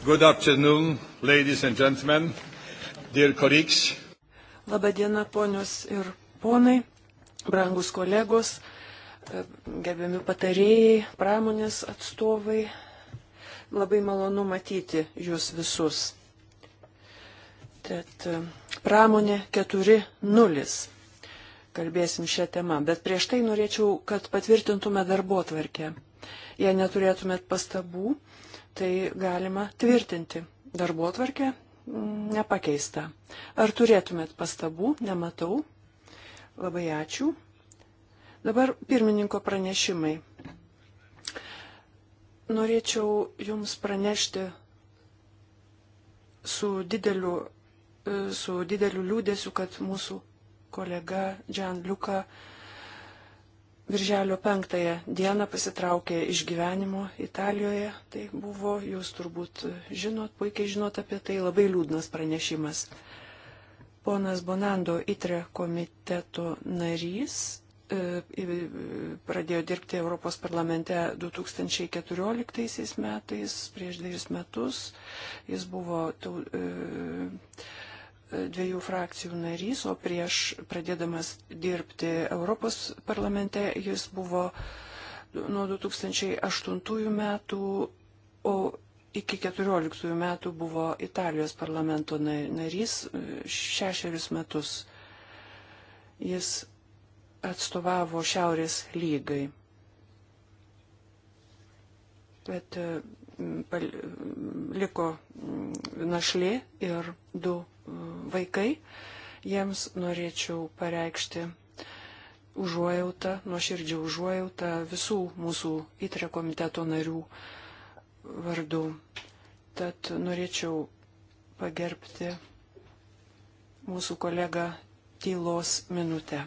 Good afternoon, ladies and gentlemen, dear colleagues. Labadiena, ponios ir ponai, brangus kolegos, gerbiami patarėjai, pramonės atstovai. Labai malonu matyti jūs visus. Tad pramonė 4.0. Kalbėsim šią temą, bet prieš tai norėčiau, kad patvirtintume darbo tvarkę. Jei neturėtumėt pastabų, tai galima tvirtinti. Darbo tvarkė mm, nepakeista. Ar turėtumėt pastabų? Nematau. Labai ačiū. Dabar pirmininko pranešimai. Norėčiau Jums pranešti su dideliu, e, su dideliu liūdėsiu, kad mūsų kolega Džan Liuka Virželio penktąją dieną pasitraukė iš gyvenimo Italijoje. Tai buvo, jūs turbūt žinot, puikiai žinot apie tai, labai liūdnas pranešimas. Ponas Bonando Itre komiteto narys e, pradėjo dirbti Europos parlamente 2014 metais, prieš dviejus metus. Jis buvo e, dviejų frakcijų narys, o prieš pradėdamas dirbti Europos parlamente jis buvo nuo 2008 metų, o iki 2014 metų buvo Italijos parlamento narys e, šešerius metus. Jis atstovavo Šiaurės lygai. Bet e, liko našlė ir du vaikai, jiems norėčiau pareikšti užuojautą, nuoširdžią užuojautą visų mūsų įtre komiteto narių vardu. Tad norėčiau pagerbti mūsų kolegą tylos minutę.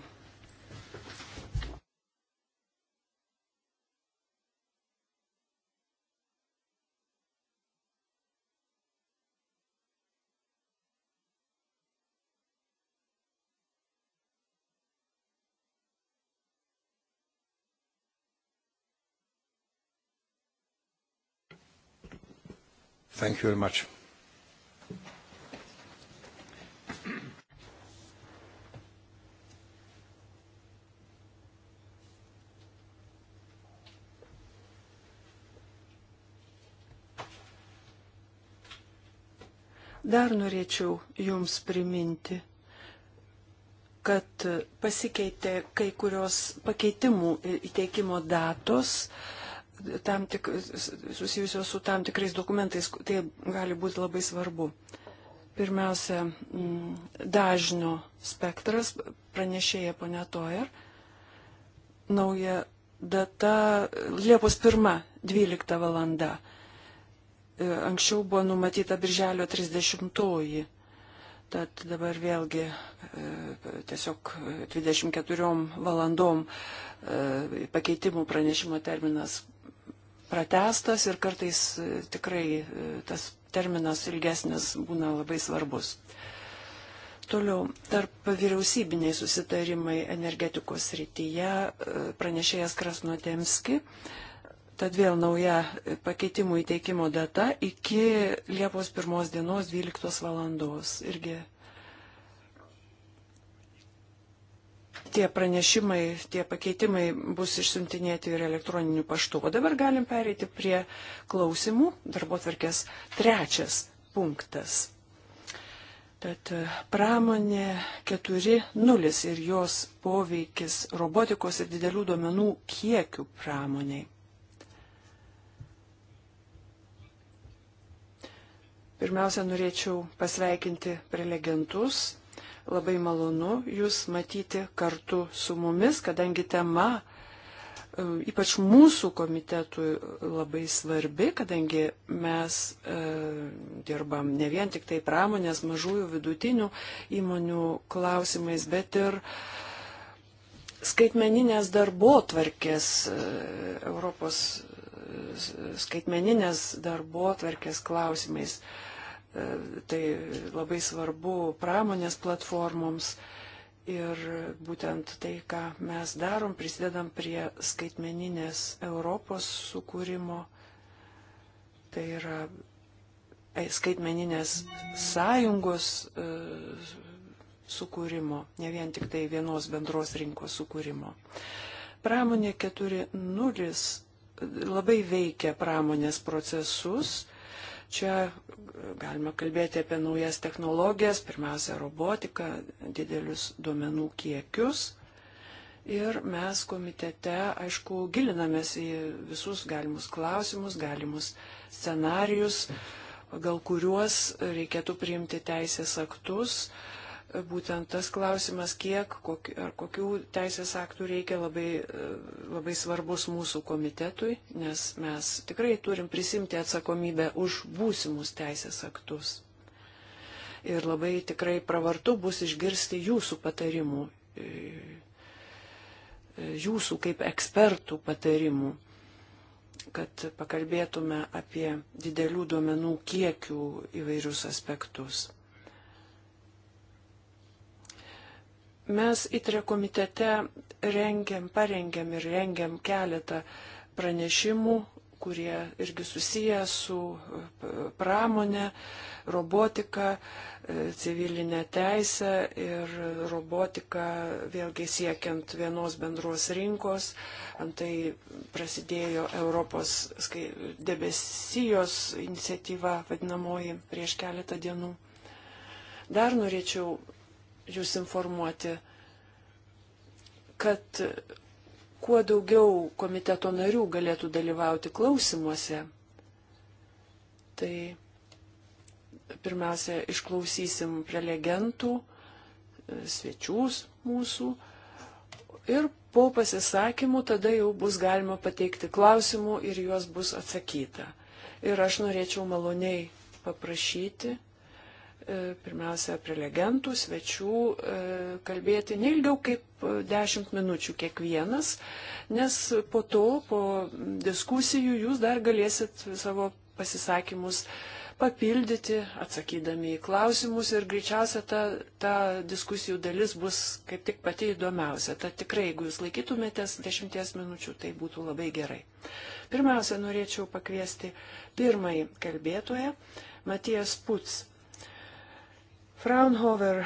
Thank you very much. Dar norėčiau Jums priminti, kad pasikeitė kai kurios pakeitimų įteikimo datos, uh, tam tik, susijusios su tam tikrais dokumentais, tai gali būti labai svarbu. Pirmiausia, mm, dažnio spektras, pranešėja ponia Toer, nauja data Liepos 1, 12 valanda. E, anksčiau buvo numatyta birželio 30. -oji. Tad dabar vėlgi e, tiesiog 24 valandom e, pakeitimų pranešimo terminas pratestas ir kartais e, tikrai e, tas terminas ilgesnis būna labai svarbus. Toliau, tarp vyriausybiniai susitarimai energetikos rytyje e, pranešėjas Krasnotemski Tad vėl nauja pakeitimų įteikimo data iki Liepos 1 dienos 12 valandos. Irgi tie pranešimai, tie pakeitimai bus išsiuntinėti ir elektroniniu paštu. O dabar galim pereiti prie klausimų. Darbo tvarkės trečias punktas. Tad e, pramonė 4.0 ir jos poveikis robotikos ir didelių duomenų kiekių pramoniai. Pirmiausia, norėčiau pasveikinti prelegentus Labai malonu Jūs matyti kartu su mumis, kadangi tema e, ypač mūsų komitetui labai svarbi, kadangi mes e, dirbam ne vien tik tai pramonės mažųjų vidutinių įmonių klausimais, bet ir skaitmeninės darbo tvarkės e, Europos e, skaitmeninės darbo tvarkės klausimais. E, Tai labai svarbu pramonės platformoms ir būtent tai, ką mes darom, prisidedam prie skaitmeninės Europos sukūrimo. Tai yra e, skaitmeninės sąjungos e, sukūrimo, ne vien tik tai vienos bendros rinkos sukūrimo. Pramonė 4.0 labai veikia pramonės procesus Čia galima kalbėti apie naujas technologijas, pirmiausia, robotiką, didelius duomenų kiekius. Ir mes komitete, aišku, gilinamės į visus galimus klausimus, galimus scenarius, gal kuriuos reikėtų priimti teisės aktus, uh, būtent tas klausimas, kiek kokiu, ar kokių teisės aktų reikia, labai, labai svarbus mūsų komitetui, nes mes tikrai turim prisimti atsakomybę už būsimus teisės aktus. Ir labai tikrai pravartu bus išgirsti jūsų patarimų, e, e, jūsų kaip ekspertų patarimų kad pakalbėtume apie didelių duomenų kiekių įvairius aspektus. Mes įtrė komitete rengiam, parengiam ir rengiam keletą pranešimų, kurie irgi susiję su e, pramonė, robotika, e, civilinė teisė ir robotika vėlgi siekiant vienos bendros rinkos. Antai prasidėjo Europos debesijos iniciatyva vadinamoji prieš keletą dienų. Dar norėčiau jūs informuoti, kad kuo daugiau komiteto narių galėtų dalyvauti klausimuose. Tai pirmiausia, išklausysim prelegentų, svečius mūsų ir po pasisakymų tada jau bus galima pateikti klausimų ir juos bus atsakyta. Ir aš norėčiau maloniai paprašyti E, pirmiausia, prelegentų, svečių e, kalbėti neilgiau kaip 10 minučių kiekvienas, nes po to, po diskusijų, jūs dar galėsit savo pasisakymus papildyti, atsakydami į klausimus ir greičiausia ta, ta diskusijų dalis bus kaip tik pati įdomiausia. Tad tikrai, jeigu jūs laikytumėtės 10 minučių, tai būtų labai gerai. Pirmiausia, norėčiau pakviesti pirmąjį kalbėtoją, Matijas Puts. Fraunhofer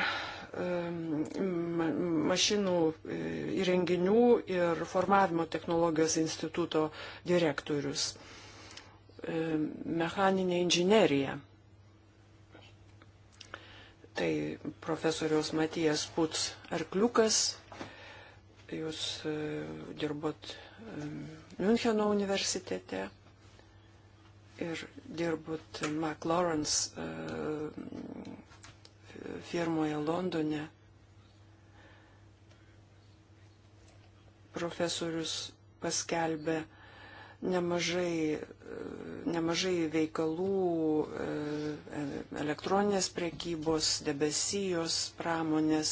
ehm, mašinų e, įrenginių ir formavimo technologijos instituto direktorius. Ehm, mechaninė inžinerija. Tai profesoriaus Matijas Puts Arkliukas. Jūs e, dirbot Müncheno ehm, universitete ir dirbot McLaurence firmoje Londone profesorius paskelbė nemažai, nemažai veikalų e, elektroninės priekybos, debesijos, pramonės,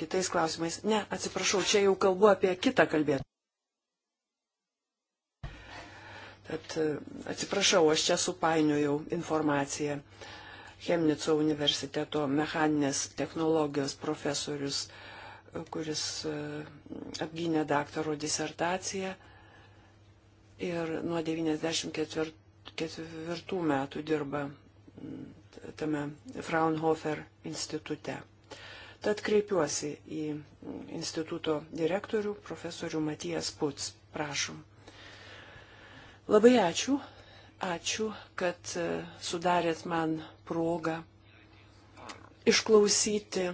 kitais klausimais. Ne, atsiprašau, čia jau kalbu apie kitą kalbėtą. Tad e, atsiprašau, aš čia supainiojau informaciją. Uh, Chemnico universiteto mechaninės technologijos profesorius, e, kuris e, apgynė daktaro disertaciją ir nuo 94 metų dirba tame Fraunhofer institute. Tad kreipiuosi į instituto direktorių, profesorių Matijas Puts. Prašom. Labai ačiū Ačiū, kad e, sudarėt man progą išklausyti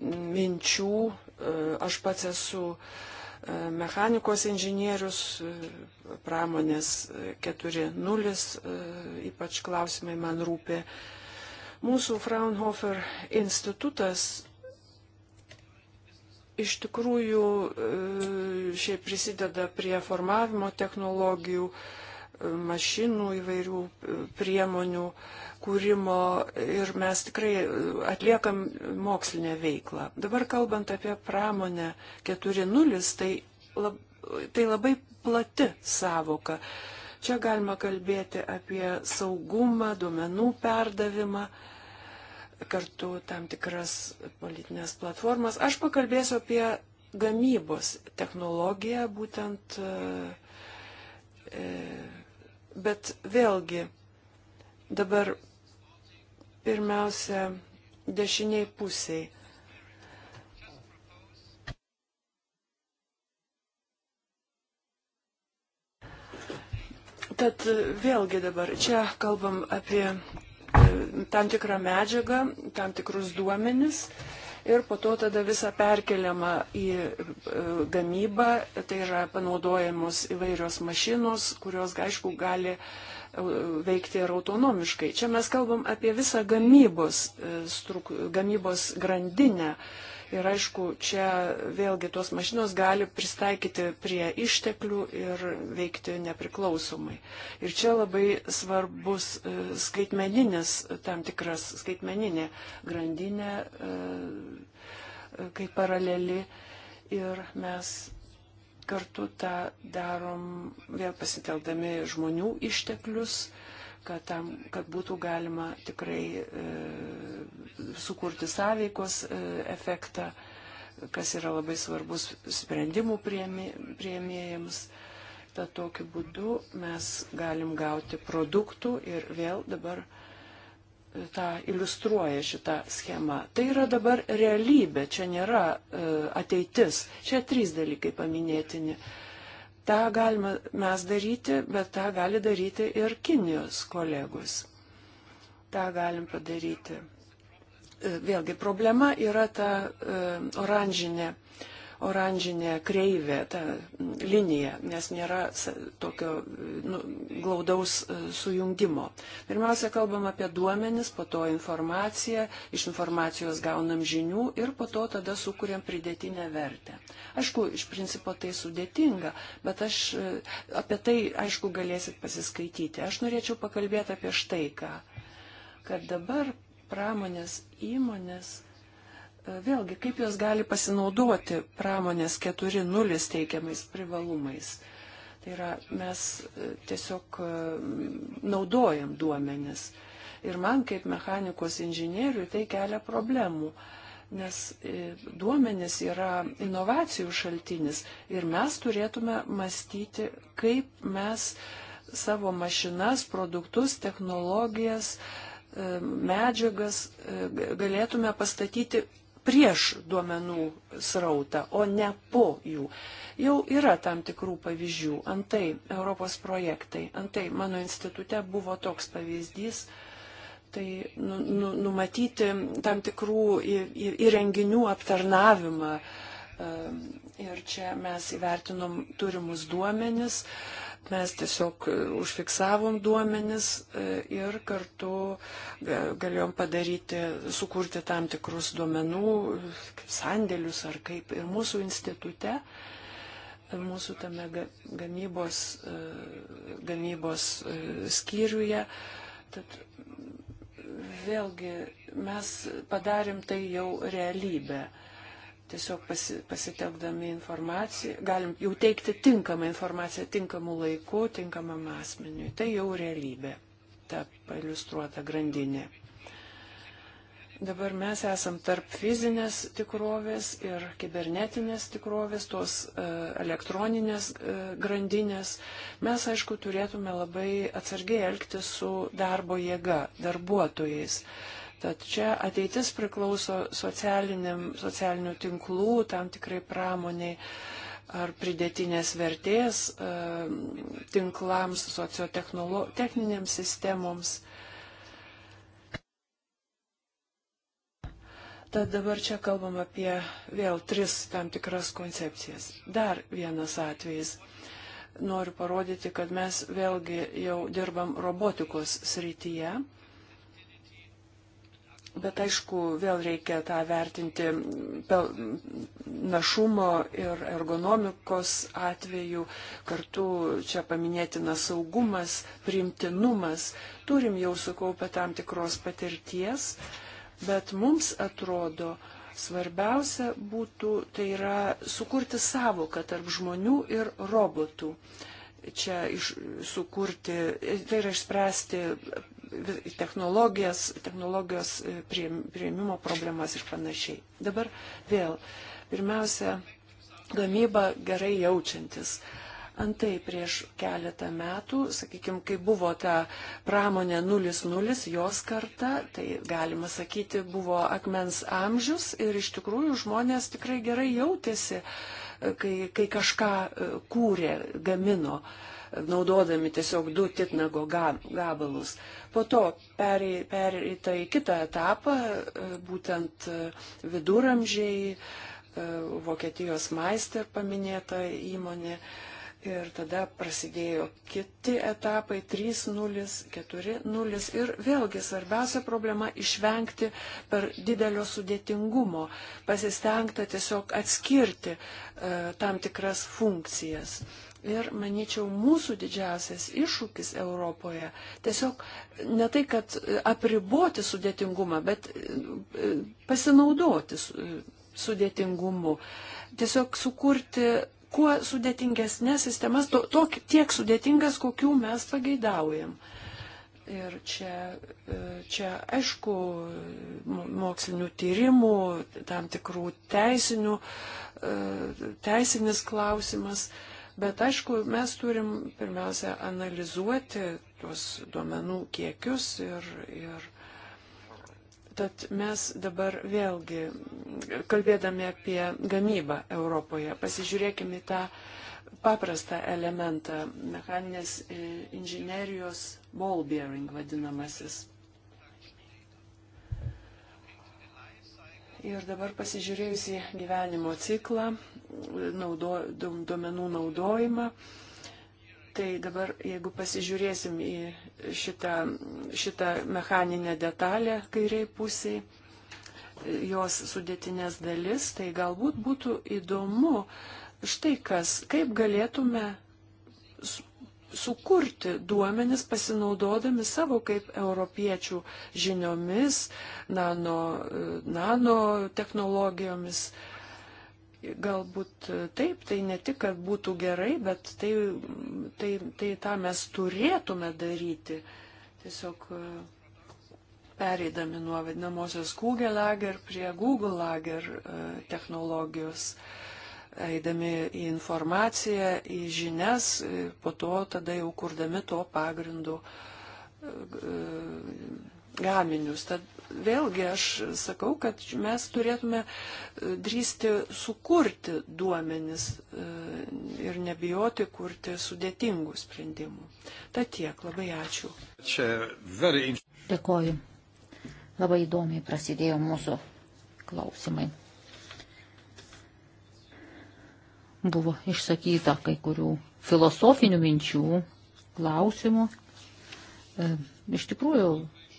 minčių. E, aš pats esu e, mechanikos inžinierius, pramonės 4.0, ypač klausimai man rūpė. Mūsų Fraunhofer institutas iš tikrųjų šiaip prisideda prie formavimo technologijų, mašinų įvairių priemonių kūrimo ir mes tikrai atliekam mokslinę veiklą. Dabar kalbant apie pramonę 4.0, tai, lab, tai labai plati savoka. Čia galima kalbėti apie saugumą, duomenų perdavimą, kartu tam tikras politinės platformas. Aš pakalbėsiu apie gamybos technologiją, būtent e, Bet vėlgi, dabar pirmiausia dešiniai pusiai. Tad vėlgi dabar čia kalbam apie e, tam tikrą medžiagą, tam tikrus duomenis, ir po to tada visa perkeliama į e, gamybą, tai yra panaudojamos įvairios mašinos, kurios, aišku, gali e, veikti ir autonomiškai. Čia mes kalbam apie visą gamybos, e, struk, gamybos grandinę. Uh, Ir aišku, čia vėlgi tos mašinos gali pristaikyti prie išteklių ir veikti nepriklausomai. Ir čia labai svarbus e, skaitmeninis, tam tikras skaitmeninė grandinė, e, e, kaip paraleli. Ir mes kartu tą darom vėl pasiteldami žmonių išteklius, kad, tam, kad būtų galima tikrai e, sukurti sąveikos e, efektą, kas yra labai svarbus sprendimų prieimėjams. Tad tokiu būdu mes galim gauti produktų ir vėl dabar e, tą iliustruoja šitą schemą. Tai yra dabar realybė, čia nėra e, ateitis. Čia trys dalykai paminėtini. Ta galime mes daryti, bet tą gali daryti ir Kinijos kolegos. Ta galim padaryti E, vėlgi problema yra ta e, oranžinė, oranžinė kreivė, ta linija, nes nėra tokio nu, glaudaus e, sujungimo. Pirmiausia, kalbam apie duomenis, po to informaciją, iš informacijos gaunam žinių ir po to tada sukūrėm pridėtinę vertę. Aišku, iš principo tai sudėtinga, bet aš apie tai, aišku, galėsit pasiskaityti. Aš norėčiau pakalbėti apie štai ką kad dabar pramonės įmonės, e, vėlgi, kaip jos gali pasinaudoti pramonės 4.0 teikiamais privalumais. Tai yra, mes e, tiesiog e, naudojam duomenis. Ir man kaip mechanikos inžinieriui tai kelia problemų nes duomenis yra inovacijų šaltinis ir mes turėtume mąstyti, kaip mes savo mašinas, produktus, technologijas E, medžiagas e, galėtume pastatyti prieš duomenų srautą, o ne po jų. Jau yra tam tikrų pavyzdžių. Antai Europos projektai, antai mano institute buvo toks pavyzdys, tai nu, nu, numatyti tam tikrų įrenginių aptarnavimą. E, ir čia mes įvertinom turimus duomenis, Mes tiesiog e, užfiksavom duomenis e, ir kartu e, galėjom padaryti, sukurti tam tikrus duomenų sandėlius ar kaip ir mūsų institute, mūsų tame gamybos, gamybos skyriuje. Tad vėlgi mes padarėm tai jau realybę tiesiog pasi, pasitelkdami informaciją, galim jau teikti tinkamą informaciją tinkamų laikų, tinkamam asmeniui. Tai jau realybė, ta pailustruota grandinė. Dabar mes esam tarp fizinės tikrovės ir kibernetinės tikrovės, tos e, elektroninės e, grandinės. Mes, aišku, turėtume labai atsargiai elgtis su darbo jėga, darbuotojais. Uh, Tad čia ateitis priklauso socialinių tinklų, tam tikrai pramoniai ar pridėtinės vertės e, tinklams, sociotechninėms sistemoms. Tad dabar čia kalbam apie vėl tris tam tikras koncepcijas. Dar vienas atvejis. Noriu parodyti, kad mes vėlgi jau dirbam robotikos srityje Bet aišku, vėl reikia tą vertinti našumo ir ergonomikos atveju, kartu čia paminėtinas saugumas, priimtinumas. Turim jau sukaupę tam tikros patirties, bet mums atrodo, svarbiausia būtų, tai yra sukurti savoką tarp žmonių ir robotų čia iš, sukurti, tai yra išspręsti technologijas, technologijos e, prieimimo problemas ir panašiai. Dabar vėl, pirmiausia, gamyba gerai jaučiantis. Antai prieš keletą metų, sakykime, kai buvo ta pramonė 00, jos karta, tai galima sakyti, buvo akmens amžius ir iš tikrųjų žmonės tikrai gerai jautėsi, e, kai, kai kažką e, kūrė, gamino. Uh, naudodami tiesiog du titnago gabalus. Po to pereita į kitą etapą, e, būtent e, viduramžiai, e, Vokietijos maister paminėta įmonė. Ir tada prasidėjo kiti etapai 3.0, 4.0 ir vėlgi svarbiausia problema - išvengti per didelio sudėtingumo, pasistengta tiesiog atskirti e, tam tikras funkcijas. E, Ir manyčiau, mūsų didžiausias iššūkis Europoje tiesiog ne tai, kad apriboti sudėtingumą, bet e, pasinaudoti sudėtingumu. Tiesiog sukurti kuo sudėtingesnės sistemas, to, to, tiek sudėtingas, kokių mes pageidaujam. Ir čia, e, čia, aišku, mokslinių tyrimų, tam tikrų teisinių, e, teisinis klausimas. Bet aišku, mes turim pirmiausia analizuoti tuos duomenų kiekius ir, ir Tad mes dabar vėlgi, kalbėdami apie gamybą Europoje, pasižiūrėkime į tą paprastą elementą mechaninės e, inžinerijos ball bearing vadinamasis. Ir dabar pasižiūrėjus į gyvenimo ciklą, naudo, duomenų naudojimą. Tai dabar, jeigu pasižiūrėsim į šitą, šitą mechaninę detalę kairiai pusiai, jos sudėtinės dalis, tai galbūt būtų įdomu štai kas, kaip galėtume sukurti duomenis pasinaudodami savo kaip europiečių žiniomis, nano, nano technologijomis, uh, galbūt taip, tai ne tik, kad būtų gerai, bet tai, tai, tai tą mes turėtume daryti. Tiesiog e, pereidami nuo vadinamosios Google lager prie Google lager e, technologijos, eidami į informaciją, į žinias, e, po to tada jau kurdami to pagrindu gaminius. Tad vėlgi aš sakau, kad mes turėtume e, drįsti sukurti duomenis e, ir nebijoti kurti sudėtingų sprendimų. Ta tiek, labai ačiū. Very... Dėkoju. Labai įdomiai prasidėjo mūsų klausimai. Buvo išsakyta kai kurių filosofinių minčių, klausimų. E, iš tikrųjų,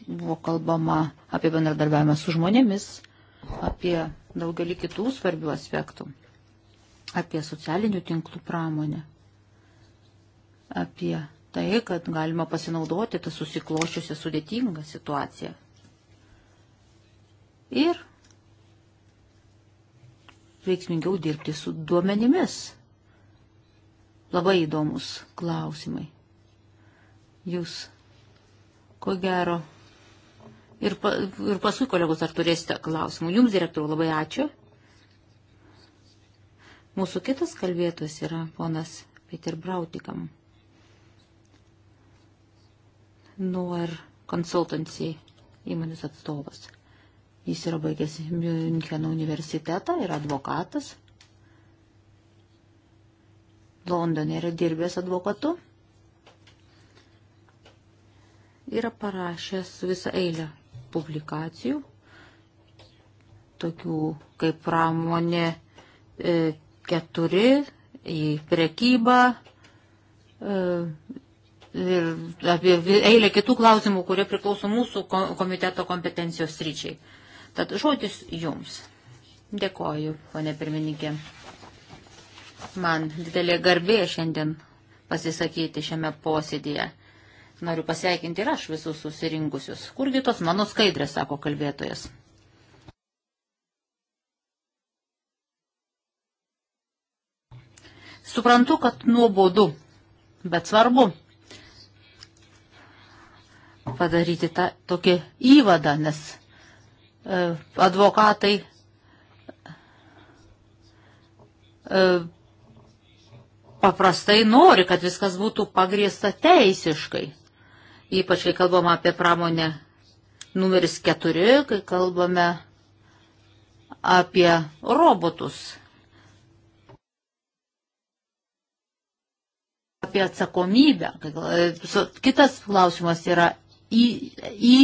Buvo kalbama apie bendradarbiavimą su žmonėmis, apie daugelį kitų svarbių aspektų, apie socialinių tinklų pramonę, apie tai, kad galima pasinaudoti tą susiklošiusią sudėtingą situaciją. Ir veiksmingiau dirbti su duomenimis. Labai įdomus klausimai. Jūs, ko gero, Ir, pa, ir paskui, kolegos, ar turėsite klausimų. Jums, direktoriau, labai ačiū. Mūsų kitas kalbėtojas yra ponas Peter Brautikam. Nuor konsultancijai įmonės atstovas. Jis yra baigęs Müncheno universitetą, yra advokatas. Londone yra dirbęs advokatu. Yra parašęs visą eilę publikacijų, tokių kaip pramonė 4 e, į prekybą e, ir apie eilę kitų klausimų, kurie priklauso mūsų komiteto kompetencijos ryčiai. Tad žodis jums. Dėkoju, ponė pirmininkė. Man didelė garbė šiandien pasisakyti šiame posėdėje. Noriu pasveikinti ir aš visus susirinkusius. Kurgi tos mano skaidrės, sako kalbėtojas. Suprantu, kad nuobodu, bet svarbu padaryti tą tokį įvadą, nes e, advokatai e, paprastai nori, kad viskas būtų pagrėsta teisiškai ypač kai kalbame apie pramonę numeris 4, kai kalbame apie robotus, apie atsakomybę. E, kitas klausimas yra į, į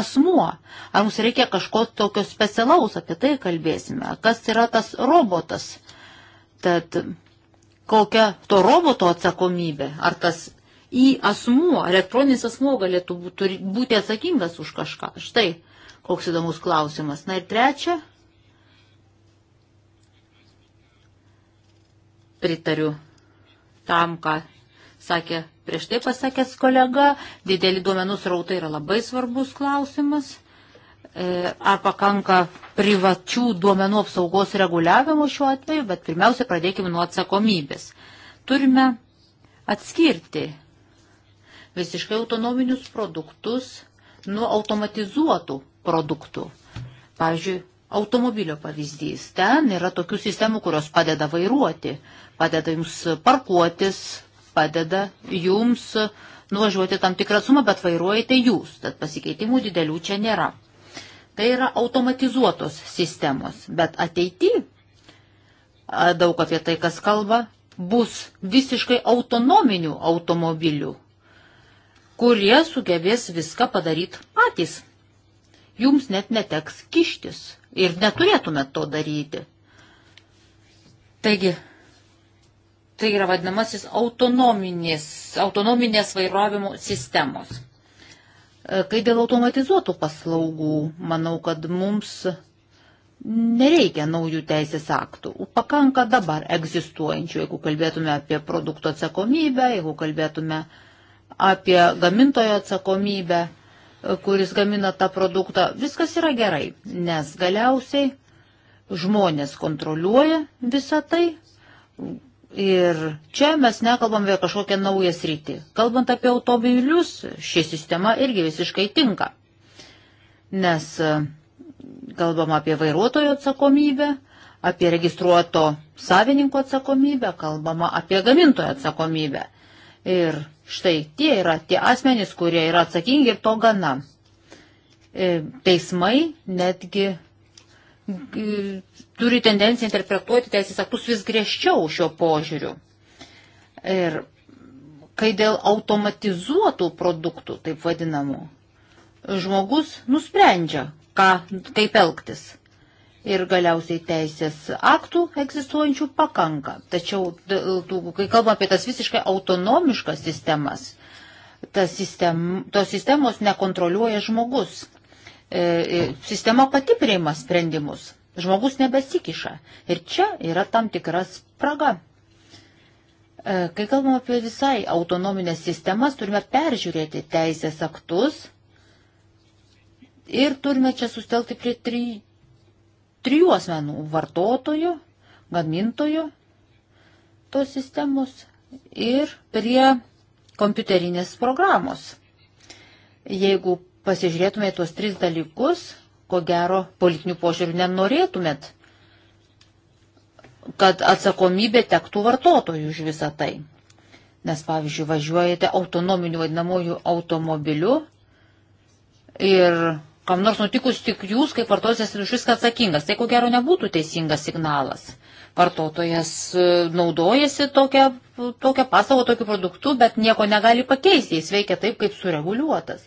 asmuo. Ar mums reikia kažko tokio specialaus, apie tai kalbėsime. Kas yra tas robotas? Tad kokia to roboto atsakomybė? Ar tas į asmuo, elektroninis asmuo galėtų būti atsakingas už kažką. Štai koks įdomus klausimas. Na ir trečia, pritariu tam, ką sakė prieš tai pasakęs kolega, dideli duomenų srautai yra labai svarbus klausimas. E, ar pakanka privačių duomenų apsaugos reguliavimo šiuo atveju, bet pirmiausia pradėkime nuo atsakomybės. Turime atskirti visiškai autonominius produktus nuo automatizuotų produktų. Pavyzdžiui, automobilio pavyzdys. Ten yra tokių sistemų, kurios padeda vairuoti, padeda jums parkuotis, padeda jums nuvažiuoti tam tikrą sumą, bet vairuojate jūs, tad pasikeitimų didelių čia nėra. Tai yra automatizuotos sistemos, bet ateity, daug apie tai kas kalba, bus visiškai autonominių automobilių, kurie sugebės viską padaryti patys. Jums net neteks kištis ir neturėtumėt to daryti. Taigi, tai yra vadinamasis autonominės, autonominės vairavimo sistemos. E, kai dėl automatizuotų paslaugų, manau, kad mums nereikia naujų teisės aktų. Pakanka dabar egzistuojančių, jeigu kalbėtume apie produkto atsakomybę, jeigu kalbėtume apie apie gamintojo atsakomybę, kuris gamina tą produktą. Viskas yra gerai, nes galiausiai žmonės kontroliuoja visą tai. Ir čia mes nekalbam apie kažkokią naują sritį. Kalbant apie automobilius, ši sistema irgi visiškai tinka. Nes e, kalbam apie vairuotojo atsakomybę, apie registruoto savininko atsakomybę, kalbama apie gamintojo atsakomybę. Ir Štai tie yra tie asmenys, kurie yra atsakingi ir to gana. E, teismai netgi turi tendenciją interpretuoti teisės aktus vis griežčiau šio požiūriu. Ir kai dėl automatizuotų produktų, taip vadinamų, žmogus nusprendžia, ką, kaip elgtis ir galiausiai teisės aktų egzistuojančių pakanka. Tačiau, kai kalbame apie tas visiškai autonomiškas sistemas, ta sistem, tos sistemos nekontroliuoja žmogus. E, e, sistema pati priima sprendimus. Žmogus nebesikiša. Ir čia yra tam tikras spraga. E, kai kalbame apie visai autonominės sistemas, turime peržiūrėti teisės aktus ir turime čia sustelti prie trijų trijų asmenų - vartotojų, gamintojų tos sistemos ir prie kompiuterinės programos. Jeigu pasižiūrėtumėte tuos tris dalykus, ko gero politinių požiūrių nenorėtumėt, kad atsakomybė tektų vartotojų už visą tai. Nes, pavyzdžiui, važiuojate autonominiu vadinamoju automobiliu ir kam nors nutikus tik jūs, kaip vartotojas, ir už viską atsakingas. Tai ko gero nebūtų teisingas signalas. Vartotojas e, naudojasi tokią, tokią paslaugą, tokiu produktu, bet nieko negali pakeisti. Jis veikia taip, kaip sureguliuotas.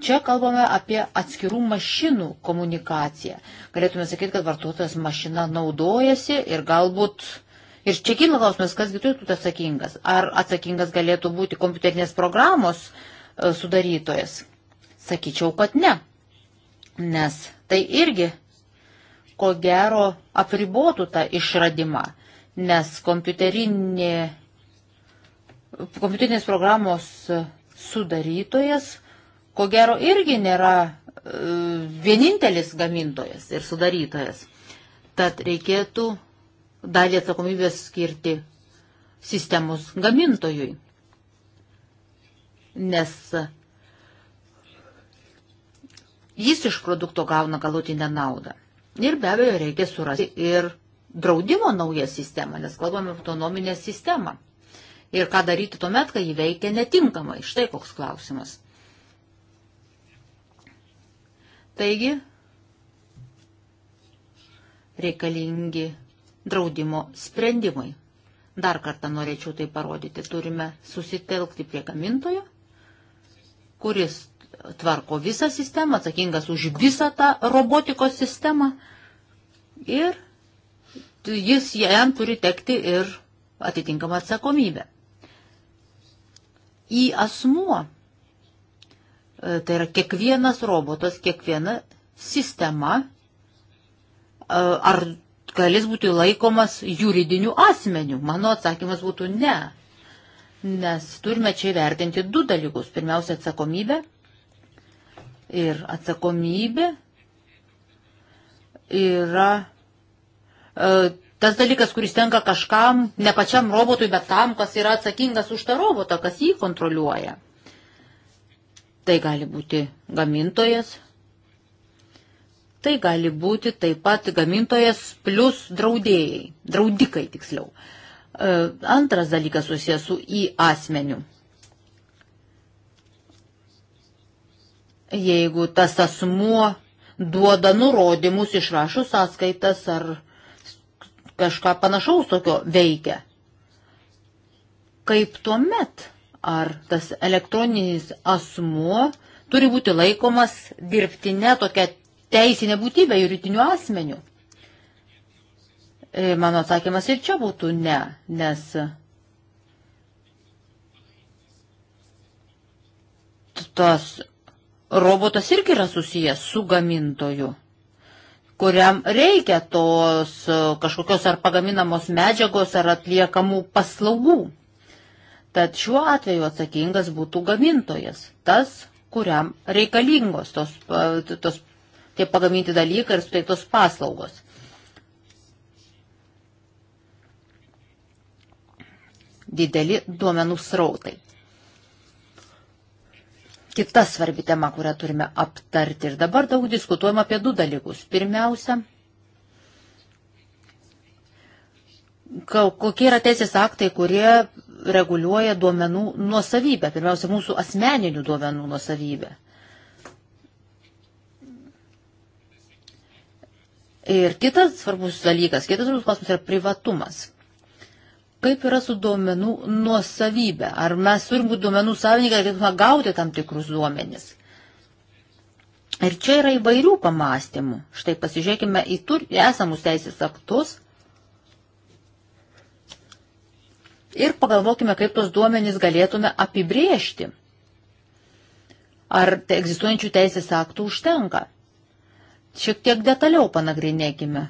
Čia kalbame apie atskirų mašinų komunikaciją. Galėtume sakyti, kad vartotojas mašina naudojasi ir galbūt. Ir čia kyla klausimas, kas turėtų būti atsakingas. Ar atsakingas galėtų būti kompiuterinės programos e, sudarytojas? Sakyčiau, kad ne nes tai irgi, ko gero, apribotų tą išradimą, nes kompiuterinė, kompiuterinės programos sudarytojas, ko gero, irgi nėra e, vienintelis gamintojas ir sudarytojas. Tad reikėtų dalį atsakomybės skirti sistemos gamintojui. Nes Jis iš produkto gauna galutinę naudą. Ir be abejo reikia surasti ir draudimo naują sistemą, nes kalbame autonominę sistemą. Ir ką daryti tuomet, kai jį veikia netinkamai. Štai koks klausimas. Taigi, reikalingi draudimo sprendimai. Dar kartą norėčiau tai parodyti. Turime susitelkti prie gamintojo, kuris tvarko visą sistemą, atsakingas už visą tą robotikos sistemą ir jis jam turi tekti ir atitinkamą atsakomybę. Į asmuo, e, tai yra kiekvienas robotas, kiekviena sistema, e, ar galis būti laikomas juridiniu asmeniu? Mano atsakymas būtų ne. Nes turime čia įvertinti du dalykus. Pirmiausia, atsakomybę ir atsakomybė yra e, tas dalykas, kuris tenka kažkam, ne pačiam robotui, bet tam, kas yra atsakingas už tą robotą, kas jį kontroliuoja. Tai gali būti gamintojas, tai gali būti taip pat gamintojas plus draudėjai, draudikai tiksliau. E, antras dalykas susijęs su į asmeniu. jeigu tas asmuo duoda nurodymus, išrašo sąskaitas ar kažką panašaus tokio veikia. Kaip tuomet, ar tas elektroninis asmuo turi būti laikomas dirbtinė tokia teisinė būtybė juridiniu asmeniu? E, mano atsakymas ir čia būtų ne, nes tas robotas irgi yra susijęs su gamintoju, kuriam reikia tos e, kažkokios ar pagaminamos medžiagos ar atliekamų paslaugų. Tad šiuo atveju atsakingas būtų gamintojas, tas, kuriam reikalingos tos, e, tos, tie pagaminti dalykai ir suteiktos paslaugos. Dideli duomenų srautai kita svarbi tema, kurią turime aptarti. Ir dabar daug diskutuojama apie du dalykus. Pirmiausia, kokie yra teisės aktai, kurie reguliuoja duomenų nuosavybę, pirmiausia, mūsų asmeninių duomenų nuosavybę. Ir kitas svarbus dalykas, kitas svarbus klausimas yra privatumas. Kaip yra su duomenų nuosavybė? Ar mes turim būti duomenų savininkai, kad galėtume gauti tam tikrus duomenis? Ir čia yra įvairių pamastymų. Štai pasižiūrėkime į tur, esamus teisės aktus ir pagalvokime, kaip tos duomenys galėtume apibriežti. Ar te egzistuojančių teisės aktų užtenka? Šiek tiek detaliau panagrinėkime,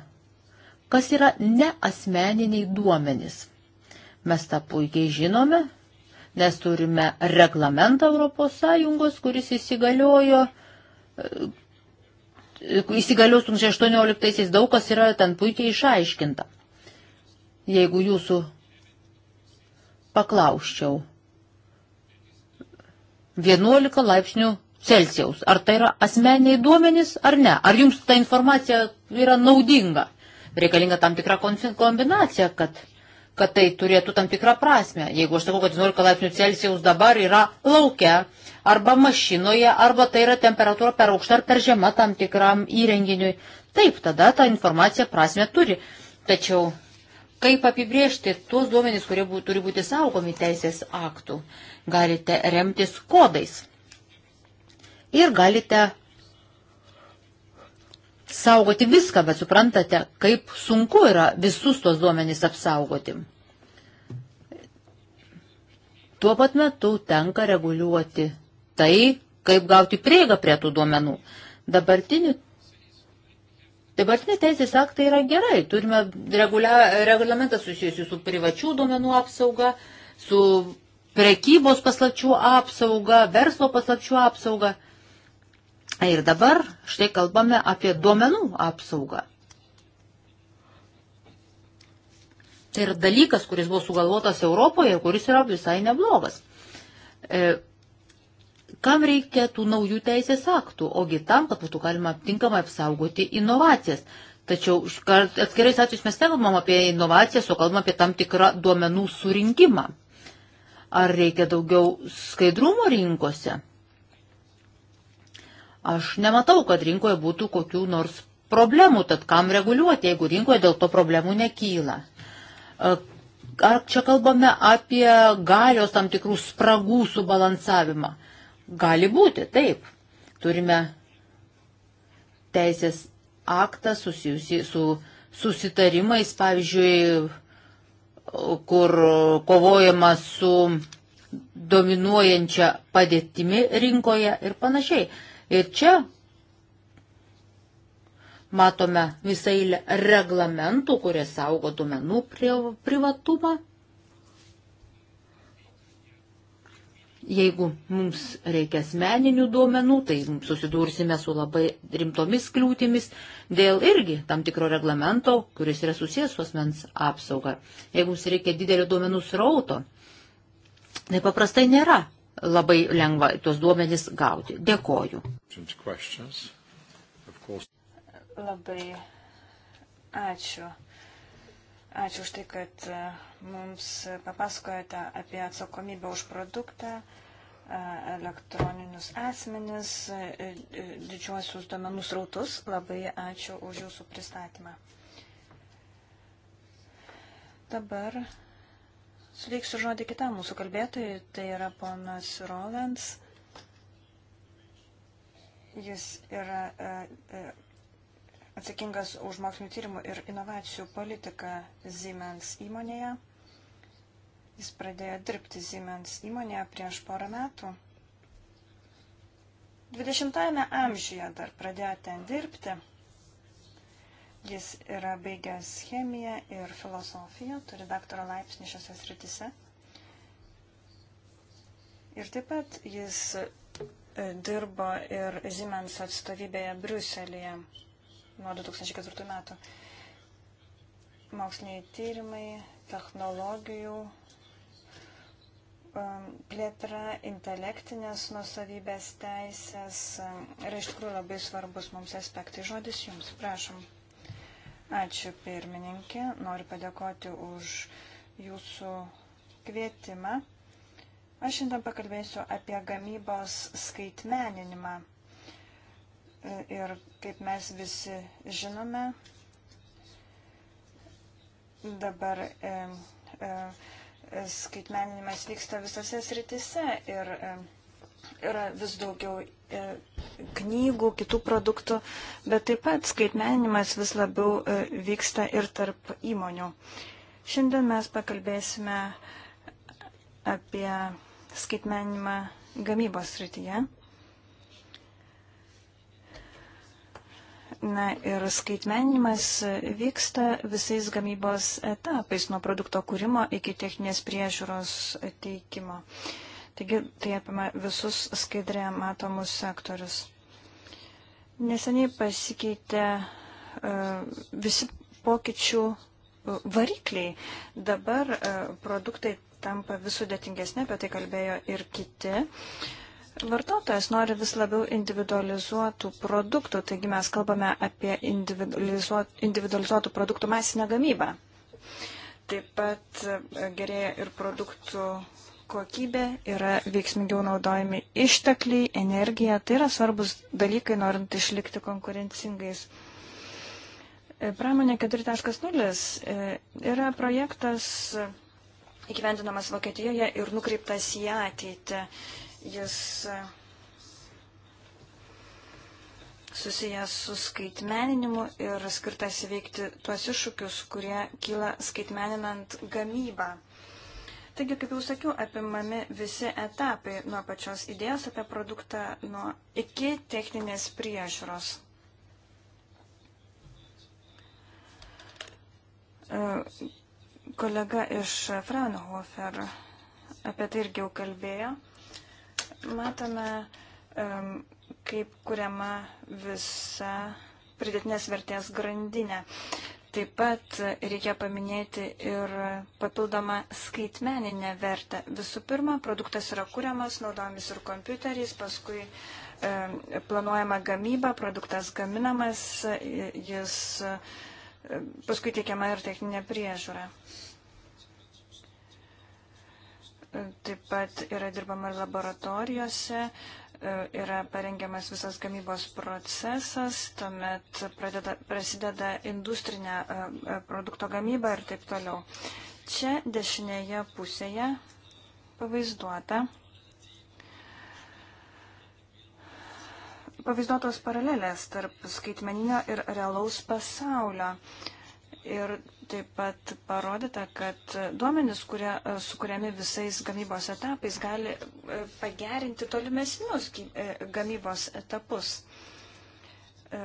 kas yra neasmeniniai duomenys. Mes tą puikiai žinome, nes turime reglamentą ES, kuris įsigaliojo. E, įsigalios 2018-aisiais daug kas yra ten puikiai išaiškinta. Jeigu jūsų paklausčiau, 11 laipsnių Celsijaus. Ar tai yra asmeniai duomenys ar ne? Ar jums ta informacija yra naudinga? Reikalinga tam tikra kombinacija, kad kad tai turėtų tam tikrą prasme. Jeigu aš sakau, kad 11 laipsnių Celsijaus dabar yra laukia arba mašinoje, arba tai yra temperatūra per aukšta ar per žema tam tikram įrenginiui, taip, tada ta informacija prasme turi. Tačiau kaip apibriežti tuos duomenys, kurie bū, turi būti saugomi teisės aktų? Galite remtis kodais. Ir galite saugoti viską, bet suprantate, kaip sunku yra visus tuos duomenys apsaugoti. Tuo pat metu tenka reguliuoti tai, kaip gauti prieigą prie tų duomenų. Dabartinių Dabartinė teisės aktai yra gerai. Turime regulia, reglamentą susijusiu su privačių duomenų apsauga, su prekybos paslapčių apsauga, verslo paslapčių apsauga. Ir dabar štai kalbame apie duomenų apsaugą. Tai yra dalykas, kuris buvo sugalvotas Europoje ir kuris yra visai neblogas. E, kam reikia tų naujų teisės aktų? Ogi tam, kad būtų galima tinkamai apsaugoti inovacijas. Tačiau atskirais atvejais mes nekalbam apie inovacijas, o kalbam apie tam tikrą duomenų surinkimą. Ar reikia daugiau skaidrumo rinkose? Aš nematau, kad rinkoje būtų kokių nors problemų, tad kam reguliuoti, jeigu rinkoje dėl to problemų nekyla. E, ar čia kalbame apie galios tam tikrų spragų subalansavimą? Gali būti, taip. Turime teisės aktą susijusi su susitarimais, pavyzdžiui, kur kovojama su dominuojančia padėtimi rinkoje ir panašiai. Ir čia matome visai reglamentų, kurie saugo duomenų privatumą. Jeigu mums reikia asmeninių duomenų, tai susidursime su labai rimtomis kliūtimis dėl irgi tam tikro reglamento, kuris yra susijęs su asmens apsauga. Jeigu mums reikia didelio duomenų srauto, tai paprastai nėra labai lengva tuos duomenys gauti. Dėkoju. Labai ačiū. Ačiū už tai, kad e, mums papasakojate apie atsakomybę už produktą, e, elektroninius asmenis, e, didžiuosius domenų srautus. Labai ačiū už jūsų pristatymą. Dabar suteiksiu žodį kitam mūsų kalbėtojui, tai yra ponas Rolands. Jis yra e, e, atsakingas už mokslinių tyrimų ir inovacijų politiką Siemens įmonėje. Jis pradėjo dirbti Siemens įmonėje prieš porą metų. 20-ame amžiuje dar pradėjo ten dirbti. Jis yra baigęs chemiją ir filosofiją, turi daktaro laipsnį šiose sritise. Ir taip pat jis e, dirbo ir Siemens atstovybėje Briuselėje nuo 2004 metų. Moksliniai tyrimai, technologijų e, plėtra, intelektinės nusavybės teisės e, yra iš tikrųjų labai svarbus mums aspektai. Žodis jums, prašom. Ačiū pirmininkė. Noriu padėkoti už jūsų kvietimą. Aš šiandien pakalbėsiu apie gamybos skaitmeninimą. Ir kaip mes visi žinome, dabar e, e, skaitmeninimas vyksta visose sritise ir e, yra vis daugiau e, knygų, kitų produktų, bet taip pat skaitmeninimas vis labiau e, vyksta ir tarp įmonių. Šiandien mes pakalbėsime apie skaitmenimą gamybos srityje. Na ir skaitmeninimas vyksta visais gamybos etapais, nuo produkto kūrimo iki techninės priežiūros teikimo. Uh, Taigi tai apima visus skaidrė matomus sektorius. Neseniai pasikeitė e, visi pokyčių e, varikliai. Dabar e, produktai tampa vis sudėtingesnė, apie tai kalbėjo ir kiti. Vartotojas nori vis labiau individualizuotų produktų, taigi mes kalbame apie individualizuotų produktų masinę gamybą. Taip pat gerėja ir produktų kokybė, yra veiksmingiau naudojami ištekliai, energija. Tai yra svarbus dalykai, norint išlikti konkurencingais. E, pramonė 4.0 e, yra projektas įgyvendinamas Vokietijoje ir nukreiptas į ateitį. Jis e, susijęs su skaitmeninimu ir skirtas įveikti tuos iššūkius, kurie kyla skaitmeninant gamybą. Taigi, kaip jau sakiau, apimami visi etapai nuo pačios idėjos apie produktą nuo iki techninės priežiūros. E, kolega iš Fraunhofer apie tai irgi jau kalbėjo. Matome, e, kaip kuriama visa pridėtinės vertės grandinė. Taip pat reikia paminėti ir papildomą skaitmeninę vertę. Visų pirma, produktas yra kuriamas, naudojamas ir kompiuteriais, paskui e, planuojama gamyba, produktas gaminamas, jis e, paskui teikiama ir techninė priežiūra. Taip pat yra dirbama ir laboratorijose, E, yra parengiamas visas gamybos procesas, tuomet pradeda, prasideda industrinė e, e, produkto gamyba ir taip toliau. Čia dešinėje pusėje pavaizduota. Pavaizduotos paralelės tarp skaitmeninio ir realaus pasaulio. Uh, ir taip pat parodyta, kad duomenys, kurie e, sukūrėmi visais gamybos etapais, gali e, pagerinti tolimesnius e, gamybos etapus.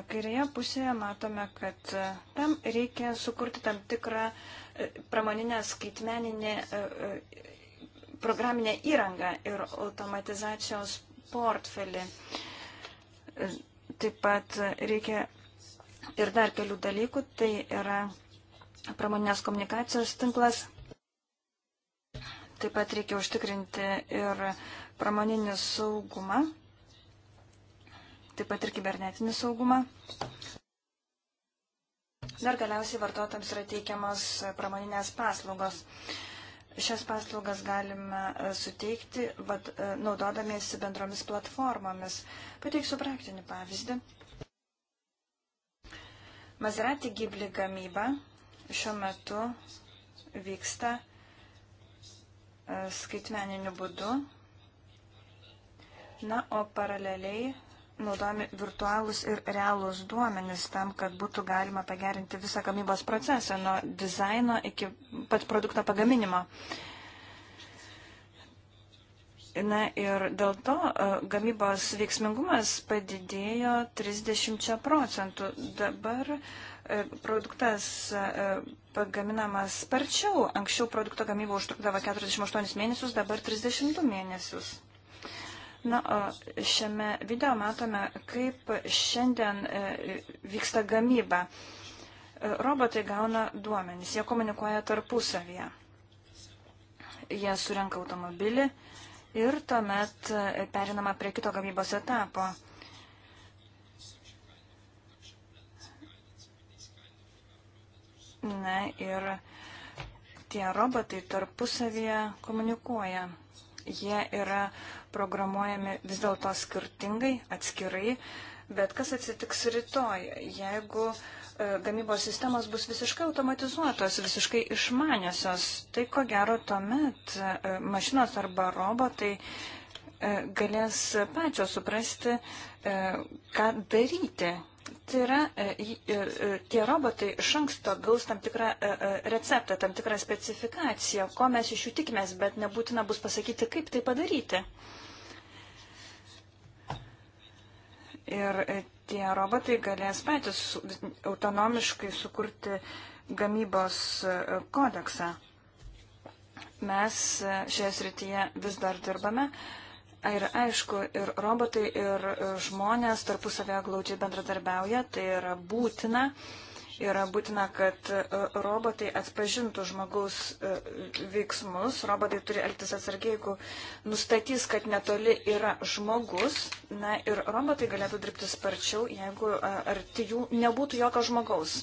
Kairėje pusėje matome, kad tam reikia sukurti tam tikrą pramoninę skaitmeninę programinę įrangą ir automatizacijos portfelį. Taip pat reikia ir dar kelių dalykų, tai yra pramoninės komunikacijos tinklas. Taip pat reikia užtikrinti ir pramoninį saugumą, taip pat ir kibernetinį saugumą. Dar galiausiai vartotams yra teikiamas pramoninės paslaugos. Šias paslaugas galime e, suteikti vad, e, naudodamiesi bendromis platformomis. Pateiksiu praktinį pavyzdį. Maserati Ghibli gamyba šiuo metu vyksta e, skaitmeniniu būdu. Na, o paraleliai naudojami virtualūs ir realūs duomenys tam, kad būtų galima pagerinti visą gamybos procesą nuo dizaino iki pat produkto pagaminimo. Na ir dėl to e, gamybos veiksmingumas padidėjo 30 procentų. Dabar uh, E, produktas e, pagaminamas sparčiau. Anksčiau produkto gamyba užtrukdavo 48 mėnesius, dabar 32 mėnesius. Na, o šiame video matome, kaip šiandien e, vyksta gamyba. Robotai gauna duomenys, jie komunikuoja tarpusavyje. Jie surenka automobilį ir tuomet perinama prie kito gamybos etapo. Na ir tie robotai tarpusavyje komunikuoja. Jie yra programuojami vis dėlto skirtingai, atskirai, bet kas atsitiks rytoj, jeigu e, gamybos sistemos bus visiškai automatizuotos, visiškai išmaniosios, tai ko gero tuomet e, mašinos arba robotai e, galės pačios suprasti, ką daryti, Tai yra, e, e, e, tie robotai iš anksto gaus tam tikrą receptą, tam tikrą specifikaciją, ko mes iš jų tikimės, bet nebūtina bus pasakyti, kaip tai padaryti. Ir tie robotai galės patys autonomiškai sukurti gamybos kodeksą. Mes šioje srityje vis dar dirbame. Uh, Ir aišku, ir robotai, ir e, žmonės tarpusavėje glaudžiai bendradarbiauja, tai yra būtina. Yra būtina, kad e, robotai atpažintų žmogaus e, veiksmus, robotai turi elgtis atsargiai, jeigu nustatys, kad netoli yra žmogus, na ir robotai galėtų dirbti sparčiau, jeigu arti jų nebūtų jokio žmogaus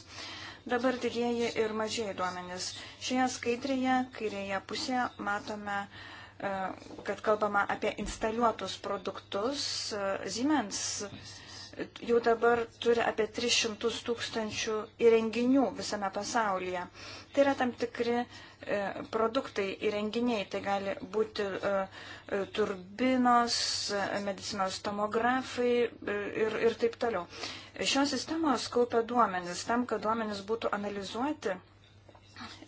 dabar didieji ir mažieji duomenys. Šioje skaidrėje, kairėje pusėje, matome E, kad kalbama apie instaliuotus produktus. E, Siemens jau dabar turi apie 300 tūkstančių įrenginių visame pasaulyje. Tai yra tam tikri e, produktai, įrenginiai, tai gali būti turbinos, medicinos tomografai ir, ir taip toliau. Šios sistemos kaupia duomenis. Tam, kad duomenis būtų analizuoti,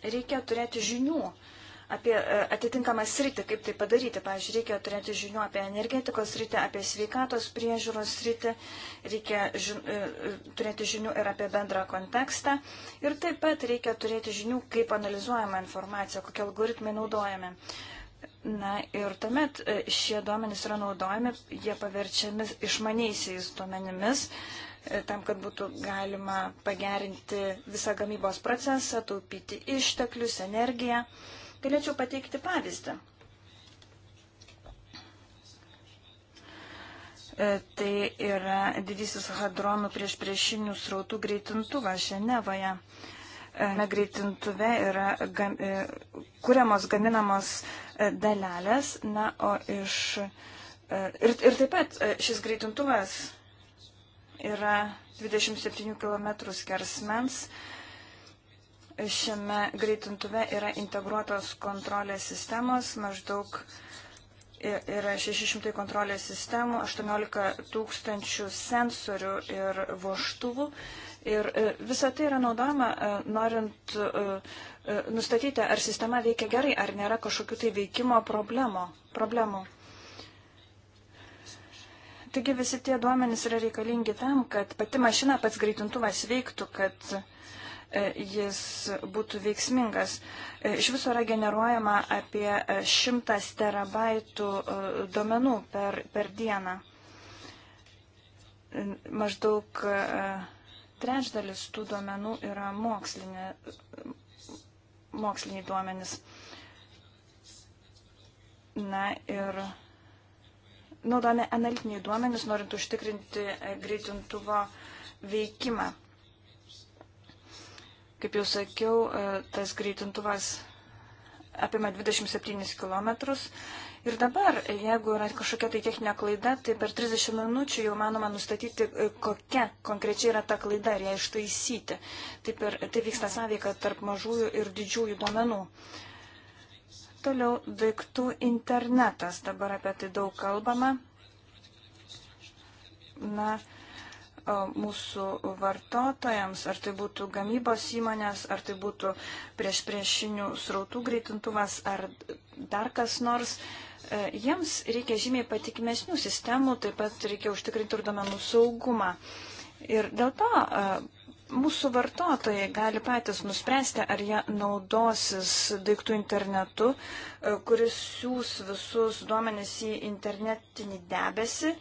reikia turėti žinių apie e, atitinkamą sritį, kaip tai padaryti. Pavyzdžiui, reikia turėti žinių apie energetikos sritį, apie sveikatos priežiūros sritį, reikia žin, e, e, turėti žinių ir apie bendrą kontekstą. Ir taip pat reikia turėti žinių, kaip analizuojama informacija, kokie algoritmai naudojami. Na ir tuomet šie duomenys yra naudojami, jie paverčiami išmaniaisiais duomenimis, tam, kad būtų galima pagerinti visą gamybos procesą, taupyti išteklius, energiją. Galėčiau pateikti pavyzdį. E, tai yra didysis hadronų prieš priešinių srautų greitintuvas Ženevoje. E, Greitintuve yra gam, e, kuriamos, gaminamos dalelės, na, o iš. Ir, ir taip pat šis greitintuvas yra 27 km skersmens Šiame greitintuve yra integruotos kontrolės sistemos, maždaug yra 600 kontrolės sistemų, 18 tūkstančių sensorių ir voštuvų. Ir e, visa tai yra naudojama, e, norint e, nustatyti, ar sistema veikia gerai, ar nėra kažkokių tai veikimo problemo, problemų. Taigi visi tie duomenys yra reikalingi tam, kad pati mašina, pats greitintuvas veiktų, kad E, jis būtų veiksmingas. E, iš viso yra generuojama apie 100 terabaitų e, duomenų per, per dieną. Maždaug trečdalis tų duomenų yra mokslinė, moksliniai duomenys. Na ir naudojame analitiniai duomenys, norint užtikrinti greitintuvo veikimą. Kaip jau sakiau, e, tas greitintuvas apima 27 km. Ir dabar, jeigu yra kažkokia tai techninė klaida, tai per 30 minučių jau manoma nustatyti, e, kokia konkrečiai yra ta klaida ir ją ištaisyti. Taip, ir, taip vyksta sąveika tarp mažųjų ir didžiųjų duomenų. Toliau daiktų internetas. Dabar apie tai daug kalbama. Na, mūsų vartotojams, ar tai būtų gamybos įmonės, ar tai būtų prieš priešinių srautų greitintuvas, ar dar kas nors. E, jiems reikia žymiai patikimesnių sistemų, taip pat reikia užtikrinti ir domenų saugumą. Ir dėl to mūsų vartotojai gali patys nuspręsti, ar jie naudosis daiktų internetu, e, kuris siūs visus duomenis į internetinį debesį,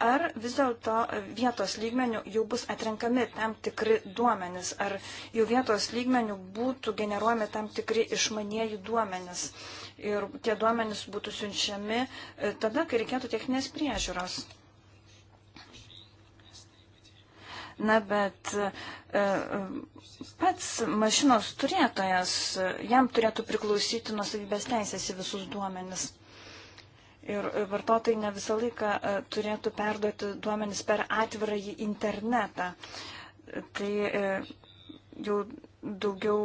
ar vis dėlto vietos lygmenių jau bus atrenkami tam tikri duomenys, ar jau vietos lygmenių būtų generuojami tam tikri išmanieji duomenys ir tie duomenys būtų siunčiami e, tada, kai reikėtų techninės priežiūros. Na, bet e, e, pats mašinos turėtojas, jam turėtų priklausyti nusavybės teisės į visus duomenis. Ir e, vartotojai ne visą laiką e, turėtų perduoti duomenis per atvirąjį internetą. Tai e, jau daugiau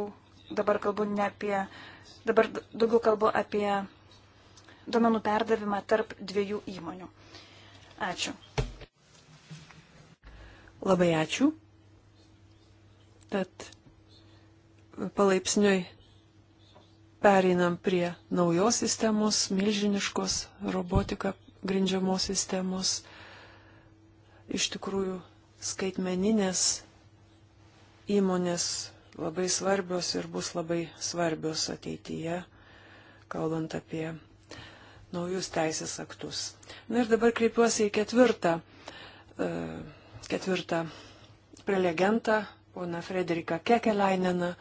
dabar kalbu ne apie, dabar daugiau kalbu apie duomenų perdavimą tarp dviejų įmonių. Ačiū. Labai ačiū. Tad palaipsniui Pereinam prie naujos sistemos, milžiniškos robotika grindžiamos sistemos. Iš tikrųjų, skaitmeninės įmonės labai svarbios ir bus labai svarbios ateityje, kalbant apie naujus teisės aktus. Na ir dabar kreipiuosi į ketvirtą, e, ketvirtą prelegentą, poną Frederiką Kekelaineną,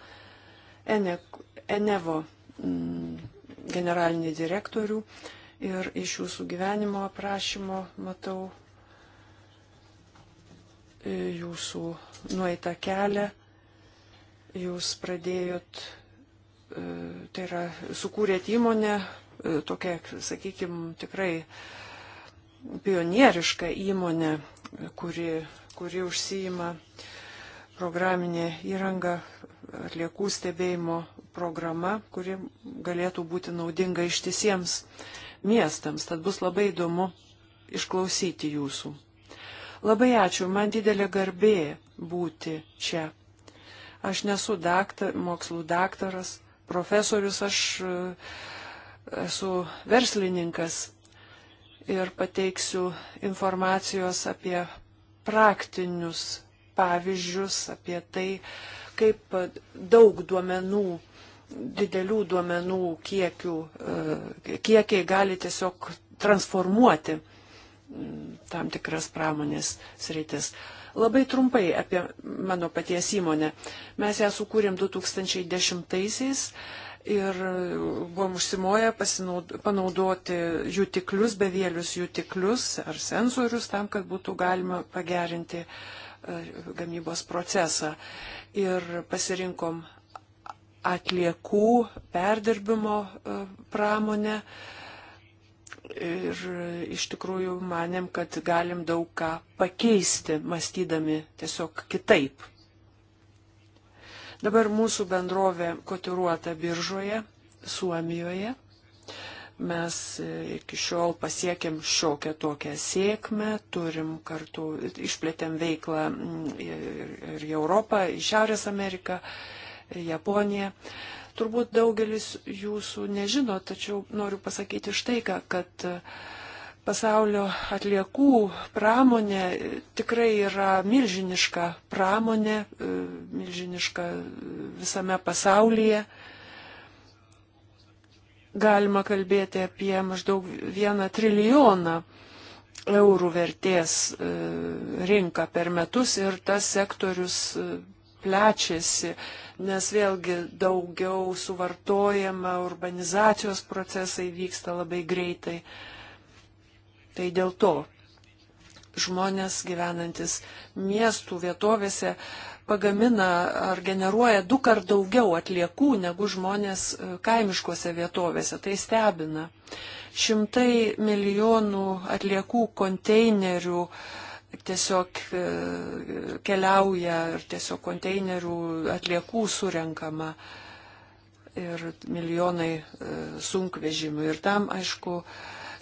Enevo Mm, generalinį direktorių ir iš jūsų gyvenimo aprašymo matau e, jūsų nueitą kelią. Jūs pradėjot, e, tai yra, sukūrėt įmonę, e, tokia, sakykime, tikrai pionieriška įmonė, kuri, kuri užsijima programinė įranga atliekų stebėjimo programa, kuri galėtų būti naudinga ištisiems miestams. Tad bus labai įdomu išklausyti jūsų. Labai ačiū, man didelė garbė būti čia. Aš nesu daktar, mokslų daktaras, profesorius, aš e, esu verslininkas ir pateiksiu informacijos apie praktinius pavyzdžius, apie tai, kaip daug duomenų didelių duomenų kiekių, e, kiekiai gali tiesiog transformuoti mm, tam tikras pramonės sritis. Labai trumpai apie mano paties įmonę. Mes ją sukūrėm 2010-aisiais ir buvom užsimoję panaudoti jutiklius, bevėlius jutiklius ar sensorius tam, kad būtų galima pagerinti e, gamybos procesą. Ir pasirinkom atliekų perdirbimo e, pramonę. Ir iš tikrųjų manėm, kad galim daug ką pakeisti, mąstydami tiesiog kitaip. Dabar mūsų bendrovė kotiruota biržoje, Suomijoje. Mes e, iki šiol pasiekėm šiokią tokią sėkmę, turim kartu, išplėtėm veiklą mm, ir, ir į Europą, į Šiaurės Ameriką. Uh, Japonija. Turbūt daugelis jūsų nežino, tačiau noriu pasakyti štai ką, kad e, pasaulio atliekų pramonė tikrai yra milžiniška pramonė, e, milžiniška visame pasaulyje. Galima kalbėti apie maždaug vieną trilijoną eurų vertės e, rinką per metus ir tas sektorius plečiasi, nes vėlgi daugiau suvartojama, urbanizacijos procesai vyksta labai greitai. Tai dėl to žmonės gyvenantis miestų vietovėse pagamina ar generuoja du kart daugiau atliekų negu žmonės e, kaimiškose vietovėse. Tai stebina. Šimtai milijonų atliekų konteinerių uh, tiesiog e, keliauja ir tiesiog konteinerių atliekų surenkama ir milijonai e, sunkvežimių. Ir tam, aišku,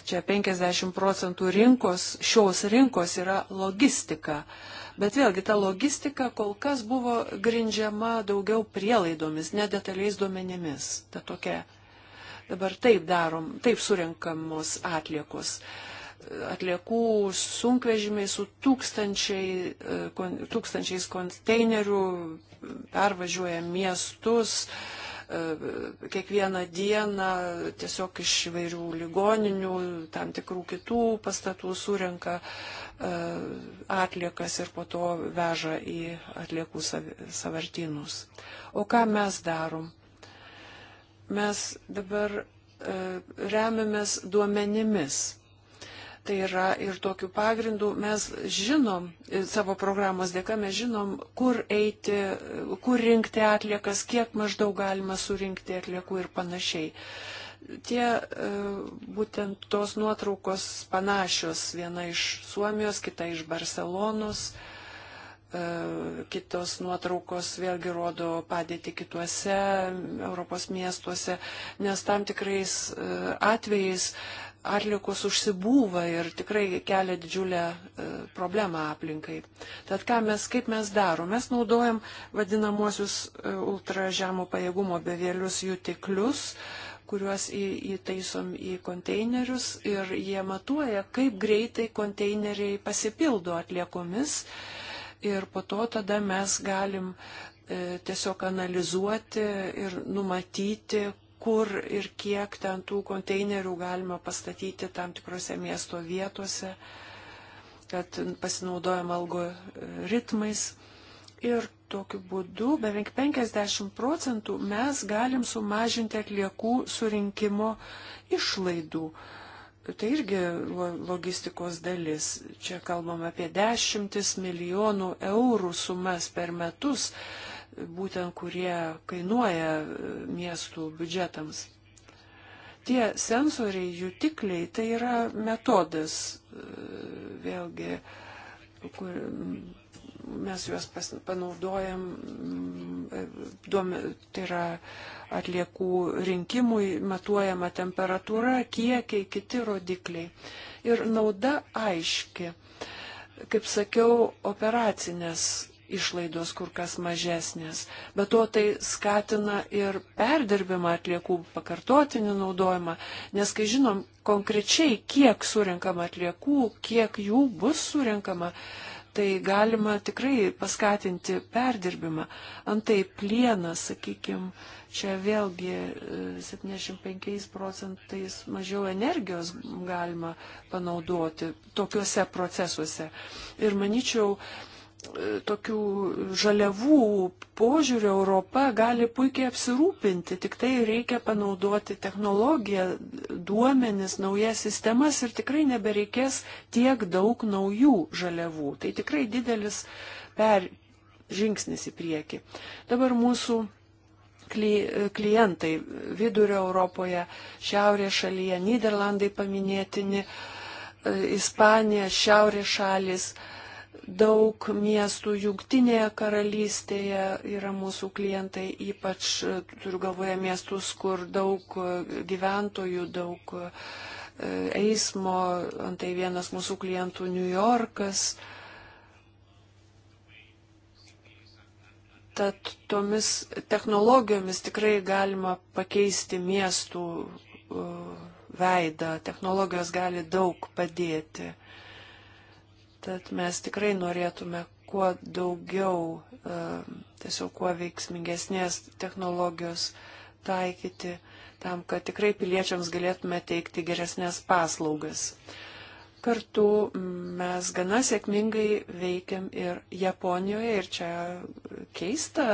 čia 50 procentų rinkos, šios rinkos yra logistika. Bet vėlgi ta logistika kol kas buvo grindžiama daugiau prielaidomis, nedetaliais duomenimis. Ta tokia. Dabar taip darom, taip surinkamos atliekos. Uh, atliekų sunkvežimiai su tūkstančiai, e, tūkstančiais konteinerių pervažiuoja miestus e, kiekvieną dieną tiesiog iš įvairių ligoninių, tam tikrų kitų pastatų surenka e, atliekas ir po to veža į atliekų savartynus. O ką mes darom? Mes dabar remiamės duomenimis Tai yra ir tokiu pagrindu mes žinom, e, savo programos dėka mes žinom, kur eiti, e, kur rinkti atliekas, kiek maždaug galima surinkti atliekų ir panašiai. Tie e, būtent tos nuotraukos panašios, viena iš Suomijos, kita iš Barcelonos kitos nuotraukos vėlgi rodo padėti kituose Europos miestuose, nes tam tikrais atvejais atlikos užsibūva ir tikrai kelia didžiulę e, problemą aplinkai. Tad ką mes, kaip mes darom? Mes naudojam vadinamuosius e, ultražemų pajėgumo bevėlius jutiklius, kuriuos į, įtaisom į konteinerius ir jie matuoja, kaip greitai konteineriai pasipildo atliekomis. Ir po to tada mes galim e, tiesiog analizuoti ir numatyti, kur ir kiek ten tų konteinerių galima pastatyti tam tikrose miesto vietose, kad pasinaudojam algoritmais. Ir tokiu būdu beveik 50 procentų mes galim sumažinti atliekų surinkimo išlaidų. Tai irgi logistikos dalis. Čia kalbam apie dešimtis milijonų eurų sumas per metus. Uh, būtent kurie kainuoja e, miestų biudžetams. Tie sensoriai, jutikliai, tai yra metodas, e, vėlgi, kur mes juos pas, panaudojam, e, duome, tai yra atliekų rinkimui matuojama temperatūra, kiekiai, kiti rodikliai. Ir nauda aiški. Kaip sakiau, operacinės išlaidos kur kas mažesnės. Be to tai skatina ir perdirbimą atliekų pakartotinį naudojimą, nes kai žinom konkrečiai, kiek surinkama atliekų, kiek jų bus surinkama, tai galima tikrai paskatinti perdirbimą. Antai plienas, sakykime, čia vėlgi 75 e, procentais mažiau energijos galima panaudoti tokiuose procesuose. Ir manyčiau, tokių žaliavų požiūrių Europa gali puikiai apsirūpinti, tik tai reikia panaudoti technologiją, duomenis, naujas sistemas ir tikrai nebereikės tiek daug naujų žaliavų. Tai tikrai didelis per žingsnis į priekį. Dabar mūsų klientai vidurio Europoje, šiaurės šalyje, Niderlandai paminėtini, e, Ispanija, šiaurės šalis. šalis daug miestų jungtinėje karalystėje yra mūsų klientai, ypač e, turiu galvoje miestus, kur daug e, gyventojų, daug e, eismo, antai vienas mūsų klientų New Yorkas. Tad tomis technologijomis tikrai galima pakeisti miestų veidą, technologijos gali daug padėti. Tad mes tikrai norėtume kuo daugiau, e, tiesiog kuo veiksmingesnės technologijos taikyti tam, kad tikrai piliečiams galėtume teikti geresnės paslaugas. Kartu mes gana sėkmingai veikiam ir Japonijoje ir čia keista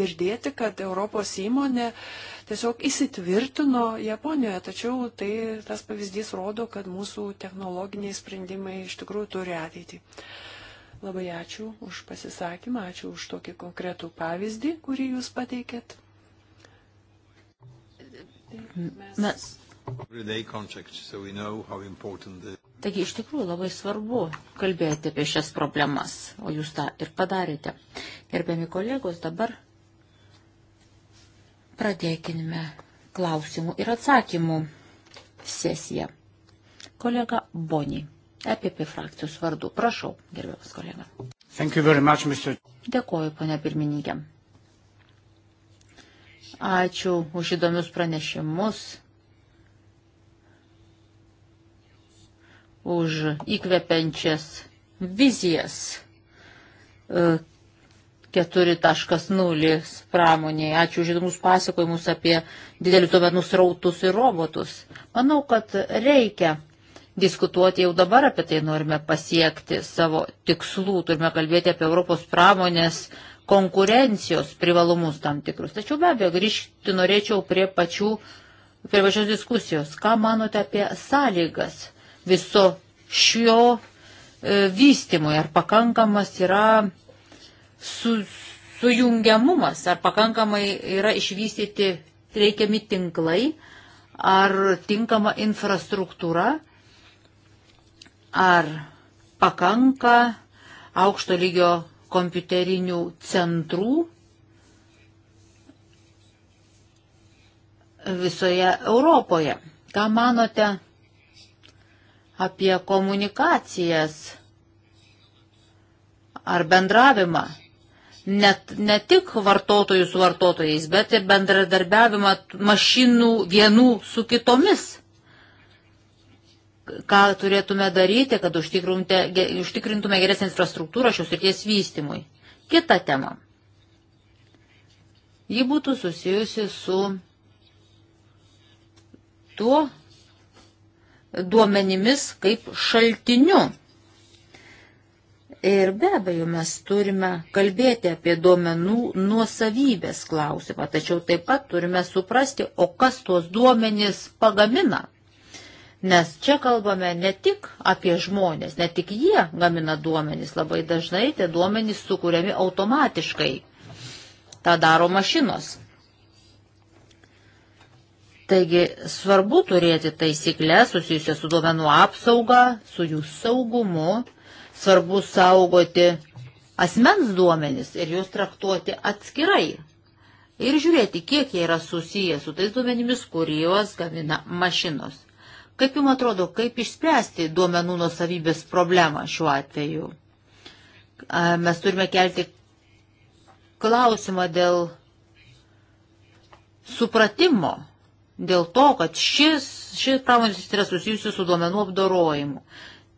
girdėti, kad Europos įmonė uh, tiesiog įsitvirtino Japonijoje, tačiau tai tas pavyzdys rodo, kad mūsų technologiniai sprendimai iš tikrųjų turi ateitį. Labai ačiū už pasisakymą, ačiū už tokį konkretų pavyzdį, kurį jūs pateikėt. Mes. Taigi iš tikrųjų labai svarbu kalbėti apie šias problemas, o jūs tą ir padarėte. Gerbiami kolegos, dabar Pradėkime klausimų ir atsakymų sesiją. Kolega Boni, EPP frakcijos vardu. Prašau, gerbiamas kolega. Much, Mr. Dėkuoju, ponia pirmininkė. Ačiū už įdomius pranešimus, už įkvepiančias vizijas, e, 4.0 pramonėje. Ačiū už įdomus pasakojimus apie didelius duomenų srautus ir robotus. Manau, kad reikia diskutuoti jau dabar apie tai, norime pasiekti savo tikslų, turime kalbėti apie Europos pramonės konkurencijos privalumus tam tikrus. Tačiau be abejo, grįžti norėčiau prie pačių, prie pačios diskusijos. Ką manote apie sąlygas viso šio e, vystymui? Ar pakankamas yra su, sujungiamumas, ar pakankamai yra išvystyti reikiami tinklai, ar tinkama infrastruktūra, ar pakanka aukšto lygio kompiuterinių centrų visoje Europoje. Ką manote apie komunikacijas ar bendravimą net, ne tik vartotojų su vartotojais, bet ir bendradarbiavimą mašinų vienų su kitomis. Ką turėtume daryti, kad užtikrintume geresnį infrastruktūrą šios ryties vystimui. Kita tema. Ji būtų susijusi su tuo duomenimis kaip šaltiniu Ir be abejo, mes turime kalbėti apie duomenų nuosavybės klausimą, tačiau taip pat turime suprasti, o kas tuos duomenys pagamina. Nes čia kalbame ne tik apie žmonės, ne tik jie gamina duomenys, labai dažnai tie duomenys sukūriami automatiškai. Ta daro mašinos. Taigi svarbu turėti taisyklę susijusią su duomenų apsauga, su jų saugumu svarbu saugoti asmens duomenis ir juos traktuoti atskirai. Ir žiūrėti, kiek jie yra susiję su tais duomenimis, kuriuos gamina mašinos. Kaip jums atrodo, kaip išspręsti duomenų nusavybės problemą šiuo atveju? Mes turime kelti klausimą dėl supratimo, dėl to, kad šis, šis pramonės yra susijusi su duomenų apdorojimu.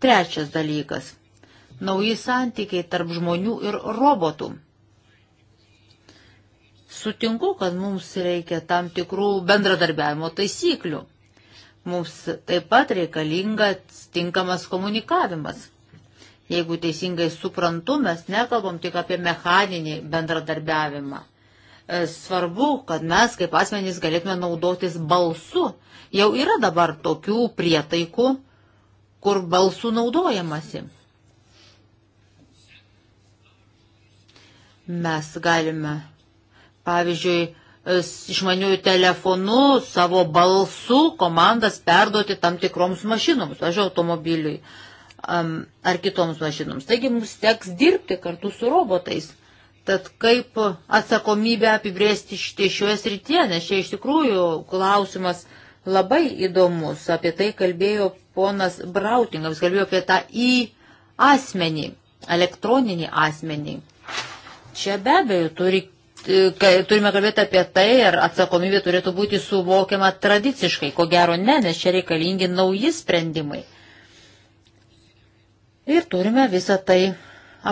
Trečias dalykas nauji santykiai tarp žmonių ir robotų. Sutinku, kad mums reikia tam tikrų bendradarbiavimo taisyklių. Mums taip pat reikalinga tinkamas komunikavimas. Jeigu teisingai suprantu, mes nekalbam tik apie mechaninį bendradarbiavimą. E, svarbu, kad mes kaip asmenys galėtume naudotis balsu. Jau yra dabar tokių prietaikų, kur balsų naudojamasi. Mes galime, pavyzdžiui, išmaniųjų telefonų savo balsų komandas perduoti tam tikroms mašinoms, aš automobiliui ar kitoms mašinoms. Taigi mums teks dirbti kartu su robotais. Tad kaip atsakomybę apibrėžti šitie šioje srityje, nes čia iš tikrųjų klausimas labai įdomus. Apie tai kalbėjo ponas Brautingas, kalbėjo apie tą į asmenį, elektroninį asmenį. Čia be abejo turi, turime kalbėti apie tai, ar atsakomybė turėtų būti suvokiama tradiciškai. Ko gero ne, nes čia reikalingi nauji sprendimai. Ir turime visą tai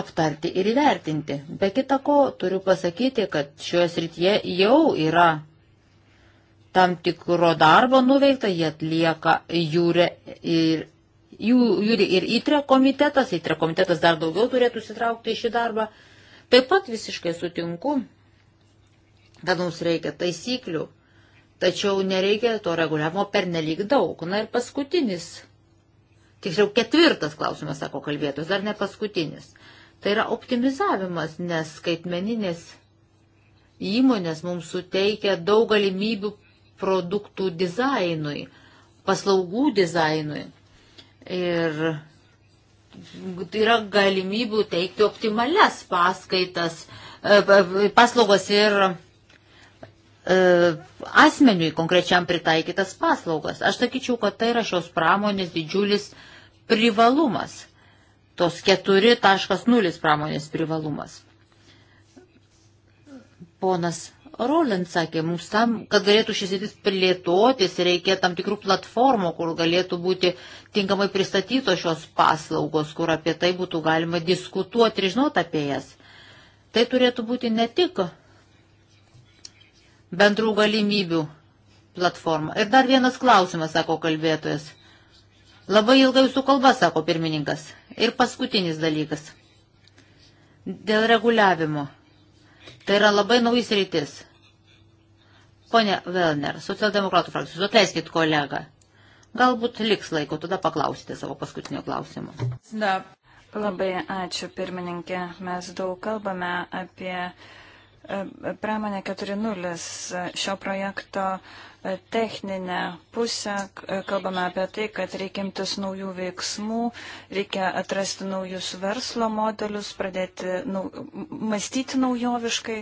aptarti ir įvertinti. Be kita ko, turiu pasakyti, kad šioje srityje jau yra tam tikro darbo nuveikta, jie atlieka jūrė ir, jų, jūrė ir įtre komitetas, įtre komitetas dar daugiau turėtų sitraukti į šį darbą. Taip pat visiškai sutinku, kad mums reikia taisyklių, tačiau nereikia to reguliavimo per nelik daug. Na ir paskutinis, tiksliau ketvirtas klausimas, sako kalbėtus, dar ne paskutinis. Tai yra optimizavimas, nes skaitmeninės įmonės mums suteikia daug galimybių produktų dizainui, paslaugų dizainui. Ir yra galimybių teikti optimales paskaitas, e, paslaugas ir e, asmeniui konkrečiam pritaikytas paslaugas. Aš sakyčiau, kad tai yra šios pramonės didžiulis privalumas. Tos 4.0 pramonės privalumas. Ponas Roland sakė, mums tam, kad galėtų šis rytis plėtotis, reikia tam tikrų platformų, kur galėtų būti tinkamai pristatytos šios paslaugos, kur apie tai būtų galima diskutuoti ir žinot apie jas. Tai turėtų būti ne tik bendrų galimybių platforma. Ir dar vienas klausimas, sako kalbėtojas. Labai ilgai jūsų kalba, sako pirmininkas. Ir paskutinis dalykas. Dėl reguliavimo. Tai yra labai naujas rytis. Pone Velner, socialdemokratų frakcijos, atleiskit kolegą. Galbūt liks laiko, tada paklausite savo paskutinio klausimo. Na, labai ačiū, pirmininkė. Mes daug kalbame apie e, pramonę 4.0 e, šio projekto techninę pusę, kalbame apie tai, kad reikimtis naujų veiksmų, reikia atrasti naujus verslo modelius, pradėti nau, mąstyti naujoviškai,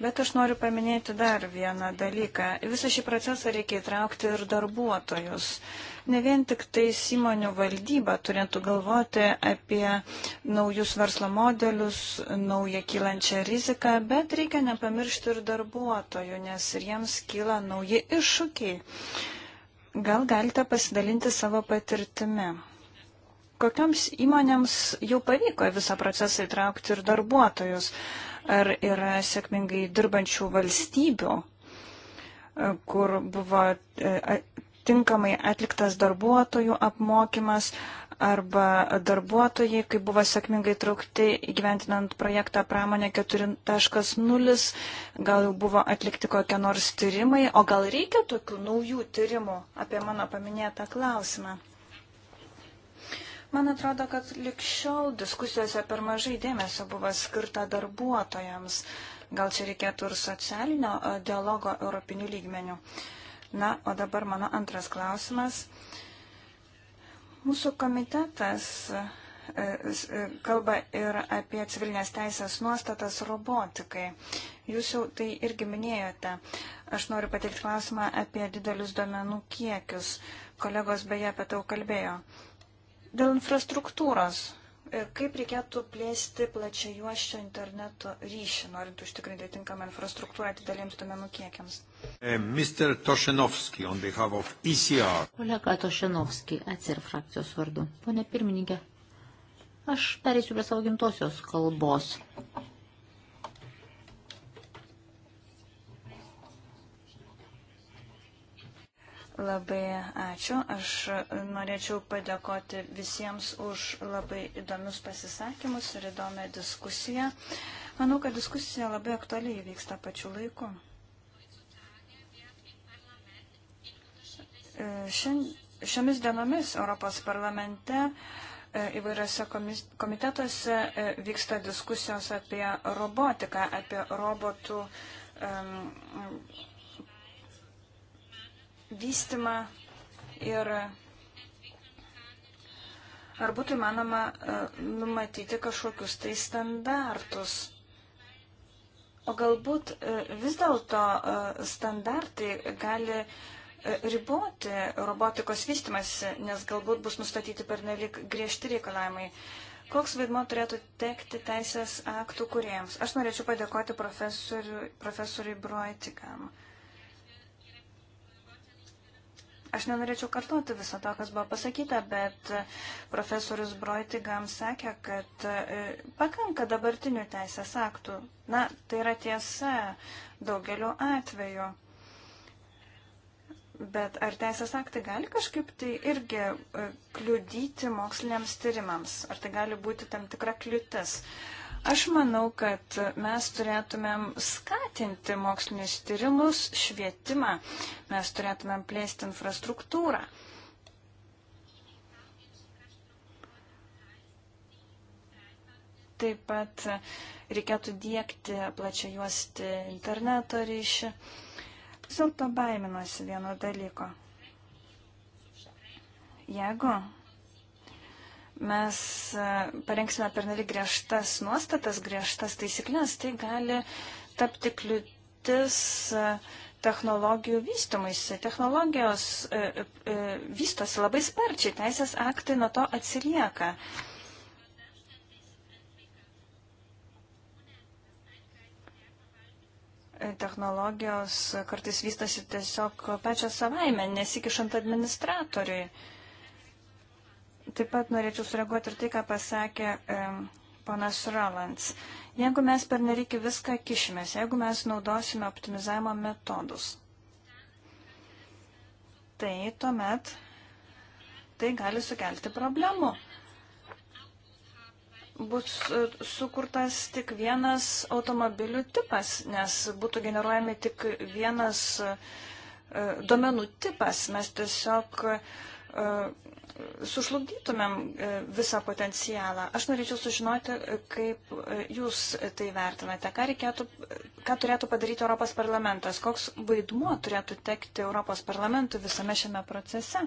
bet aš noriu paminėti dar vieną dalyką. Visą šį procesą reikia įtraukti ir darbuotojus. Uh, Ne vien tik tais įmonių valdyba turėtų galvoti apie naujus verslo modelius, naują kylančią riziką, bet reikia nepamiršti ir darbuotojų, nes ir jiems kyla nauji iššūkiai. Gal galite pasidalinti savo patirtimi? Kokiams įmonėms jau pavyko visą procesą įtraukti ir darbuotojus? Ar yra sėkmingai dirbančių valstybių, kur buvo e, tinkamai atliktas darbuotojų apmokymas arba darbuotojai, kai buvo sėkmingai traukti įgyventinant projektą pramonė 4.0, gal jau buvo atlikti kokie nors tyrimai, o gal reikia tokių naujų tyrimų apie mano paminėtą klausimą. Man atrodo, kad likščiau diskusijose per mažai dėmesio buvo skirta darbuotojams. Gal čia reikėtų ir socialinio e, dialogo europinių lygmenių. Uh, Na, o dabar mano antras klausimas. Mūsų komitetas e, e, kalba ir apie civilinės teisės nuostatas robotikai. Jūs jau tai irgi minėjote. Aš noriu pateikti klausimą apie didelius duomenų kiekius. Kolegos beje apie tai kalbėjo. Dėl infrastruktūros E, kaip reikėtų plėsti plačia juoščio interneto ryšį, norint užtikrinti tinkamą infrastruktūrą dideliems duomenų kiekiams. E, Mr. Tošenovski, on behalf of ECR. Kolega Tošenovski, atsir frakcijos vardu. Pone pirmininkė, aš perėsiu prie savo gimtosios kalbos. Labai ačiū. Aš norėčiau padėkoti visiems už labai įdomius pasisakymus ir įdomią diskusiją. Manau, kad diskusija labai aktualiai vyksta pačiu laiku. Šiomis dienomis Europos parlamente e, įvairiose komitetuose e, vyksta diskusijos apie robotiką, apie robotų vystimą ir ar būtų įmanoma e, numatyti kažkokius tai standartus. O galbūt e, vis dėlto e, standartai gali riboti robotikos vystimasi, nes galbūt bus nustatyti pernelik griežti reikalavimai. Koks vaidmo turėtų tekti teisės aktų kuriems? Aš norėčiau padėkoti profesoriui, profesoriui Broitikam. Uh, Aš nenorėčiau kartuoti viso to, kas buvo pasakyta, bet profesorius Broitigam sakė, kad e, pakanka dabartinių teisės aktų. Na, tai yra tiesa daugeliu atveju. Bet ar teisės aktai gali kažkaip tai irgi e, kliudyti moksliniams tyrimams? Ar tai gali būti tam tikra kliūtis? Uh, Aš manau, kad mes turėtumėm skatinti mokslinius tyrimus, švietimą, mes turėtumėm plėsti infrastruktūrą. Taip pat reikėtų dėkti plačia juosti interneto ryšį. Vis dėlto baiminuosi vieno dalyko. Jeigu mes e, parengsime pernelik griežtas nuostatas, griežtas taisyklės, tai gali tapti kliūtis e, technologijų vystymuisi. Technologijos e, vystosi labai sparčiai, teisės aktai nuo to atsilieka. Technologijos kartais vystosi tiesiog pačią savaime, nesikišant administratoriui. Taip pat norėčiau sureaguoti ir tai, ką pasakė um, ponas Rolands. Jeigu mes per nereikį viską kišimės, jeigu mes naudosime optimizavimo metodus, tai tuomet tai gali sukelti problemų. Bus e, sukurtas tik vienas automobilių tipas, nes būtų generuojami tik vienas uh, duomenų tipas. Mes tiesiog uh, E, sužlugdytumėm e, visą potencialą. Aš norėčiau sužinoti, e, kaip jūs tai vertinate, ką, reikėtų, ką turėtų padaryti Europos parlamentas, koks vaidmuo turėtų tekti Europos parlamentui visame šiame procese.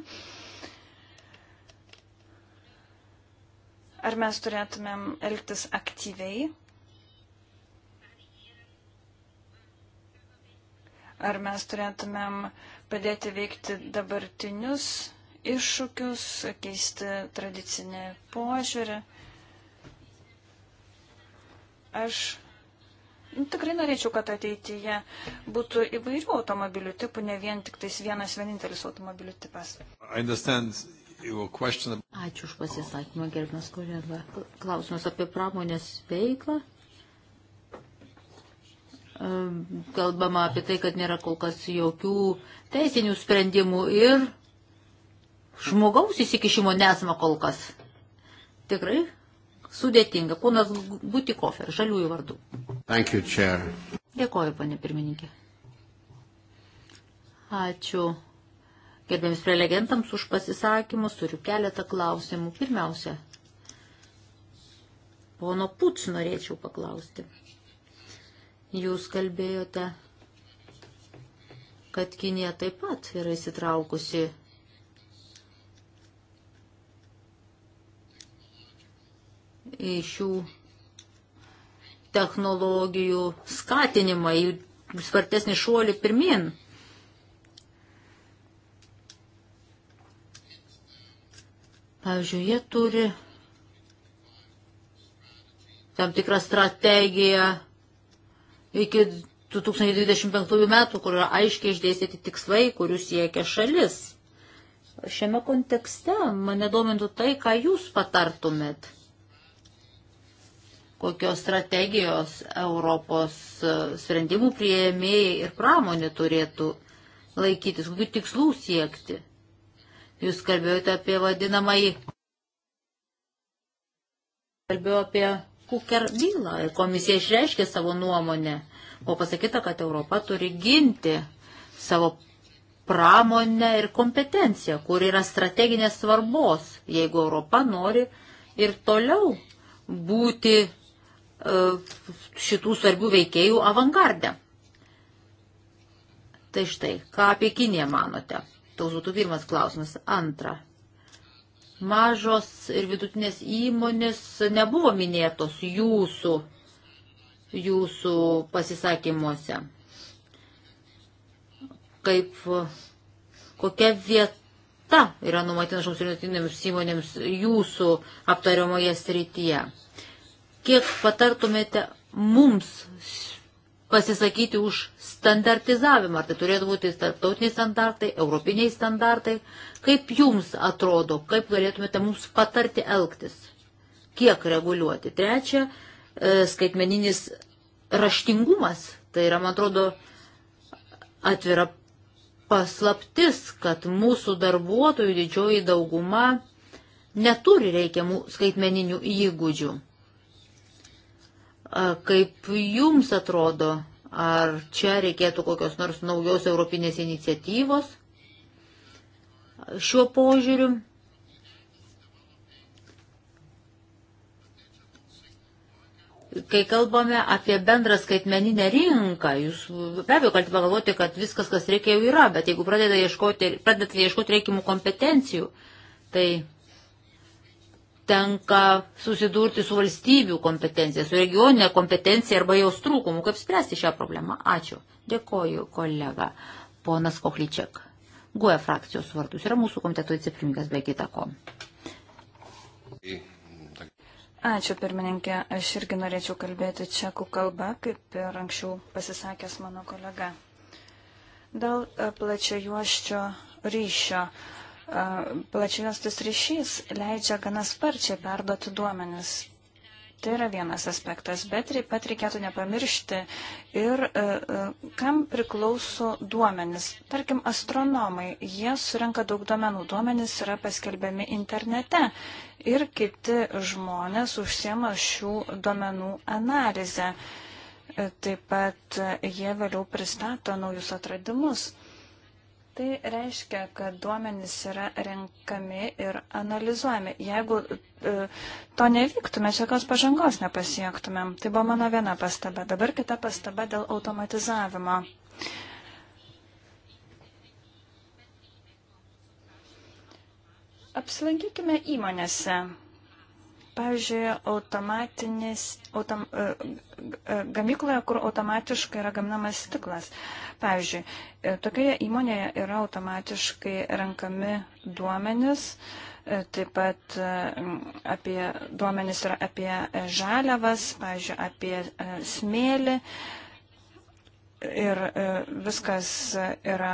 Ar mes turėtumėm elgtis aktyviai? Ar mes turėtumėm padėti veikti dabartinius iššūkius, keisti tradicinį požiūrį. Aš nu, tikrai norėčiau, kad ateityje būtų įvairių automobilių tipų, ne vien tik tais vienas vienintelis automobilių tipas. Ačiū už pasisakymą, gerbimas kolega. Klausimas apie pramonės veiklą. Kalbama apie tai, kad nėra kol kas jokių teisinių sprendimų ir žmogaus įsikišimo nesama kol kas. Tikrai sudėtinga. Ponas Butikofer, žaliųjų vardų. Thank you, chair. Dėkoju, panė pirmininkė. Ačiū. Gerbėms prelegentams už pasisakymus turiu keletą klausimų. Pirmiausia, pono Puts norėčiau paklausti. Jūs kalbėjote, kad Kinė taip pat yra įsitraukusi šių technologijų skatinimą, jų spartesnį šuolį pirmin. Pavyzdžiui, jie turi tam tikrą strategiją iki 2025 metų, kur yra aiškiai išdėstyti tikslai, kurių siekia šalis. Šiame kontekste mane domintų tai, ką jūs patartumėt kokios strategijos Europos e, sprendimų prieėmėjai ir pramonė turėtų laikytis, kokių tikslų siekti. Jūs kalbėjote apie vadinamąjį. Kalbėjau apie Kuker bylą ir komisija išreiškė savo nuomonę. Buvo pasakyta, kad Europa turi ginti savo pramonę ir kompetenciją, kur yra strateginės svarbos, jeigu Europa nori ir toliau būti E, šitų svarbių veikėjų avangardę. Tai štai, ką apie Kiniją manote? Toks tai būtų pirmas klausimas. Antra. Mažos ir vidutinės įmonės nebuvo minėtos jūsų, jūsų pasisakymuose. Kaip kokia vieta yra numatyta šioms vidutinėms įmonėms jūsų aptariamoje srityje? kiek patartumėte mums pasisakyti už standartizavimą, ar tai turėtų būti tarptautiniai standartai, europiniai standartai, kaip jums atrodo, kaip galėtumėte mums patarti elgtis, kiek reguliuoti. Trečia, e, skaitmeninis raštingumas, tai yra, man atrodo, atvira paslaptis, kad mūsų darbuotojų didžioji dauguma neturi reikiamų skaitmeninių įgūdžių. Kaip jums atrodo, ar čia reikėtų kokios nors naujos europinės iniciatyvos šiuo požiūriu? Kai kalbame apie bendrą skaitmeninę rinką, jūs be abejo galite pagalvoti, kad viskas, kas reikia, jau yra, bet jeigu pradedate ieškoti, pradedate ieškoti reikimų kompetencijų, tai tenka susidurti su valstybių kompetencija, su regioninė kompetencija arba jos trūkumu, kaip spręsti šią problemą. Ačiū. Dėkoju, kolega. Ponas Kohličiak. Guoja frakcijos vardus. Yra mūsų komiteto vicepirmininkas be kita ko. Ačiū, pirmininkė. Aš irgi norėčiau kalbėti čekų kalbą, kaip ir anksčiau pasisakęs mano kolega. Dėl e, plačiojuoščio ryšio. Uh, plačiajostis ryšys leidžia gana sparčiai perduoti duomenis. Tai yra vienas aspektas, bet taip pat reikėtų nepamiršti ir e, e, kam priklauso duomenis. Tarkim, astronomai, jie surenka daug duomenų, duomenis yra paskelbiami internete ir kiti žmonės užsiema šių duomenų analizę. E, taip pat jie vėliau pristato naujus atradimus. Tai reiškia, kad duomenys yra renkami ir analizuojami. Jeigu e, to nevyktų, mes jokios pažangos nepasiektumėm. Tai buvo mano viena pastaba. Dabar kita pastaba dėl automatizavimo. Apsilankykime įmonėse. Pavyzdžiui, autom, e, e, gamykloje, kur automatiškai yra gaminamas stiklas. Pavyzdžiui, e, tokioje įmonėje yra automatiškai renkami duomenis, taip pat apie duomenis yra apie žaliavas, pavyzdžiui, apie smėlį. Ir viskas yra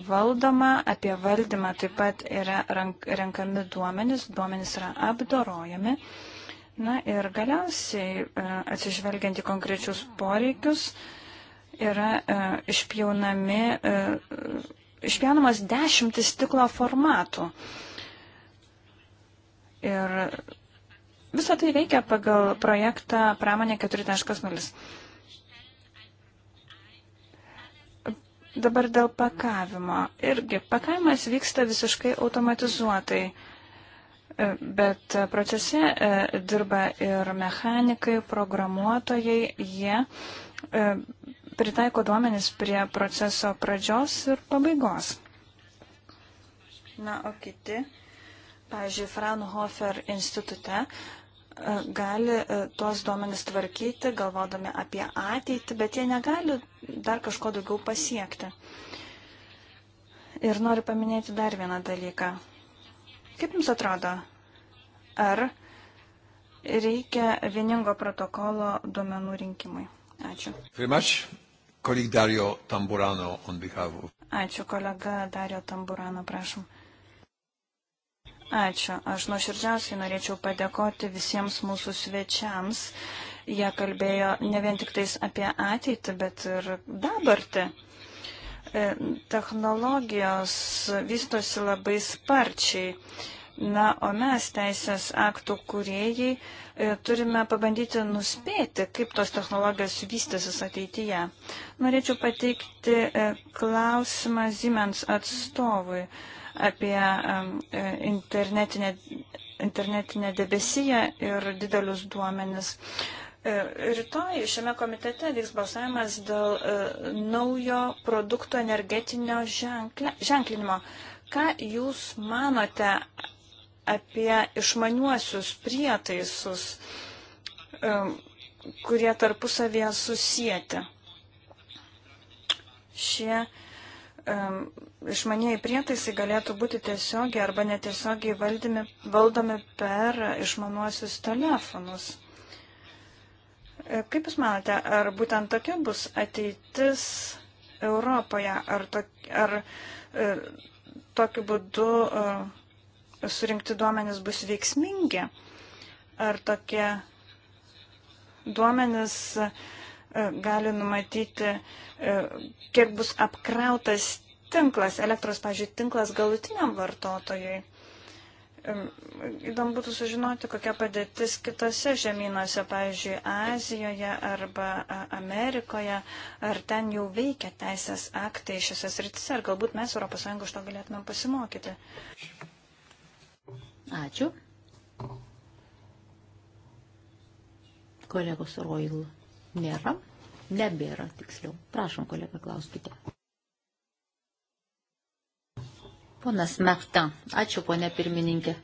valdoma, apie valdymą taip pat yra renkami duomenys, duomenys yra apdorojami. Na ir galiausiai, e, atsižvelgiant į konkrečius poreikius, yra e, išpjaunami, e, išpjaunamas dešimtis stiklo formatų. Ir visą tai veikia pagal projektą Pramonė 4.0. Dabar dėl pakavimo. Irgi pakavimas vyksta visiškai automatizuotai, e, bet procese e, dirba ir mechanikai, programuotojai, jie e, pritaiko duomenis prie proceso pradžios ir pabaigos. Na, o kiti, pavyzdžiui, Fraunhofer institute E, gali e, tuos duomenis tvarkyti, galvodami apie ateitį, bet jie negali dar kažko daugiau pasiekti. Ir noriu paminėti dar vieną dalyką. Kaip Jums atrodo, ar reikia vieningo protokolo duomenų rinkimui? Ačiū. Ačiū, kolega Dario Tamburano, prašom. Ačiū. Aš nuoširdžiausiai norėčiau padėkoti visiems mūsų svečiams. Jie kalbėjo ne vien tik tais apie ateitį, bet ir dabartį. E, technologijos vystosi labai sparčiai. Na, o mes, teisės aktų kuriejai, e, turime pabandyti nuspėti, kaip tos technologijos vystysis ateityje. Norėčiau pateikti e, klausimą Siemens atstovui apie e, internetinę, internetinę debesiją ir didelius duomenis. E, rytoj šiame komitete vyks balsavimas dėl e, naujo produkto energetinio ženkle, ženklinimo. Ką Jūs manote apie išmaniuosius prietaisus, kurie tarpusavėje susijęti? Šie uh, išmanieji prietaisai galėtų būti tiesiogiai arba netiesiogiai valdymi, valdomi per išmanuosius telefonus. E, kaip Jūs manote, ar būtent tokia bus ateitis Europoje, ar, tok, ar ir, e, tokiu būdu uh, surinkti duomenys bus veiksmingi, ar tokie duomenys uh, E, gali numatyti, e, kiek bus apkrautas tinklas, elektros, pažiūrėjau, tinklas galutiniam vartotojui. E, įdomu būtų sužinoti, kokia padėtis kitose žemynuose, pavyzdžiui, Azijoje arba Amerikoje, ar ten jau veikia teisės aktai šiose srityse, ar galbūt mes ES už to galėtumėm pasimokyti. Ačiū. Kolegos Roilu. Nėra. Nebėra, tiksliau. Prašom, kolega, klauskite. Ponas Mekta, ačiū, ponė pirmininkė.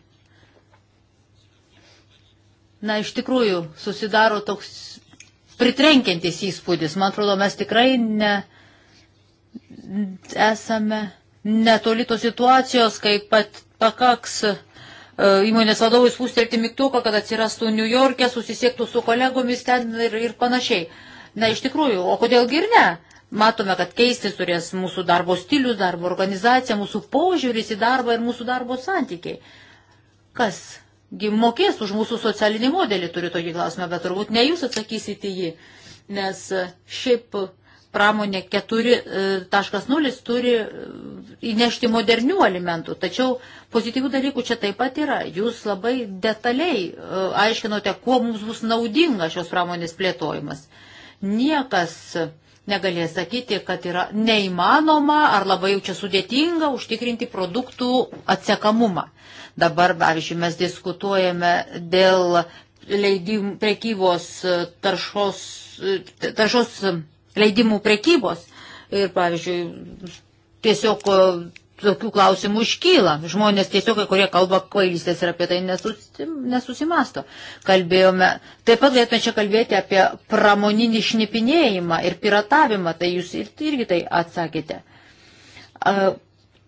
Na, iš tikrųjų, susidaro toks pritrenkiantis įspūdis. Man atrodo, mes tikrai ne, esame netoli tos situacijos, kai pat pakaks E, įmonės vadovui spūstelti mygtuką, kad atsirastų New York'e, susisiektų su kolegomis ten ir, ir panašiai. Na, iš tikrųjų, o kodėlgi ir ne? Matome, kad keistis turės mūsų darbo stilius, darbo organizacija, mūsų požiūris į darbą ir mūsų darbo santykiai. Kas mokės už mūsų socialinį modelį, turiu tokį klausimą, bet turbūt ne jūs atsakysite jį, nes e, šiaip uh, pramonė 4.0 e, turi e, įnešti modernių elementų, tačiau pozityvių dalykų čia taip pat yra. Jūs labai detaliai e, aiškinote, kuo mums bus naudinga šios pramonės plėtojimas. Niekas negalės sakyti, kad yra neįmanoma ar labai jau čia sudėtinga užtikrinti produktų atsekamumą. Dabar, pavyzdžiui, mes diskutuojame dėl leidim, prekybos taršos, taršos leidimų prekybos. Ir, pavyzdžiui, tiesiog tokių klausimų iškyla. Žmonės tiesiog, kurie kalba kvailystės ir apie tai nesusimasto. Kalbėjome, taip pat galėtume čia kalbėti apie pramoninį šnipinėjimą ir piratavimą, tai jūs irgi tai atsakėte. A,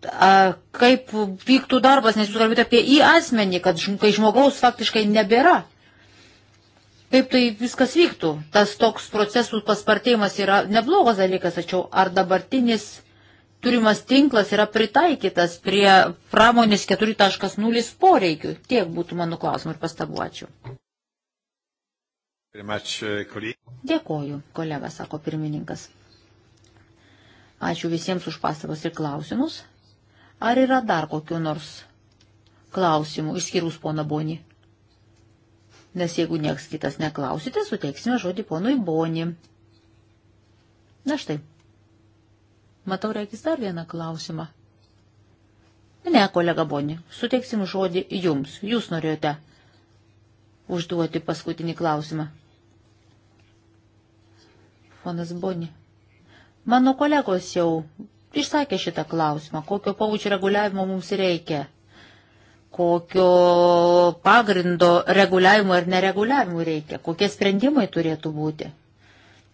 a, kaip vyktų darbas, nes jūs kalbėjote apie į asmenį, kad kai žmogaus faktiškai nebėra kaip tai viskas vyktų. Tas toks procesų paspartėjimas yra neblogas dalykas, tačiau ar dabartinis turimas tinklas yra pritaikytas prie pramonės 4.0 poreikių? Tiek būtų mano klausimų ir pastabuočių. Uh, Dėkoju, kolega, sako pirmininkas. Ačiū visiems už pastabas ir klausimus. Ar yra dar kokiu nors klausimu, išskyrus pono Bonį? Nes jeigu nieks kitas neklausite, suteiksime žodį ponui Boni. Na štai. Matau, reikis dar vieną klausimą. Ne, kolega Boni, suteiksim žodį jums. Jūs norėjote užduoti paskutinį klausimą. Ponas Boni. Mano kolegos jau išsakė šitą klausimą, kokio paučio reguliavimo mums reikia kokio pagrindo reguliavimo ir nereguliavimo reikia, kokie sprendimai turėtų būti.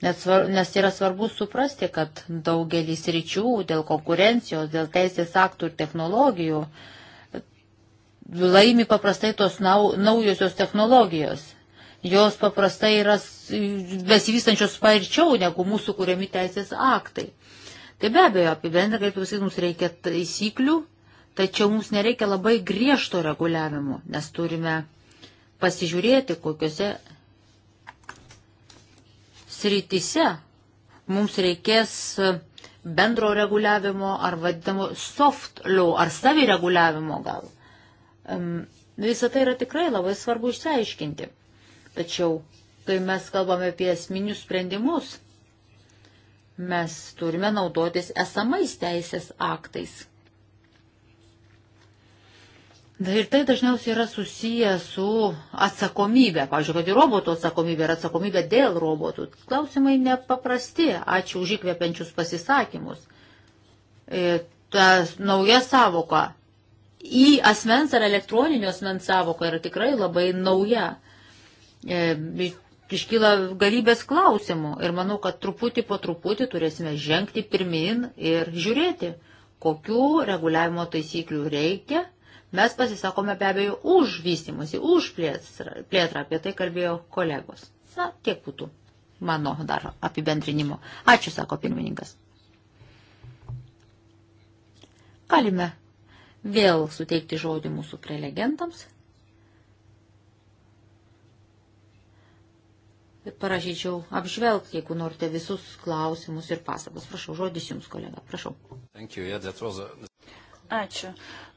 Nes, nes yra svarbu suprasti, kad daugelis ryčių dėl konkurencijos, dėl teisės aktų ir technologijų laimi paprastai tos nau, naujosios technologijos. Jos paprastai yra besivystančios sparčiau negu mūsų kuriami teisės aktai. Tai be abejo, apibendrinant, kaip jūs mums reikia taisyklių, Tačiau mums nereikia labai griežto reguliavimo, nes turime pasižiūrėti, kokiuose srityse mums reikės bendro reguliavimo ar vadinamo soft law ar savireguliavimo gal. Visą tai yra tikrai labai svarbu išsiaiškinti. Tačiau, kai mes kalbame apie esminius sprendimus, mes turime naudotis esamais teisės aktais Ir tai dažniausiai yra susiję su atsakomybė. Pavyzdžiui, kad ir robotų atsakomybė yra atsakomybė dėl robotų. Klausimai nepaprasti. Ačiū už įkvepiančius pasisakymus. Ir e, ta nauja savoka į asmens ar elektroninio asmens savoka yra tikrai labai nauja. E, iškyla galybės klausimų ir manau, kad truputį po truputį turėsime žengti pirmin ir žiūrėti, kokių reguliavimo taisyklių reikia Mes pasisakome be abejo už vystimusi, už plėtrą, apie tai kalbėjo kolegos. Na, tiek būtų mano dar apibendrinimo. Ačiū, sako pirmininkas. Galime vėl suteikti žodį mūsų prelegentams. Ir parašyčiau apžvelgti, jeigu norite visus klausimus ir pastabas. Prašau, žodis jums, kolega. Prašau. You, yeah, a... Ačiū.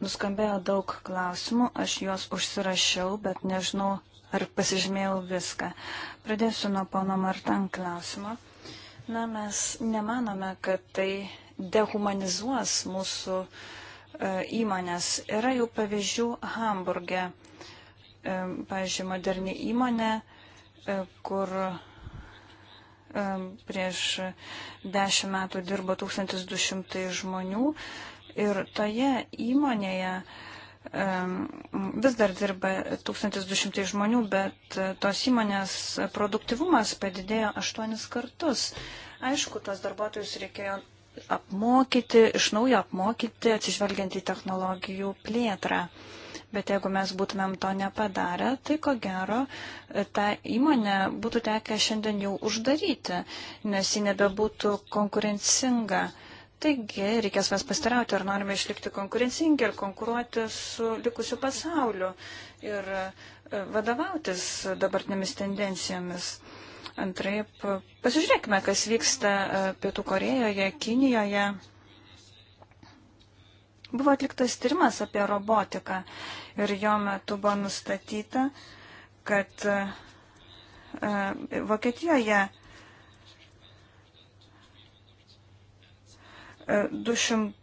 Nuskambėjo daug klausimų, aš juos užsirašiau, bet nežinau, ar pasižymėjau viską. Pradėsiu nuo pono Martan klausimo. Na, mes nemanome, kad tai dehumanizuos mūsų e, įmonės. Yra jau pavyzdžių Hamburge, e, pavyzdžiui, moderni įmonė, e, kur e, prieš dešimt metų dirbo 1200 žmonių, Ir toje įmonėje vis dar dirba 1200 žmonių, bet tos įmonės produktivumas padidėjo 8 kartus. Aišku, tos darbuotojus reikėjo apmokyti, iš naujo apmokyti, atsižvelgiant į technologijų plėtrą. Bet jeigu mes būtumėm to nepadarę, tai ko gero e, tą įmonę būtų tekę šiandien jau uždaryti, nes ji nebebūtų konkurencinga. Taigi reikės mes pastarauti, ar norime išlikti konkurencingi ir konkuruoti su likusiu pasauliu ir e, vadovautis dabartinėmis tendencijomis. Antraip, pasižiūrėkime, kas vyksta e, Pietų Korejoje, Kinijoje. Buvo atliktas tyrimas apie robotiką ir jo metu buvo nustatyta, kad e, Vokietijoje 200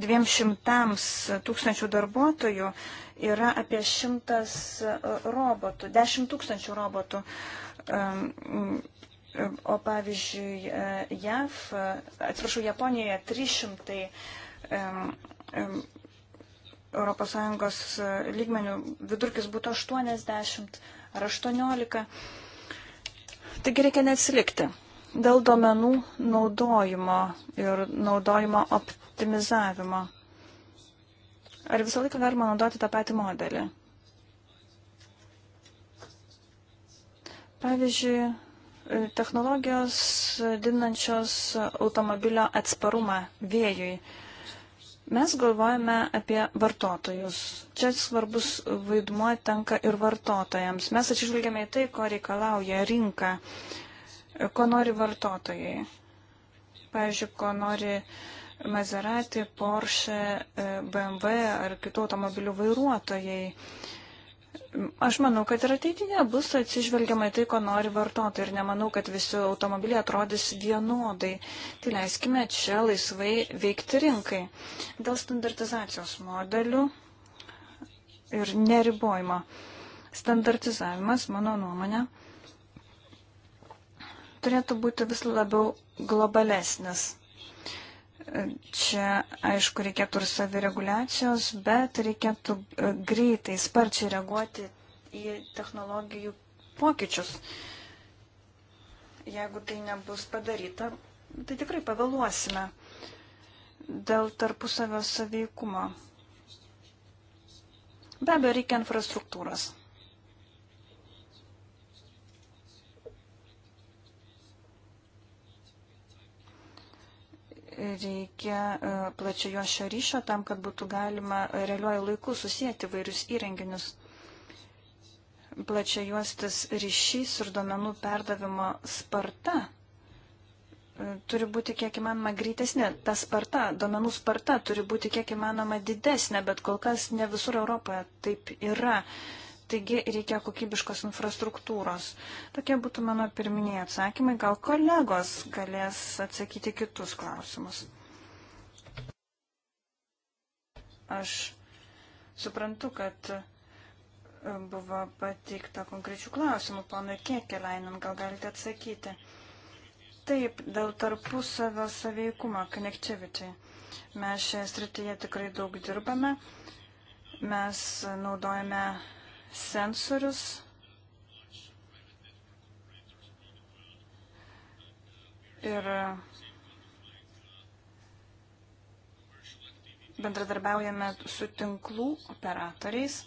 200 tūkstančių darbuotojų yra apie 100 e, robotų, 10 tūkstančių robotų. O pavyzdžiui, e, JAV, e, atsiprašau, Japonijoje 300 ES lygmenių vidurkis būtų 80 ar 18. Taigi reikia neatsilikti. Dėl duomenų naudojimo ir naudojimo optimizavimo. Ar visą laiką galima naudoti tą patį modelį? Pavyzdžiui, technologijos didinančios automobilio atsparumą vėjui. Mes galvojame apie vartotojus. Čia svarbus vaidmuo tenka ir vartotojams. Mes atsižvelgiame į tai, ko reikalauja rinka ko nori vartotojai. Pavyzdžiui, ko nori Maserati, Porsche, e, BMW ar kitų automobilių vairuotojai. Aš manau, kad ir ateityje bus atsižvelgiama į tai, ko nori vartotojai ir nemanau, kad visi automobiliai atrodys vienodai. Tai leiskime čia laisvai veikti rinkai. Dėl standartizacijos modelių ir neribojimo. Standartizavimas, mano nuomonė, turėtų būti vis labiau globalesnis. Čia, aišku, reikėtų ir savireguliacijos, bet reikėtų e, greitai, sparčiai reaguoti į technologijų pokyčius. Jeigu tai nebus padaryta, tai tikrai pavėluosime dėl tarpusavio saveikumo. Be abejo, reikia infrastruktūros. reikia e, plačio jo šio ryšio tam, kad būtų galima realiuoju laiku susijęti vairius įrenginius. Plačia juostas ryšys ir duomenų perdavimo sparta e, turi būti kiek įmanoma greitesnė. Ta sparta, duomenų sparta turi būti kiek įmanoma didesnė, bet kol kas ne visur Europoje taip yra. Uh, Taigi reikia kokybiškos infrastruktūros. Tokie būtų mano pirminiai atsakymai. Gal kolegos galės atsakyti kitus klausimus. Aš suprantu, kad e, buvo pateikta konkrečių klausimų. Ponui Kiekelainam gal galite atsakyti. Taip, dėl tarpusavio saveikumo, connectivity. Mes šioje srityje tikrai daug dirbame. Mes naudojame sensorius. Ir bendradarbiaujame su tinklų operatoriais.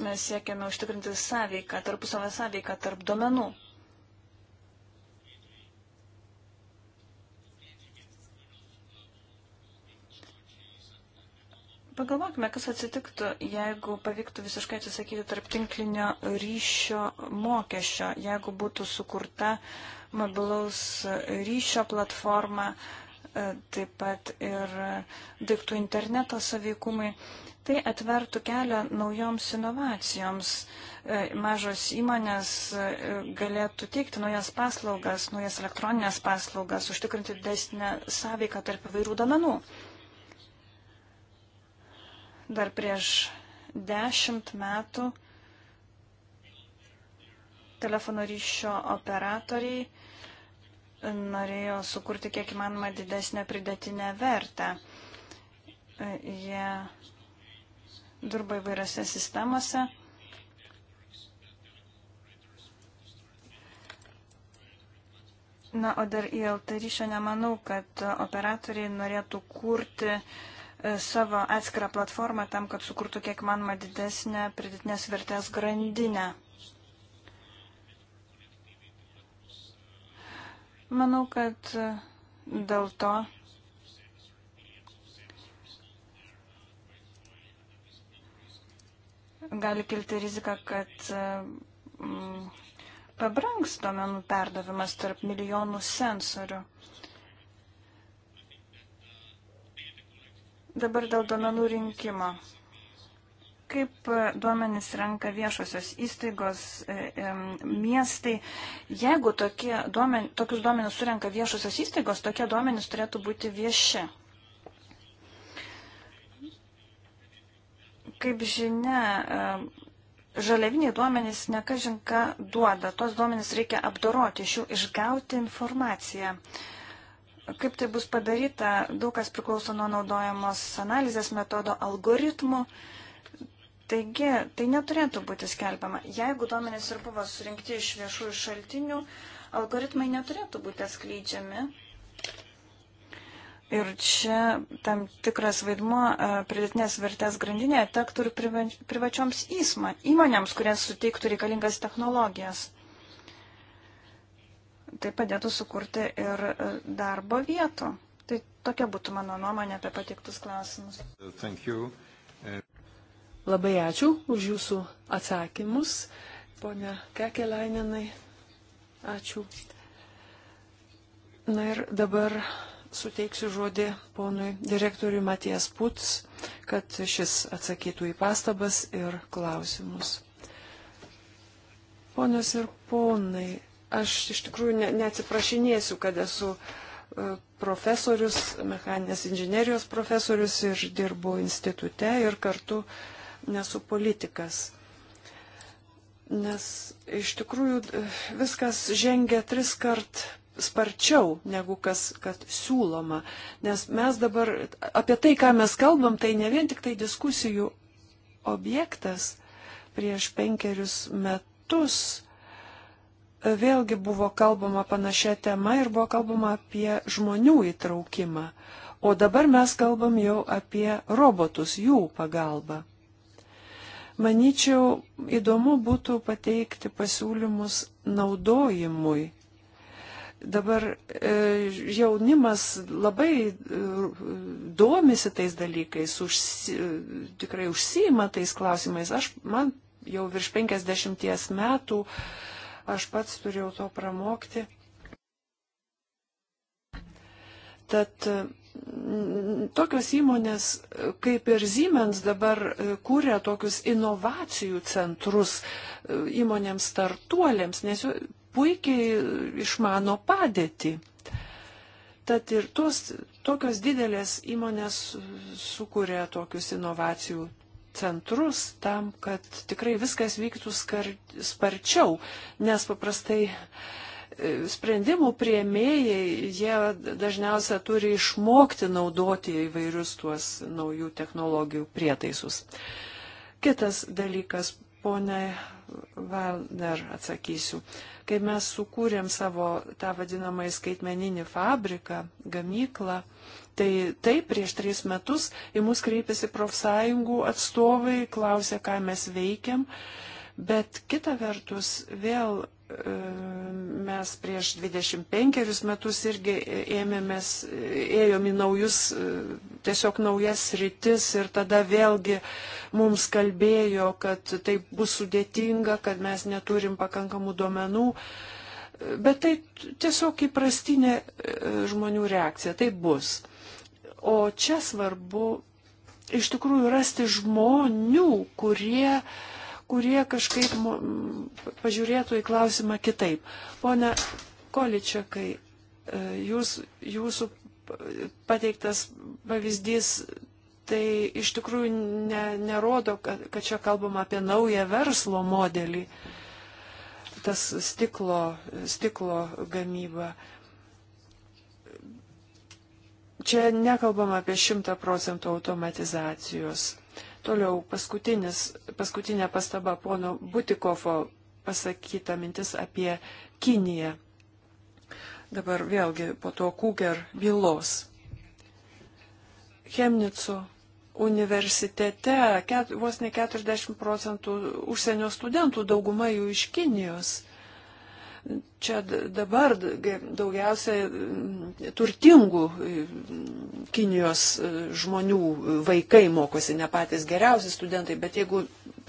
Mes siekiame užtikrinti sąveiką, tarpusavę sąveiką tarp domenų. Pagalvokime, kas atsitiktų, jeigu pavyktų visiškai atsisakyti tarptinklinio ryšio mokesčio, jeigu būtų sukurta mobilaus ryšio platforma, e, taip pat ir daiktų interneto saveikumai. Tai atvertų kelią naujoms inovacijoms. E, mažos įmonės e, galėtų teikti naujas paslaugas, naujas elektroninės paslaugas, užtikrinti didesnę sąveiką tarp įvairių domenų. Dar prieš dešimt metų telefono ryšio operatoriai norėjo sukurti kiek įmanoma didesnę pridėtinę vertę. Jie dirba įvairiose sistemose. Na, o dar į LT ryšio nemanau, kad operatoriai norėtų kurti uh, E, savo atskirą platformą tam, kad sukurtų kiek manoma didesnę pridėtinės vertės grandinę. Manau, kad e, dėl to gali kilti rizika, kad e, pabrangs duomenų perdavimas tarp milijonų sensorių. Dabar dėl duomenų rinkimo. Kaip e, duomenys renka viešosios įstaigos, e, e, miestai, jeigu tokie duomen, tokius duomenys surenka viešosios įstaigos, tokie duomenys turėtų būti vieši. Kaip žinia, žaliaviniai duomenys nekažinka duoda. Tos duomenys reikia apdoroti, iš jų išgauti informaciją. Uh, Kaip tai bus padaryta, daug kas priklauso nuo naudojamos analizės metodo algoritmų. Taigi, tai neturėtų būti skelbiama. Jeigu duomenys ir buvo surinkti iš viešųjų šaltinių, algoritmai neturėtų būti atskleidžiami. Ir čia tam tikras vaidmo e, pridėtinės vertės grandinėje tektų ir privačioms įsma, įmonėms, kurias suteiktų reikalingas technologijas tai padėtų sukurti ir e, darbo vietų. Tai tokia būtų mano nuomonė apie patiktus klausimus. E, Labai ačiū už jūsų atsakymus, ponia Kekelaininai. Ačiū. Na ir dabar suteiksiu žodį ponui direktoriui Matijas Puts, kad šis atsakytų į pastabas ir klausimus. Ponios ir ponai, Aš iš tikrųjų ne, neatsiprašinėsiu, kad esu e, profesorius, mechaninės inžinerijos profesorius ir dirbu institute ir kartu nesu politikas. Nes iš tikrųjų e, viskas žengia tris kart sparčiau negu kas, kad siūloma. Nes mes dabar apie tai, ką mes kalbam, tai ne vien tik tai diskusijų objektas prieš penkerius metus vėlgi buvo kalbama panašia tema ir buvo kalbama apie žmonių įtraukimą. O dabar mes kalbam jau apie robotus, jų pagalbą. Maničiau, įdomu būtų pateikti pasiūlymus naudojimui. Dabar e, jaunimas labai e, domisi tais dalykais, užsi, e, tikrai užsima tais klausimais. Aš, man jau virš 50 metų e, Aš pats turėjau to pramokti. Tad mm, tokios įmonės kaip ir Siemens dabar e, kūrė tokius inovacijų centrus e, įmonėms startuolėms, nes puikiai išmano padėtį. Tad ir tos, tokios didelės įmonės sukūrė tokius inovacijų centrus tam, kad tikrai viskas vyktų skar, sparčiau, nes paprastai e, sprendimų prieimėjai, jie dažniausia turi išmokti naudoti įvairius tuos naujų technologijų prietaisus. Kitas dalykas, ponė Valner, atsakysiu. Kai mes sukūrėm savo tą vadinamąjį skaitmeninį fabriką, gamyklą, Tai taip, prieš trejus metus į mus kreipėsi profsąjungų atstovai, klausė, ką mes veikiam, bet kita vertus vėl e, mes prieš 25 metus irgi ėmėmės, ėjom į naujus, e, tiesiog naujas rytis ir tada vėlgi mums kalbėjo, kad tai bus sudėtinga, kad mes neturim pakankamų duomenų. E, bet tai tiesiog įprastinė žmonių reakcija, tai bus. O čia svarbu iš tikrųjų rasti žmonių, kurie, kurie kažkaip pažiūrėtų į klausimą kitaip. Pone Količiakai, e, jūs, jūsų pateiktas pavyzdys tai iš tikrųjų ne, nerodo, kad, kad čia kalbama apie naują verslo modelį, tas stiklo, stiklo gamyba. Čia nekalbam apie 100 procentų automatizacijos. Toliau paskutinė pastaba pono Butikofo pasakyta mintis apie Kiniją. Dabar vėlgi po to Kūger bylos. Chemnico universitete ket, vos ne 40 procentų užsienio studentų, dauguma jų iš Kinijos čia dabar daugiausia turtingų Kinijos e, žmonių e, vaikai mokosi, ne patys geriausi studentai, bet jeigu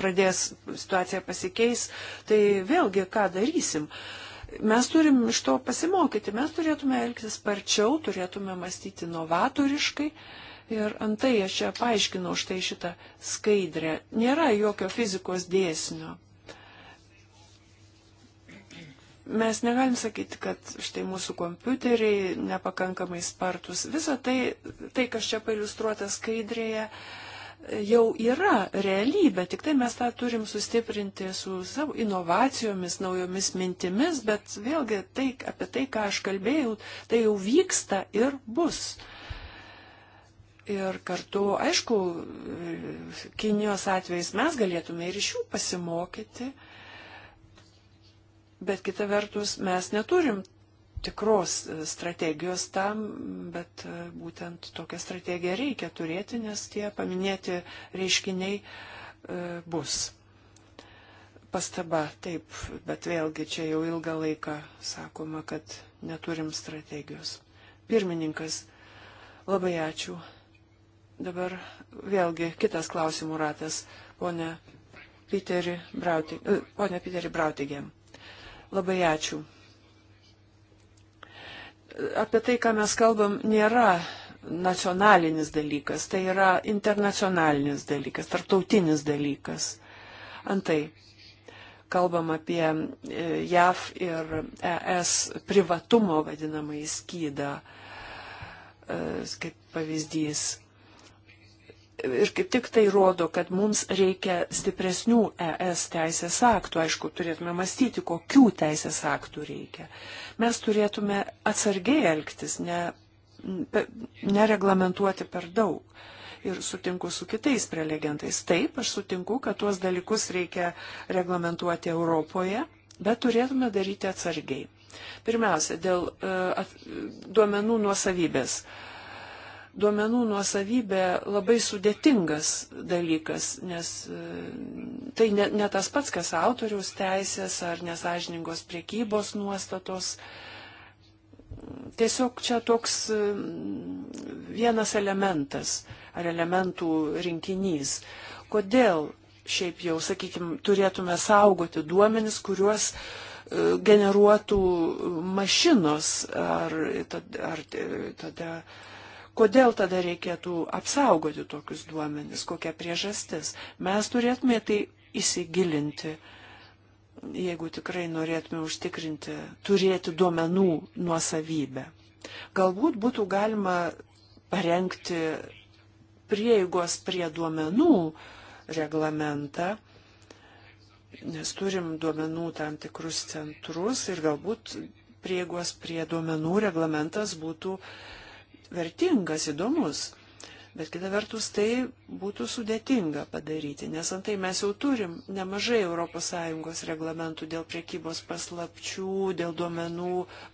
pradės situacija pasikeis, tai vėlgi ką darysim. Mes turim iš to pasimokyti, mes turėtume elgtis sparčiau, turėtume mąstyti novatoriškai. Ir antai aš čia paaiškinau štai šitą skaidrę. Nėra jokio fizikos dėsnio. Mes negalim sakyti, kad štai mūsų kompiuteriai nepakankamai spartus. Visa tai, tai kas čia pailustruota skaidrėje, jau yra realybė, tik tai mes tą turim sustiprinti su savo inovacijomis, naujomis mintimis, bet vėlgi tai, apie tai, ką aš kalbėjau, tai jau vyksta ir bus. Ir kartu, aišku, Kinijos atvejais mes galėtume ir iš jų pasimokyti. Uh, Bet kita vertus, mes neturim tikros e, strategijos tam, bet e, būtent tokią strategiją reikia turėti, nes tie paminėti reiškiniai e, bus. Pastaba, taip, bet vėlgi čia jau ilgą laiką sakoma, kad neturim strategijos. Pirmininkas, labai ačiū. Dabar vėlgi kitas klausimų ratas, ponė Piterį Brautigėm. Labai ačiū. Apie tai, ką mes kalbam, nėra nacionalinis dalykas, tai yra internacionalinis dalykas, tarptautinis dalykas. Antai, kalbam apie e, JAV ir ES privatumo vadinamąjį skydą, e, kaip pavyzdys ir kaip tik tai rodo, kad mums reikia stipresnių ES teisės aktų. Aišku, turėtume mąstyti, kokių teisės aktų reikia. Mes turėtume atsargiai elgtis, ne, pe, nereglamentuoti per daug. Ir sutinku su kitais prelegentais. Taip, aš sutinku, kad tuos dalykus reikia reglamentuoti Europoje, bet turėtume daryti atsargiai. Pirmiausia, dėl uh, at, duomenų nuosavybės. Uh, duomenų nuosavybė labai sudėtingas dalykas, nes e, tai ne, ne tas pats, kas autoriaus teisės ar nesažiningos priekybos nuostatos. Tiesiog čia toks e, vienas elementas ar elementų rinkinys. Kodėl šiaip jau, sakykime, turėtume saugoti duomenis, kuriuos e, generuotų mašinos ar, ar tada kodėl tada reikėtų apsaugoti tokius duomenis, kokia priežastis. Mes turėtume tai įsigilinti, jeigu tikrai norėtume užtikrinti, turėti duomenų nuosavybę. Galbūt būtų galima parengti prieigos prie duomenų reglamentą, nes turim duomenų tam tikrus centrus ir galbūt prieigos prie duomenų reglamentas būtų uh, vertingas, įdomus. Bet kita vertus tai būtų sudėtinga padaryti, nes antai mes jau turim nemažai ES reglamentų dėl priekybos paslapčių, dėl duomenų,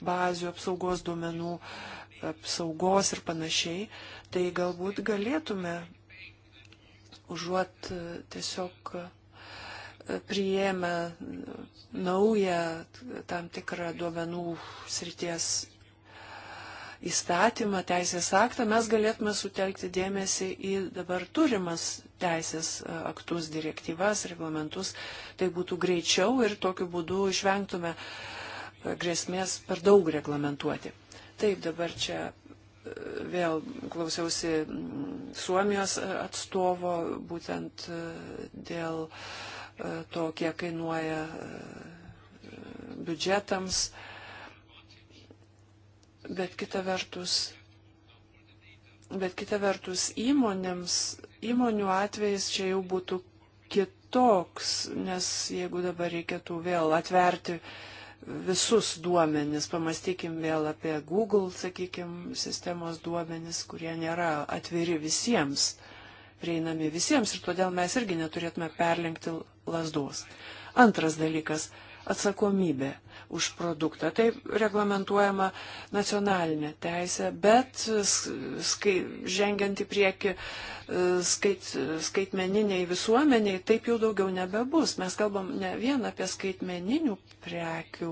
bazių apsaugos duomenų, apsaugos ir panašiai. Tai galbūt galėtume užuot e, tiesiog e, priėmę naują tam tikrą duomenų srities įstatymą, teisės aktą, mes galėtume sutelkti dėmesį į dabar turimas teisės e, aktus, direktyvas, reglamentus. Tai būtų greičiau ir tokiu būdu išvengtume e, grėsmės per daug reglamentuoti. Taip, dabar čia e, vėl klausiausi mm, Suomijos atstovo būtent dėl to, kiek kainuoja biudžetams. Uh, bet kita vertus, bet kita vertus įmonėms, įmonių atvejais čia jau būtų kitoks, nes jeigu dabar reikėtų vėl atverti visus duomenis, pamastykim vėl apie Google, sakykim, sistemos duomenis, kurie nėra atviri visiems, prieinami visiems ir todėl mes irgi neturėtume perlenkti lasdos. Antras dalykas - atsakomybė už produktą. Taip reglamentuojama nacionalinė teisė, bet skai, žengiant į priekį e, skait, skaitmeniniai visuomeniai taip jau daugiau nebebus. Mes kalbam ne vien apie skaitmeninių prekių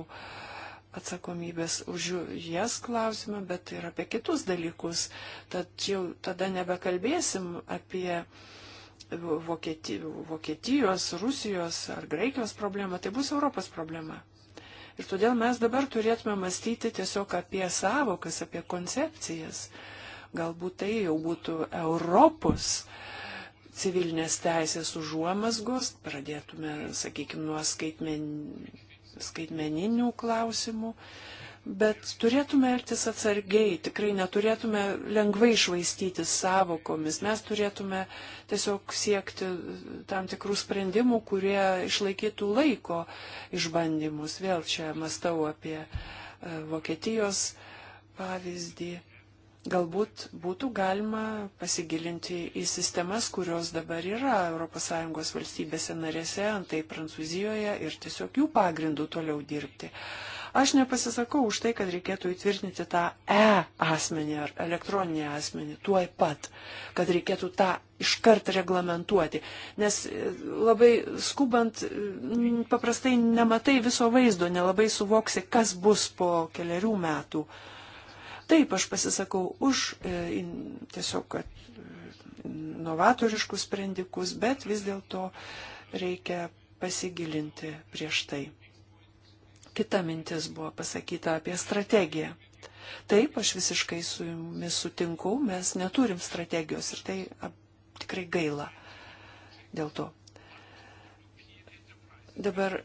atsakomybės už jas klausimą, bet tai ir apie kitus dalykus. Tad jau tada nebekalbėsim apie Vokietijos, Rusijos ar Graikijos problemą, tai bus Europos problema. Ir todėl mes dabar turėtume mąstyti tiesiog apie savokas, apie koncepcijas. Galbūt tai jau būtų Europos civilinės teisės užuomasgos, pradėtume, sakykime, nuo skaitmen, skaitmeninių klausimų. Uh, Bet turėtume elgtis atsargiai, tikrai neturėtume lengvai išvaistyti savokomis. Mes turėtume tiesiog siekti tam tikrų sprendimų, kurie išlaikytų laiko išbandymus. Vėl čia mastau apie e, Vokietijos pavyzdį. Galbūt būtų galima pasigilinti į sistemas, kurios dabar yra ES valstybėse narėse, antai Prancūzijoje ir tiesiog jų pagrindų toliau dirbti. Aš nepasisakau už tai, kad reikėtų įtvirtinti tą E asmenį ar elektroninį asmenį tuoj pat, kad reikėtų tą iškart reglamentuoti, nes e, labai skubant paprastai nematai viso vaizdo, nelabai suvoksi, kas bus po keliarių metų. Taip, aš pasisakau už e, tiesiog, kad e, novatoriškus sprendikus, bet vis dėlto reikia pasigilinti prieš tai kita mintis buvo pasakyta apie strategiją. Taip, aš visiškai su jumis sutinku, mes neturim strategijos ir tai ap, tikrai gaila dėl to. Dabar,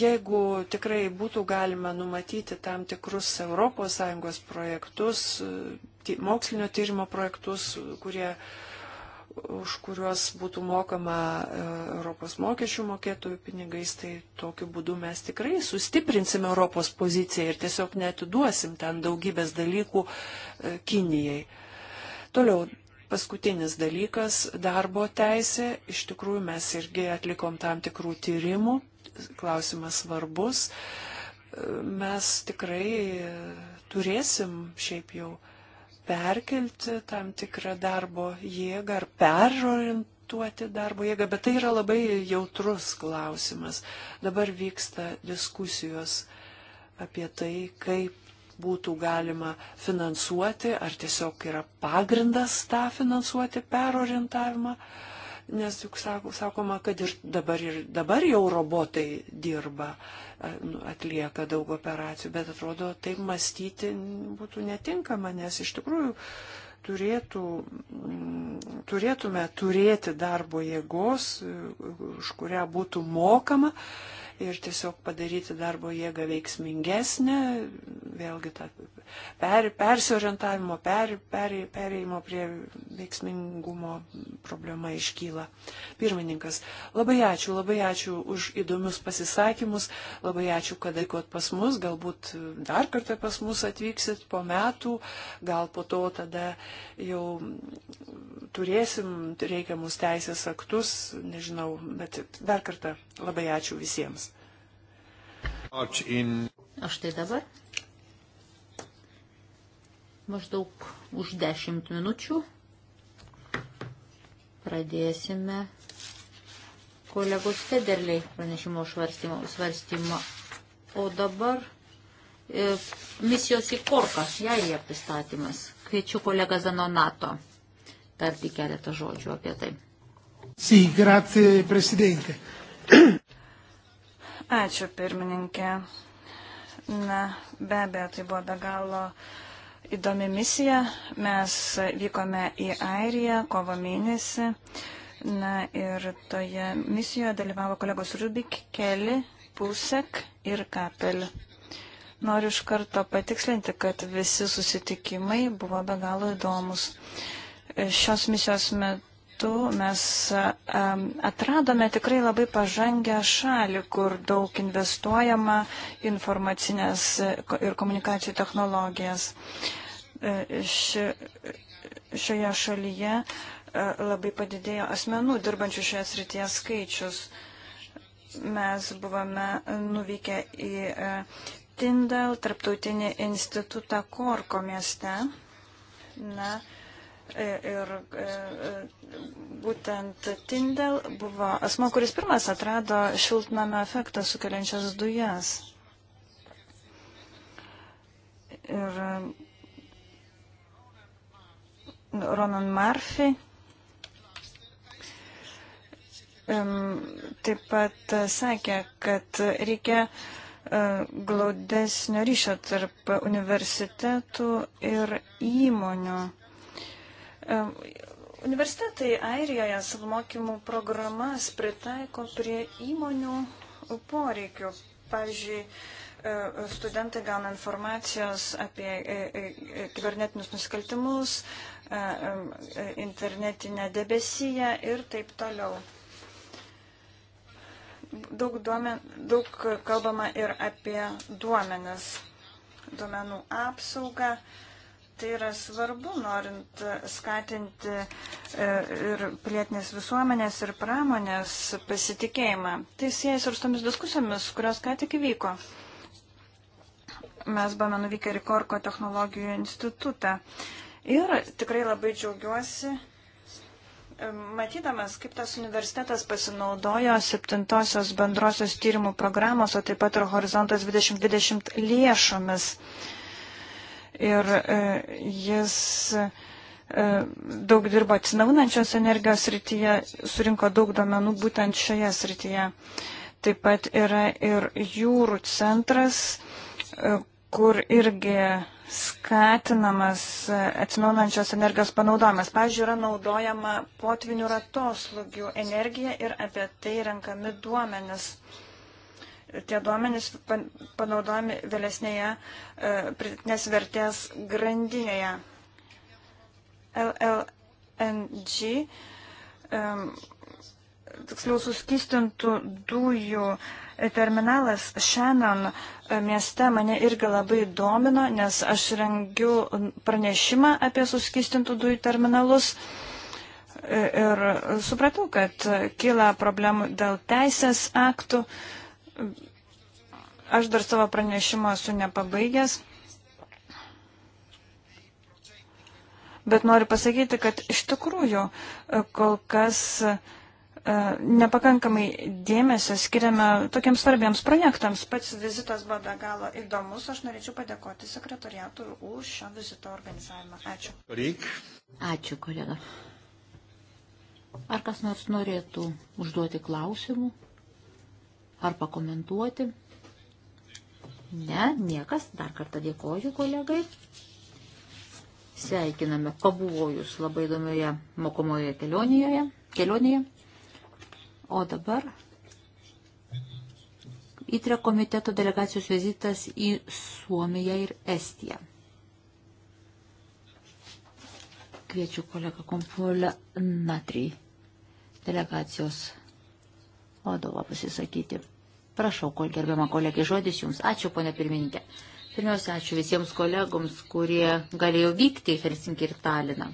jeigu tikrai būtų galima numatyti tam tikrus ES projektus, e, mokslinio tyrimo projektus, kurie uh, už kuriuos būtų mokama e, Europos mokesčių mokėtojų pinigais, tai tokiu būdu mes tikrai sustiprinsim Europos poziciją ir tiesiog netiduosim ten daugybės dalykų e, Kinijai. Toliau, paskutinis dalykas - darbo teisė. Iš tikrųjų, mes irgi atlikom tam tikrų tyrimų, klausimas svarbus. E, mes tikrai turėsim šiaip jau perkelti tam tikrą darbo jėgą ar perorientuoti darbo jėgą, bet tai yra labai jautrus klausimas. Dabar vyksta diskusijos apie tai, kaip būtų galima finansuoti, ar tiesiog yra pagrindas tą finansuoti perorientavimą, nes juk sako, sakoma, kad ir dabar, ir dabar jau robotai dirba, nu, atlieka daug operacijų, bet atrodo, taip mąstyti būtų netinkama, nes iš tikrųjų turėtų, mm, turėtume turėti darbo jėgos, e, už kurią būtų mokama ir tiesiog padaryti darbo jėgą veiksmingesnę, vėlgi tą per, persiorientavimo, per, per, perėjimo prie veiksmingumo problema iškyla. Pirmininkas, labai ačiū, labai ačiū už įdomius pasisakymus, labai ačiū, kad atėjot pas mus, galbūt dar kartą pas mus atvyksit po metų, gal po to tada jau turėsim reikiamus teisės aktus, nežinau, bet dar kartą labai ačiū visiems. O štai dabar maždaug už 10 minučių pradėsime kolegos federliai pranešimo svarstymą. svarstymą. O dabar e, misijos į Korką, jai jie pristatymas. Kviečiu kolegą Zanonato tarti keletą žodžių apie tai. Sì, grazie Presidente. Ačiū, pirmininkė. Na, be abejo, tai buvo be galo įdomi misija. Mes vykome į Airiją kovo mėnesį. Na ir toje misijoje dalyvavo kolegos Rubik, Keli, Pusek ir Kapel. Noriu iš karto patikslinti, kad visi susitikimai buvo be galo įdomus. Šios misijos metu metu mes atradome tikrai labai pažangę šalį, kur daug investuojama informacinės ir komunikacijų technologijas. E, ši, šioje šalyje e, labai padidėjo asmenų dirbančių šioje srityje skaičius. Mes buvome nuvykę į e, Tindal, tarptautinį institutą Korko mieste. Na, E, ir e, e, būtent Tindel buvo asmo, kuris pirmas atrado šiltnamio efektą sukeliančias dujas. Ir Ronan Murphy taip pat sakė, kad reikia glaudesnio ryšio tarp universitetų ir įmonių. E, universitetai Airijoje savo mokymų programas pritaiko prie įmonių poreikių. Pavyzdžiui, e, studentai gauna informacijos apie e, kibernetinius nusikaltimus, internetinę debesiją ir taip toliau. Daug, duomen, daug kalbama ir apie duomenis, duomenų apsaugą. Uh, Tai yra svarbu, norint skatinti e, ir pilietinės visuomenės, ir pramonės pasitikėjimą. Tai siejas ir su tomis diskusijomis, kurios ką tik įvyko. Mes buvome nuvykę į Korko technologijų institutą. Ir tikrai labai džiaugiuosi, e, matydamas, kaip tas universitetas pasinaudojo septintosios bendrosios tyrimų programos, o taip pat ir Horizontas 2020 lėšomis. 20 ir e, jis e, daug dirbo atsinaunančios energijos srityje, surinko daug domenų būtent šioje srityje. Taip pat yra ir jūrų centras, e, kur irgi skatinamas atsinaujančios energijos panaudojimas. Pavyzdžiui, yra naudojama potvinių ratoslugių energija ir apie tai renkami duomenis. Uh, Tie duomenys panaudojami vėlesnėje e, pridėtinės vertės grandinėje. LLNG, tiksliau suskistintų dujų terminalas šiandien e, mieste mane irgi labai domino, nes aš rengiu pranešimą apie suskistintų dujų terminalus. E, ir supratau, kad kyla problemų dėl teisės aktų. Uh, Aš dar savo pranešimą esu nepabaigęs. Bet noriu pasakyti, kad iš tikrųjų e, kol kas e, nepakankamai dėmesio skiriame tokiems svarbiems projektams. Pats vizitas buvo be galo įdomus. Aš norėčiau padėkoti sekretoriatui už šio vizito organizavimą. Ačiū. Reik. Ačiū, kolega. Ar kas nors norėtų užduoti klausimų? ar pakomentuoti? Ne, niekas. Dar kartą dėkoju kolegai. Sveikiname pabuvojus labai įdomioje mokomoje kelionėje. kelionėje. O dabar įtrė komiteto delegacijos vizitas į Suomiją ir Estiją. Kviečiu kolegą Kompulę Natrį delegacijos vadovą pasisakyti. Prašau, kol gerbiama kolegė, žodis jums. Ačiū, ponė pirmininkė. Pirmiausia, ačiū visiems kolegoms, kurie galėjo vykti į Helsinkį ir Taliną.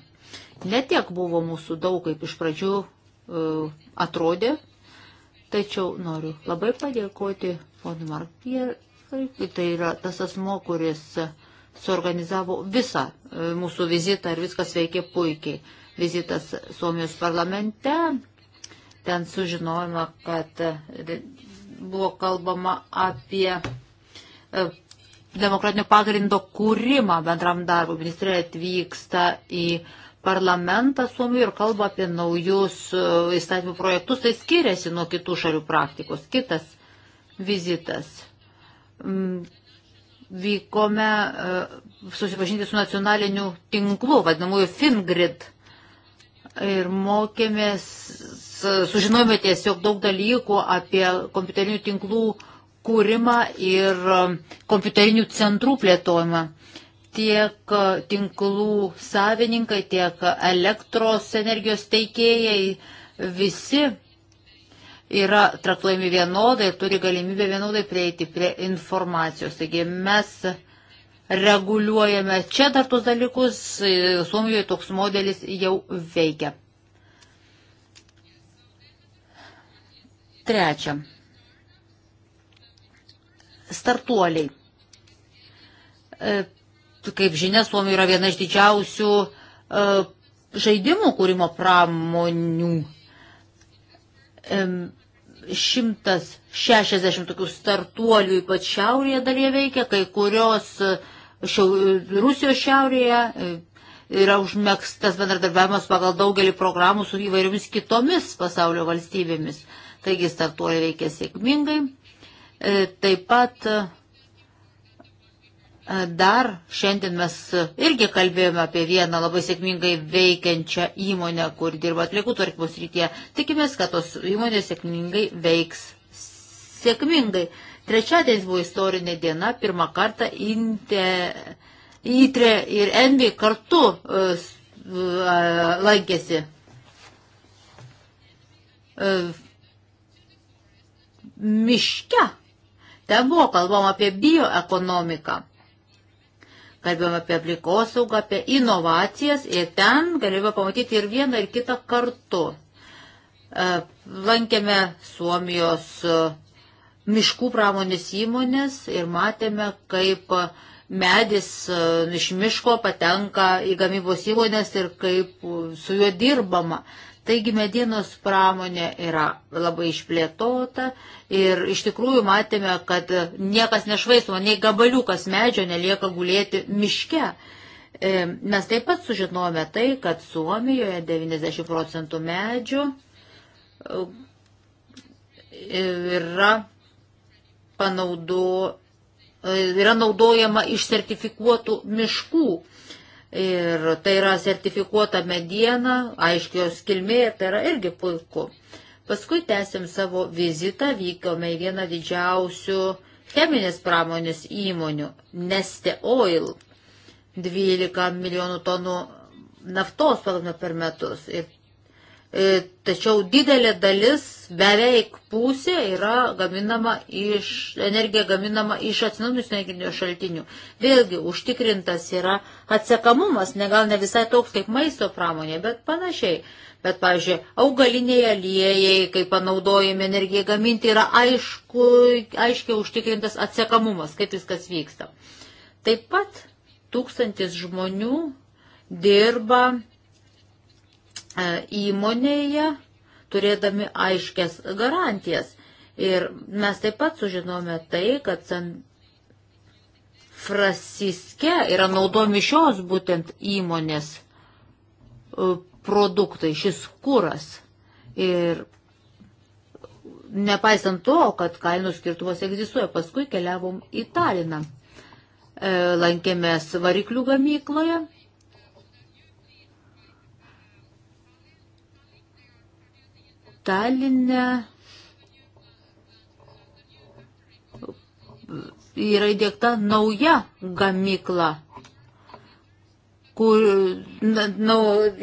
Netiek buvo mūsų daug, kaip iš pradžių uh, atrodė, tačiau noriu labai padėkoti ponui Markpierui. Tai yra tas asmo, kuris suorganizavo visą uh, mūsų vizitą ir viskas veikė puikiai. Vizitas Suomijos parlamente, Ten sužinojama, kad e, buvo kalbama apie e, demokratinio pagrindo kūrimą bendram darbui. Ministrė atvyksta į parlamentą Suomijoje ir kalba apie naujus e, įstatymų projektus. Tai skiriasi nuo kitų šalių praktikos. Kitas vizitas. Vykome susipažinti su nacionaliniu tinklu, vadinamųjų Fingrid. Ir mokėmės sužinojome tiesiog daug dalykų apie kompiuterinių tinklų kūrimą ir um, kompiuterinių centrų plėtojimą. Tiek uh, tinklų savininkai, tiek elektros energijos teikėjai, visi yra traktuojami vienodai ir turi galimybę vienodai prieiti prie informacijos. Taigi mes reguliuojame čia dar tos dalykus, Suomijoje toks modelis jau veikia. Trečia. Startuoliai. E, kaip žinia, Suomija yra viena iš didžiausių e, žaidimų kūrimo pramonių. 160 e, tokių startuolių ypač šiaurėje dalyje veikia, kai kurios šiau, Rusijos šiaurėje yra užmėgstas bendradarbiavimas pagal daugelį programų su įvairiomis kitomis pasaulio valstybėmis. Taigi startuolį reikia sėkmingai. E, taip pat e, dar šiandien mes irgi kalbėjome apie vieną labai sėkmingai veikiančią įmonę, kur dirba atliekų tvarkymos rytyje. Tikimės, kad tos įmonės sėkmingai veiks sėkmingai. Trečiadienis buvo istorinė diena, pirmą kartą Inte, Itre ir Envi kartu uh, uh, lankėsi. Uh, miške. Ten buvo kalbama apie bioekonomiką. Kalbėjome apie aplikosaugą, apie inovacijas ir ten galėjome pamatyti ir vieną ir kitą kartu. E, lankėme Suomijos e, miškų pramonės įmonės ir matėme, kaip medis e, iš miško patenka į gamybos įmonės ir kaip su juo dirbama. Taigi medienos pramonė yra labai išplėtota ir iš tikrųjų matėme, kad niekas nešvaistoma, nei gabaliukas medžio nelieka gulėti miške. E, mes taip pat sužinojome tai, kad Suomijoje 90 procentų medžių e, yra panaudo, e, yra naudojama iš sertifikuotų miškų. Ir tai yra sertifikuota mediena, aiškios kilmė, tai yra irgi puiku. Paskui tęsėm savo vizitą, vykome į vieną didžiausių cheminės pramonės įmonių - Neste Oil. 12 milijonų tonų naftos pagaminama per metus. Ir E, tačiau didelė dalis, beveik pusė, yra gaminama iš, energija gaminama iš atsinaujinus energinio šaltinių. Vėlgi, užtikrintas yra atsekamumas, negal ne visai toks kaip maisto pramonė, bet panašiai. Bet, pavyzdžiui, augaliniai aliejai, kai panaudojami energijai gaminti, yra aišku, aiškiai užtikrintas atsekamumas, kaip viskas vyksta. Taip pat tūkstantis žmonių dirba E, įmonėje, turėdami aiškias garantijas. Ir mes taip pat sužinome tai, kad San Franciske yra naudomi šios būtent įmonės e, produktai, šis kuras. Ir nepaisant to, kad kainų skirtumas egzistuoja, paskui keliavom į Taliną. E, lankėmės variklių gamykloje Taline yra įdėkta nauja gamykla. Kur, na, na,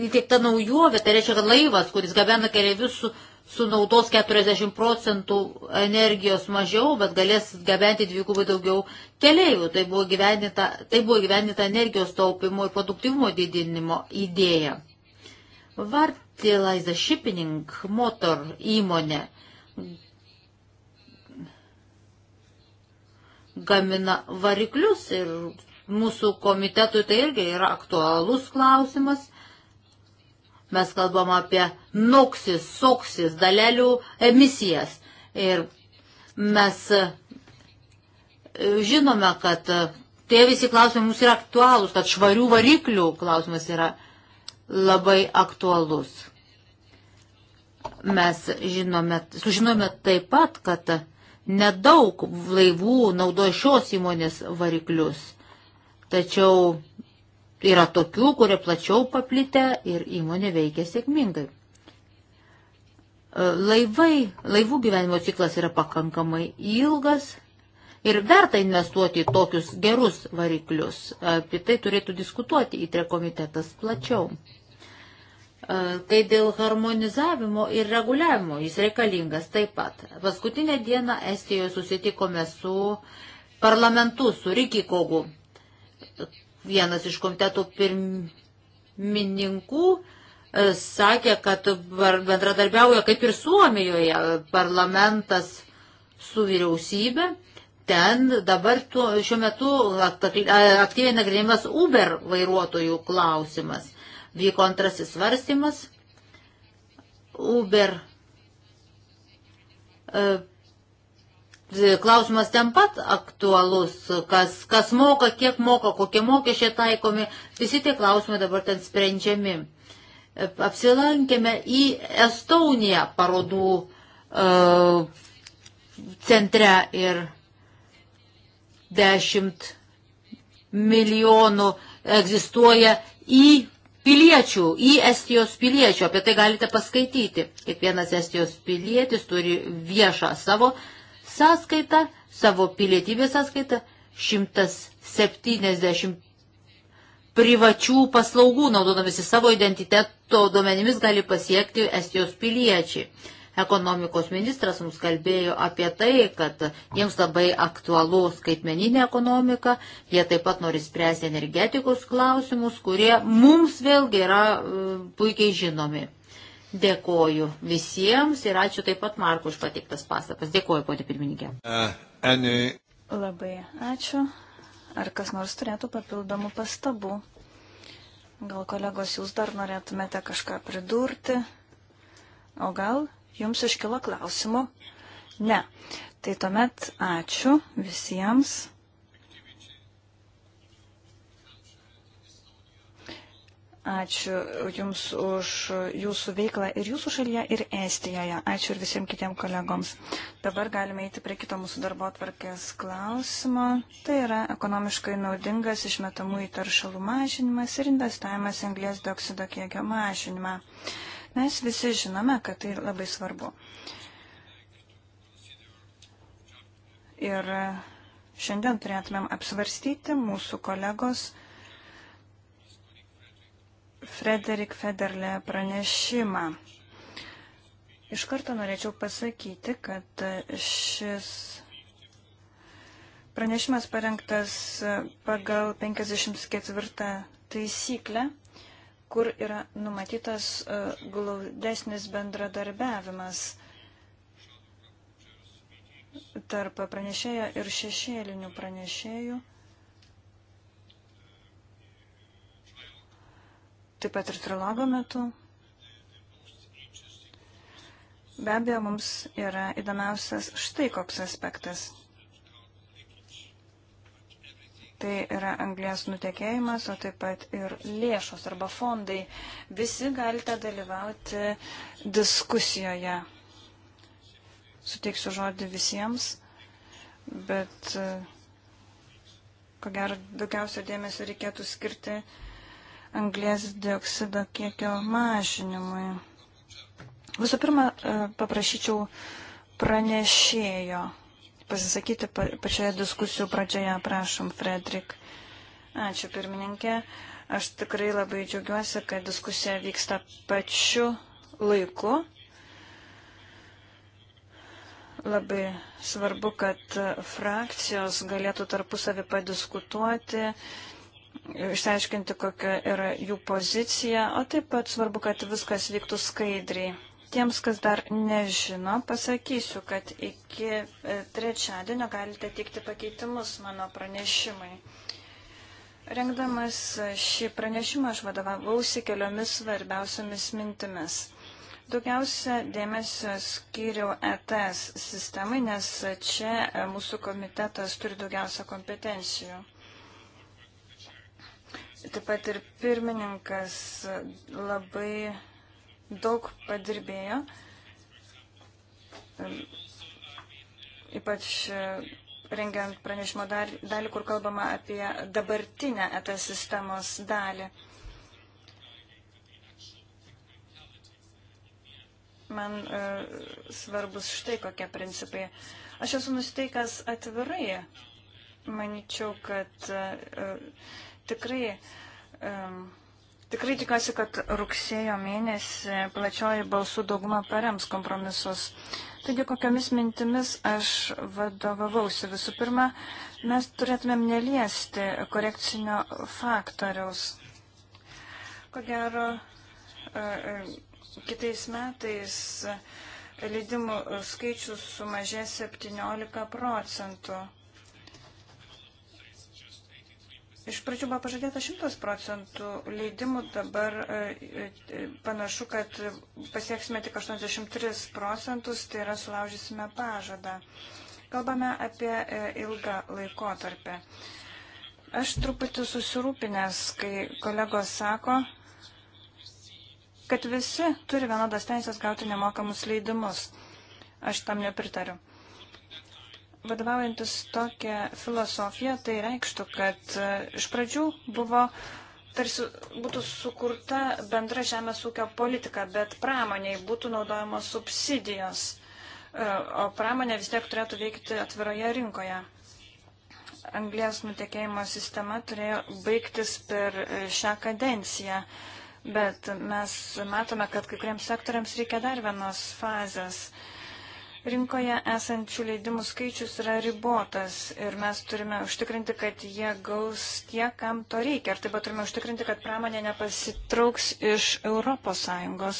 įtiekta naujovė, tai reiškia, kad laivas, kuris gabena keliavius, su, sunaudos 40 procentų energijos mažiau, bet galės gabenti dvigubai daugiau keleivių. Tai buvo gyvenita, tai buvo gyvenita energijos taupimo ir produktyvumo didinimo idėja. Vart Tilaiza Shipping motor įmonė gamina variklius ir mūsų komitetui tai irgi yra aktualus klausimas. Mes kalbam apie noksis, soksis, dalelių emisijas. Ir mes e, žinome, kad tie visi klausimai mums yra aktualūs, kad švarių variklių klausimas yra aktualus labai aktualus. Mes žinome, sužinome taip pat, kad nedaug laivų naudoja šios įmonės variklius, tačiau yra tokių, kurie plačiau paplitę ir įmonė veikia sėkmingai. Laivai, laivų gyvenimo ciklas yra pakankamai ilgas, ir verta investuoti į tokius gerus variklius. Apie tai turėtų diskutuoti įtre komitetas plačiau. Kai e, dėl harmonizavimo ir reguliavimo jis reikalingas taip pat. Paskutinę dieną Estijoje susitikome su parlamentu, su Rikikogu. Vienas iš komitetų pirmininkų e, sakė, kad bendradarbiauja kaip ir Suomijoje parlamentas su vyriausybė ten dabar tuo, šiuo metu aktyviai nagrinimas Uber vairuotojų klausimas. Vyko antrasis svarstymas. Uber e, klausimas ten pat aktualus, kas, kas moka, kiek moka, kokie mokesčiai taikomi, visi tie klausimai dabar ten sprendžiami. E, apsilankėme į Estoniją parodų uh, centre ir 10 milijonų egzistuoja į piliečių, į Estijos piliečių. Apie tai galite paskaityti. Kiekvienas Estijos pilietis turi viešą savo sąskaitą, savo pilietybės sąskaitą. 170 privačių paslaugų, naudodamasi savo identiteto duomenimis, gali pasiekti Estijos piliečiai. Ekonomikos ministras mums kalbėjo apie tai, kad jiems labai aktualu skaitmeninė ekonomika, jie taip pat nori spręsti energetikos klausimus, kurie mums vėlgi yra e, puikiai žinomi. Dėkoju visiems ir ačiū taip pat Marku už pateiktas pastabas. Dėkoju, ponė pirmininkė. Uh, any... Labai ačiū. Ar kas nors turėtų papildomų pastabų? Gal kolegos jūs dar norėtumėte kažką pridurti? O gal Jums iškilo klausimų? Ne. Tai tuomet ačiū visiems. Ačiū Jums už Jūsų veiklą ir Jūsų šalyje, ir Estijoje. Ačiū ir visiems kitiems kolegoms. Dabar galime eiti prie kito mūsų darbo atvarkės klausimo. Tai yra ekonomiškai naudingas išmetamų į taršalų mažinimas ir investavimas anglės dioksido kiekio mažinimą. Mes visi žinome, kad tai labai svarbu. Ir šiandien turėtumėm apsvarstyti mūsų kolegos Frederik Federle pranešimą. Iš karto norėčiau pasakyti, kad šis pranešimas parengtas pagal 54 taisyklę kur yra numatytas e, glaudesnis bendradarbiavimas tarp pranešėjo ir šešėlinių pranešėjų. Taip pat ir trilogo metu. Be abejo, mums yra įdomiausias štai koks aspektas – tai yra anglės nutekėjimas, o taip pat ir lėšos arba fondai. Visi galite dalyvauti diskusijoje. Suteiksiu žodį visiems, bet e, ko gero daugiausia dėmesio reikėtų skirti anglės dioksido kiekio mažinimui. Visų pirma, e, paprašyčiau pranešėjo pasisakyti pačioje diskusijų pradžioje. Prašom, Fredrik. Ačiū, pirmininkė. Aš tikrai labai džiaugiuosi, kad diskusija vyksta pačiu laiku. Labai svarbu, kad frakcijos galėtų tarpusavį padiskutuoti, išsiaiškinti, kokia yra jų pozicija, o taip pat svarbu, kad viskas vyktų skaidriai. Tiems, kas dar nežino, pasakysiu, kad iki e, trečiadienio galite teikti pakeitimus mano pranešimai. Rengdamas šį pranešimą aš vadovavausi keliomis svarbiausiamis mintimis. Daugiausia dėmesio skyriau ETS sistemai, nes čia e, mūsų komitetas turi daugiausia kompetencijų. Taip pat ir pirmininkas labai daug padirbėjo, ypač e, rengiant pranešimo dalį, kur kalbama apie dabartinę ETS sistemos dalį. Man e, svarbus štai kokie principai. Aš esu nusteikęs atvirai. Manyčiau, kad e, tikrai Tikrai tikiuosi, kad rugsėjo mėnesį plačioji balsų dauguma parems kompromisus. Taigi, kokiamis mintimis aš vadovavausi. Visų pirma, mes turėtumėm neliesti korekcinio faktoriaus. Ko gero, e, e, kitais metais leidimų skaičius sumažės 17 procentų. Iš pradžių buvo pažadėta 100 procentų leidimų, dabar e, e, panašu, kad pasieksime tik 83 procentus, tai yra sulaužysime pažadą. Kalbame apie e, ilgą laikotarpį. Aš truputį susirūpinęs, kai kolegos sako, kad visi turi vienodas teisės gauti nemokamus leidimus. Aš tam nepritariu vadovaujantis tokią filosofiją, tai reikštų, kad e, iš pradžių buvo tarsi būtų sukurta bendra žemės ūkio politika, bet pramoniai būtų naudojamos subsidijos, e, o pramonė vis tiek turėtų veikti atviroje rinkoje. Anglės nutekėjimo sistema turėjo baigtis per e, šią kadenciją, bet mes matome, kad kai kuriems sektoriams reikia dar vienos fazės. Rinkoje esančių leidimų skaičius yra ribotas ir mes turime užtikrinti, kad jie gaus tie, kam to reikia. Ir taip pat turime užtikrinti, kad pramonė nepasitrauks iš ES.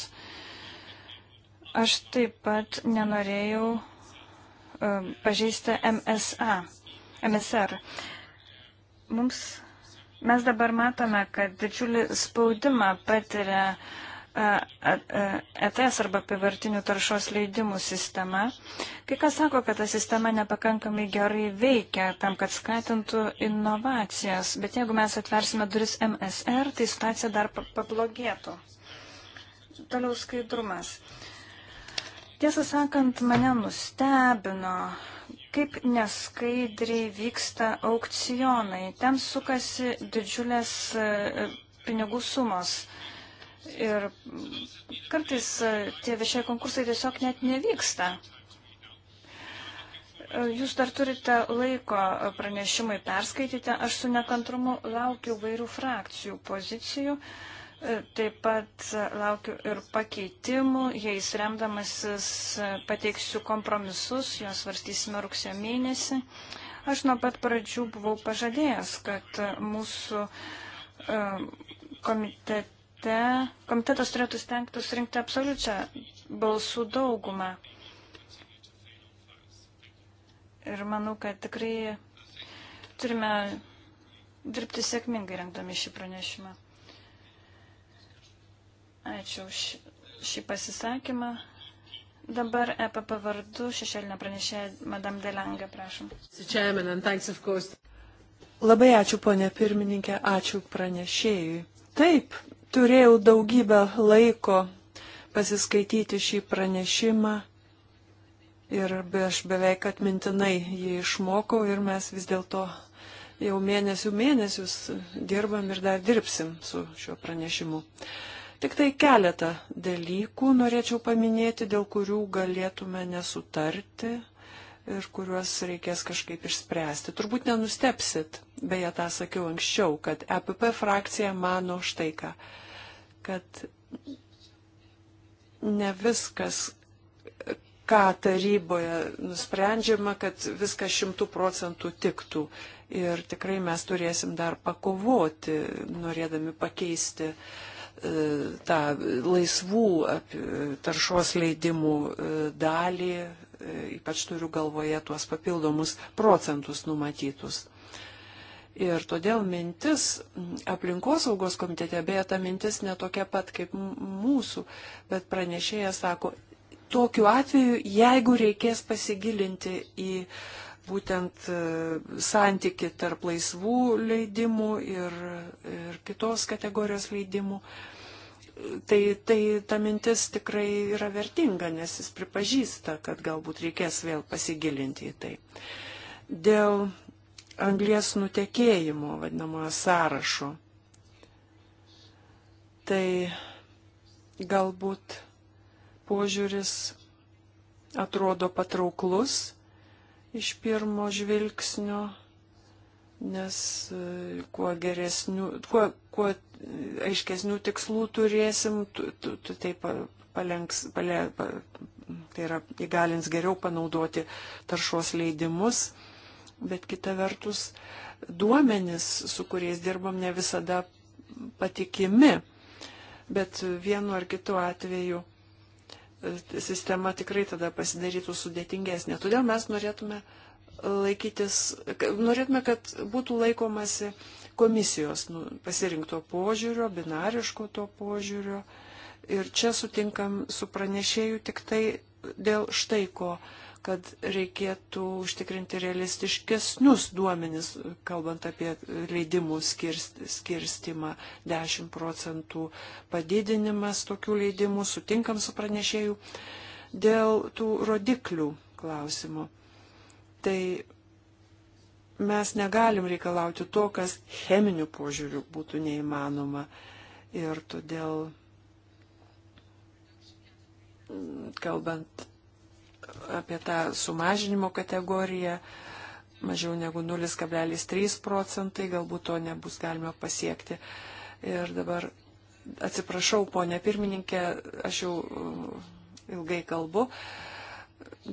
Aš taip pat nenorėjau um, pažeisti MSA, MSR. Mums, mes dabar matome, kad didžiulį spaudimą patiria uh, ETS arba pivartinių taršos leidimų sistema. Kai kas sako, kad ta sistema nepakankamai gerai veikia tam, kad skatintų inovacijas, bet jeigu mes atversime duris MSR, tai situacija dar pablogėtų. Toliau skaidrumas. Tiesą sakant, mane nustebino, kaip neskaidriai vyksta aukcionai. Ten sukasi didžiulės e, pinigų sumos Ir kartais e, tie viešieji konkursai tiesiog net nevyksta. E, jūs dar turite laiko e, pranešimai perskaityti. Aš su nekantrumu laukiu vairių frakcijų pozicijų. Taip pat laukiu ir pakeitimų. Jais remdamasis pateiksiu kompromisus, juos varstysime rugsėjo mėnesį. Aš nuo pat pradžių buvau pažadėjęs, kad mūsų komitete komitete, komitetas turėtų stengti surinkti absoliučią balsų daugumą. Ir manau, kad tikrai turime dirbti sėkmingai rengdami šį pranešimą. Ačiū už šį pasisakymą. Dabar EPP vardu šešėlinę pranešėją Madame Delanga, prašom. Labai ačiū, ponė pirmininkė, ačiū pranešėjui. Taip, turėjau daugybę laiko pasiskaityti šį pranešimą ir be, aš beveik atmintinai jį išmokau ir mes vis dėlto jau mėnesių mėnesius dirbam ir dar dirbsim su šiuo pranešimu. Tik tai keletą dalykų norėčiau paminėti, dėl kurių galėtume nesutarti ir kuriuos reikės kažkaip išspręsti. Turbūt nenustepsit, beje, tą sakiau anksčiau, kad EPP frakcija mano štai ką kad ne viskas, ką taryboje nusprendžiama, kad viskas šimtų procentų tiktų. Ir tikrai mes turėsim dar pakovoti, norėdami pakeisti e, tą laisvų taršos leidimų e, dalį, e, ypač turiu galvoje tuos papildomus procentus numatytus. Ir todėl mintis aplinkosaugos komitete, beje, ta mintis netokia pat kaip mūsų, bet pranešėjas sako, tokiu atveju, jeigu reikės pasigilinti į būtent e, santyki tarp laisvų leidimų ir, ir kitos kategorijos leidimų, tai, tai ta mintis tikrai yra vertinga, nes jis pripažįsta, kad galbūt reikės vėl pasigilinti į tai. Dėl anglės nutekėjimo vadinamojo sąrašo. Tai galbūt požiūris atrodo patrauklus iš pirmo žvilgsnio, nes e, kuo geresnių, kuo, kuo aiškesnių tikslų turėsim, tu, tu, tu taip palenks, pale, pa, tai yra įgalins geriau panaudoti taršos leidimus bet kita vertus duomenys, su kuriais dirbam, ne visada patikimi, bet vienu ar kitu atveju e, sistema tikrai tada pasidarytų sudėtingesnė. Todėl mes norėtume laikytis, norėtume, kad būtų laikomasi komisijos nu, pasirinkto požiūrio, binariško to požiūrio. Ir čia sutinkam su pranešėju tik tai dėl štai ko kad reikėtų užtikrinti realistiškesnius duomenis, kalbant apie leidimų skirstimą. 10 procentų padidinimas tokių leidimų, sutinkam su pranešėjų. Dėl tų rodiklių klausimų. Tai mes negalim reikalauti to, kas cheminių požiūrių būtų neįmanoma. Ir todėl, kalbant apie tą sumažinimo kategoriją, mažiau negu 0,3 procentai, galbūt to nebus galima pasiekti. Ir dabar atsiprašau, ponė pirmininkė, aš jau uh, ilgai kalbu.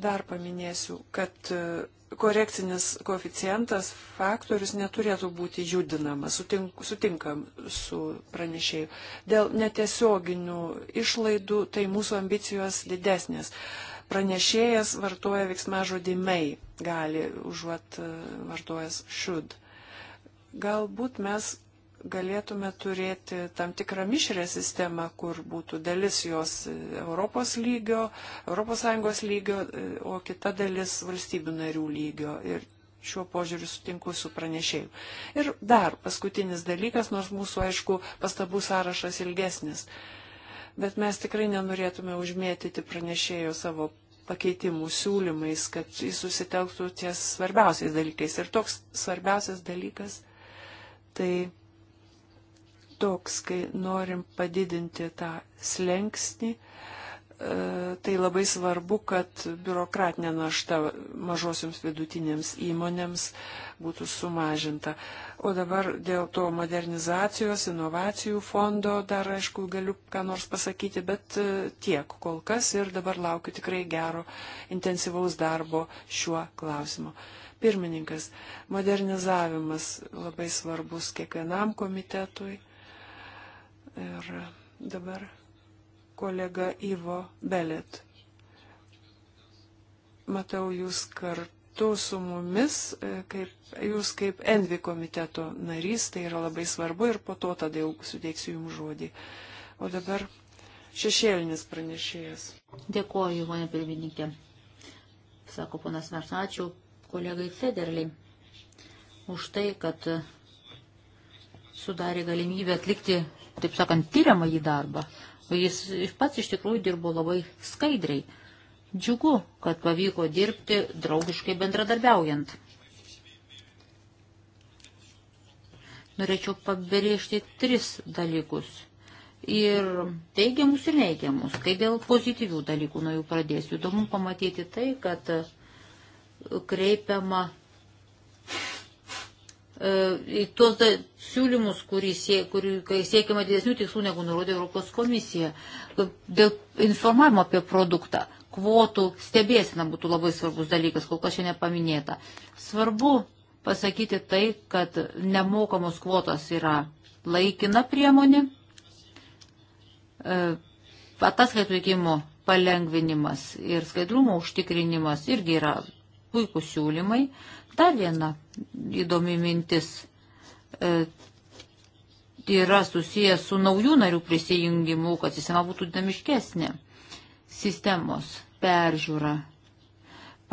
Dar paminėsiu, kad uh, korekcinis koeficientas, faktorius neturėtų būti judinamas, sutink, sutinkam su pranešėju. Dėl netiesioginių išlaidų tai mūsų ambicijos didesnės pranešėjas vartoja veiksmą žodį mei, gali užuot e, vartojęs should. Galbūt mes galėtume turėti tam tikrą mišrę sistemą, kur būtų dalis jos Europos lygio, ES lygio, e, o kita dalis valstybių narių lygio. Ir šiuo požiūriu sutinku su pranešėju. Ir dar paskutinis dalykas, nors mūsų, aišku, pastabų sąrašas ilgesnis. Uh, bet mes tikrai nenorėtume užmėtyti pranešėjo savo pakeitimų siūlymais, kad jis susitelktų ties svarbiausiais dalykais. Ir toks svarbiausias dalykas tai toks, kai norim padidinti tą slengsnį, E, tai labai svarbu, kad biurokratinė našta mažosioms vidutinėms įmonėms būtų sumažinta. O dabar dėl to modernizacijos, inovacijų fondo dar, aišku, galiu ką nors pasakyti, bet e, tiek kol kas ir dabar laukiu tikrai gero intensyvaus darbo šiuo klausimu. Pirmininkas, modernizavimas labai svarbus kiekvienam komitetui. Ir dabar kolega Ivo Belet. Matau jūs kartu su mumis, e, kaip, jūs kaip Envi komiteto narys, tai yra labai svarbu ir po to tada jau suteiksiu jums žodį. O dabar šešėlinis pranešėjas. Dėkoju, ponė pirmininkė. Sako ponas Mers, ačiū kolegai Federliai už tai, kad sudarė galimybę atlikti, taip sakant, tyriamą į darbą. Jis pats iš tikrųjų dirbo labai skaidriai. Džiugu, kad pavyko dirbti draugiškai bendradarbiaujant. Norėčiau pabrėžti tris dalykus. Ir teigiamus ir neigiamus. Kai dėl pozityvių dalykų nuo jų pradėsiu, įdomu pamatyti tai, kad kreipiama E, į tuos da, siūlymus, sie, kai siekiama didesnių tikslų negu nurodė Europos komisija. Dėl informavimo apie produktą, kvotų stebėsina būtų labai svarbus dalykas, kol kas čia nepaminėta. Svarbu pasakyti tai, kad nemokamos kvotos yra laikina priemonė, e, ataskaitų įkimo palengvinimas ir skaidrumo užtikrinimas irgi yra puikūs siūlymai. Dar viena įdomi mintis e, yra susijęs su naujų narių prisijungimu, kad sistema būtų dinamiškesnė. Sistemos peržiūra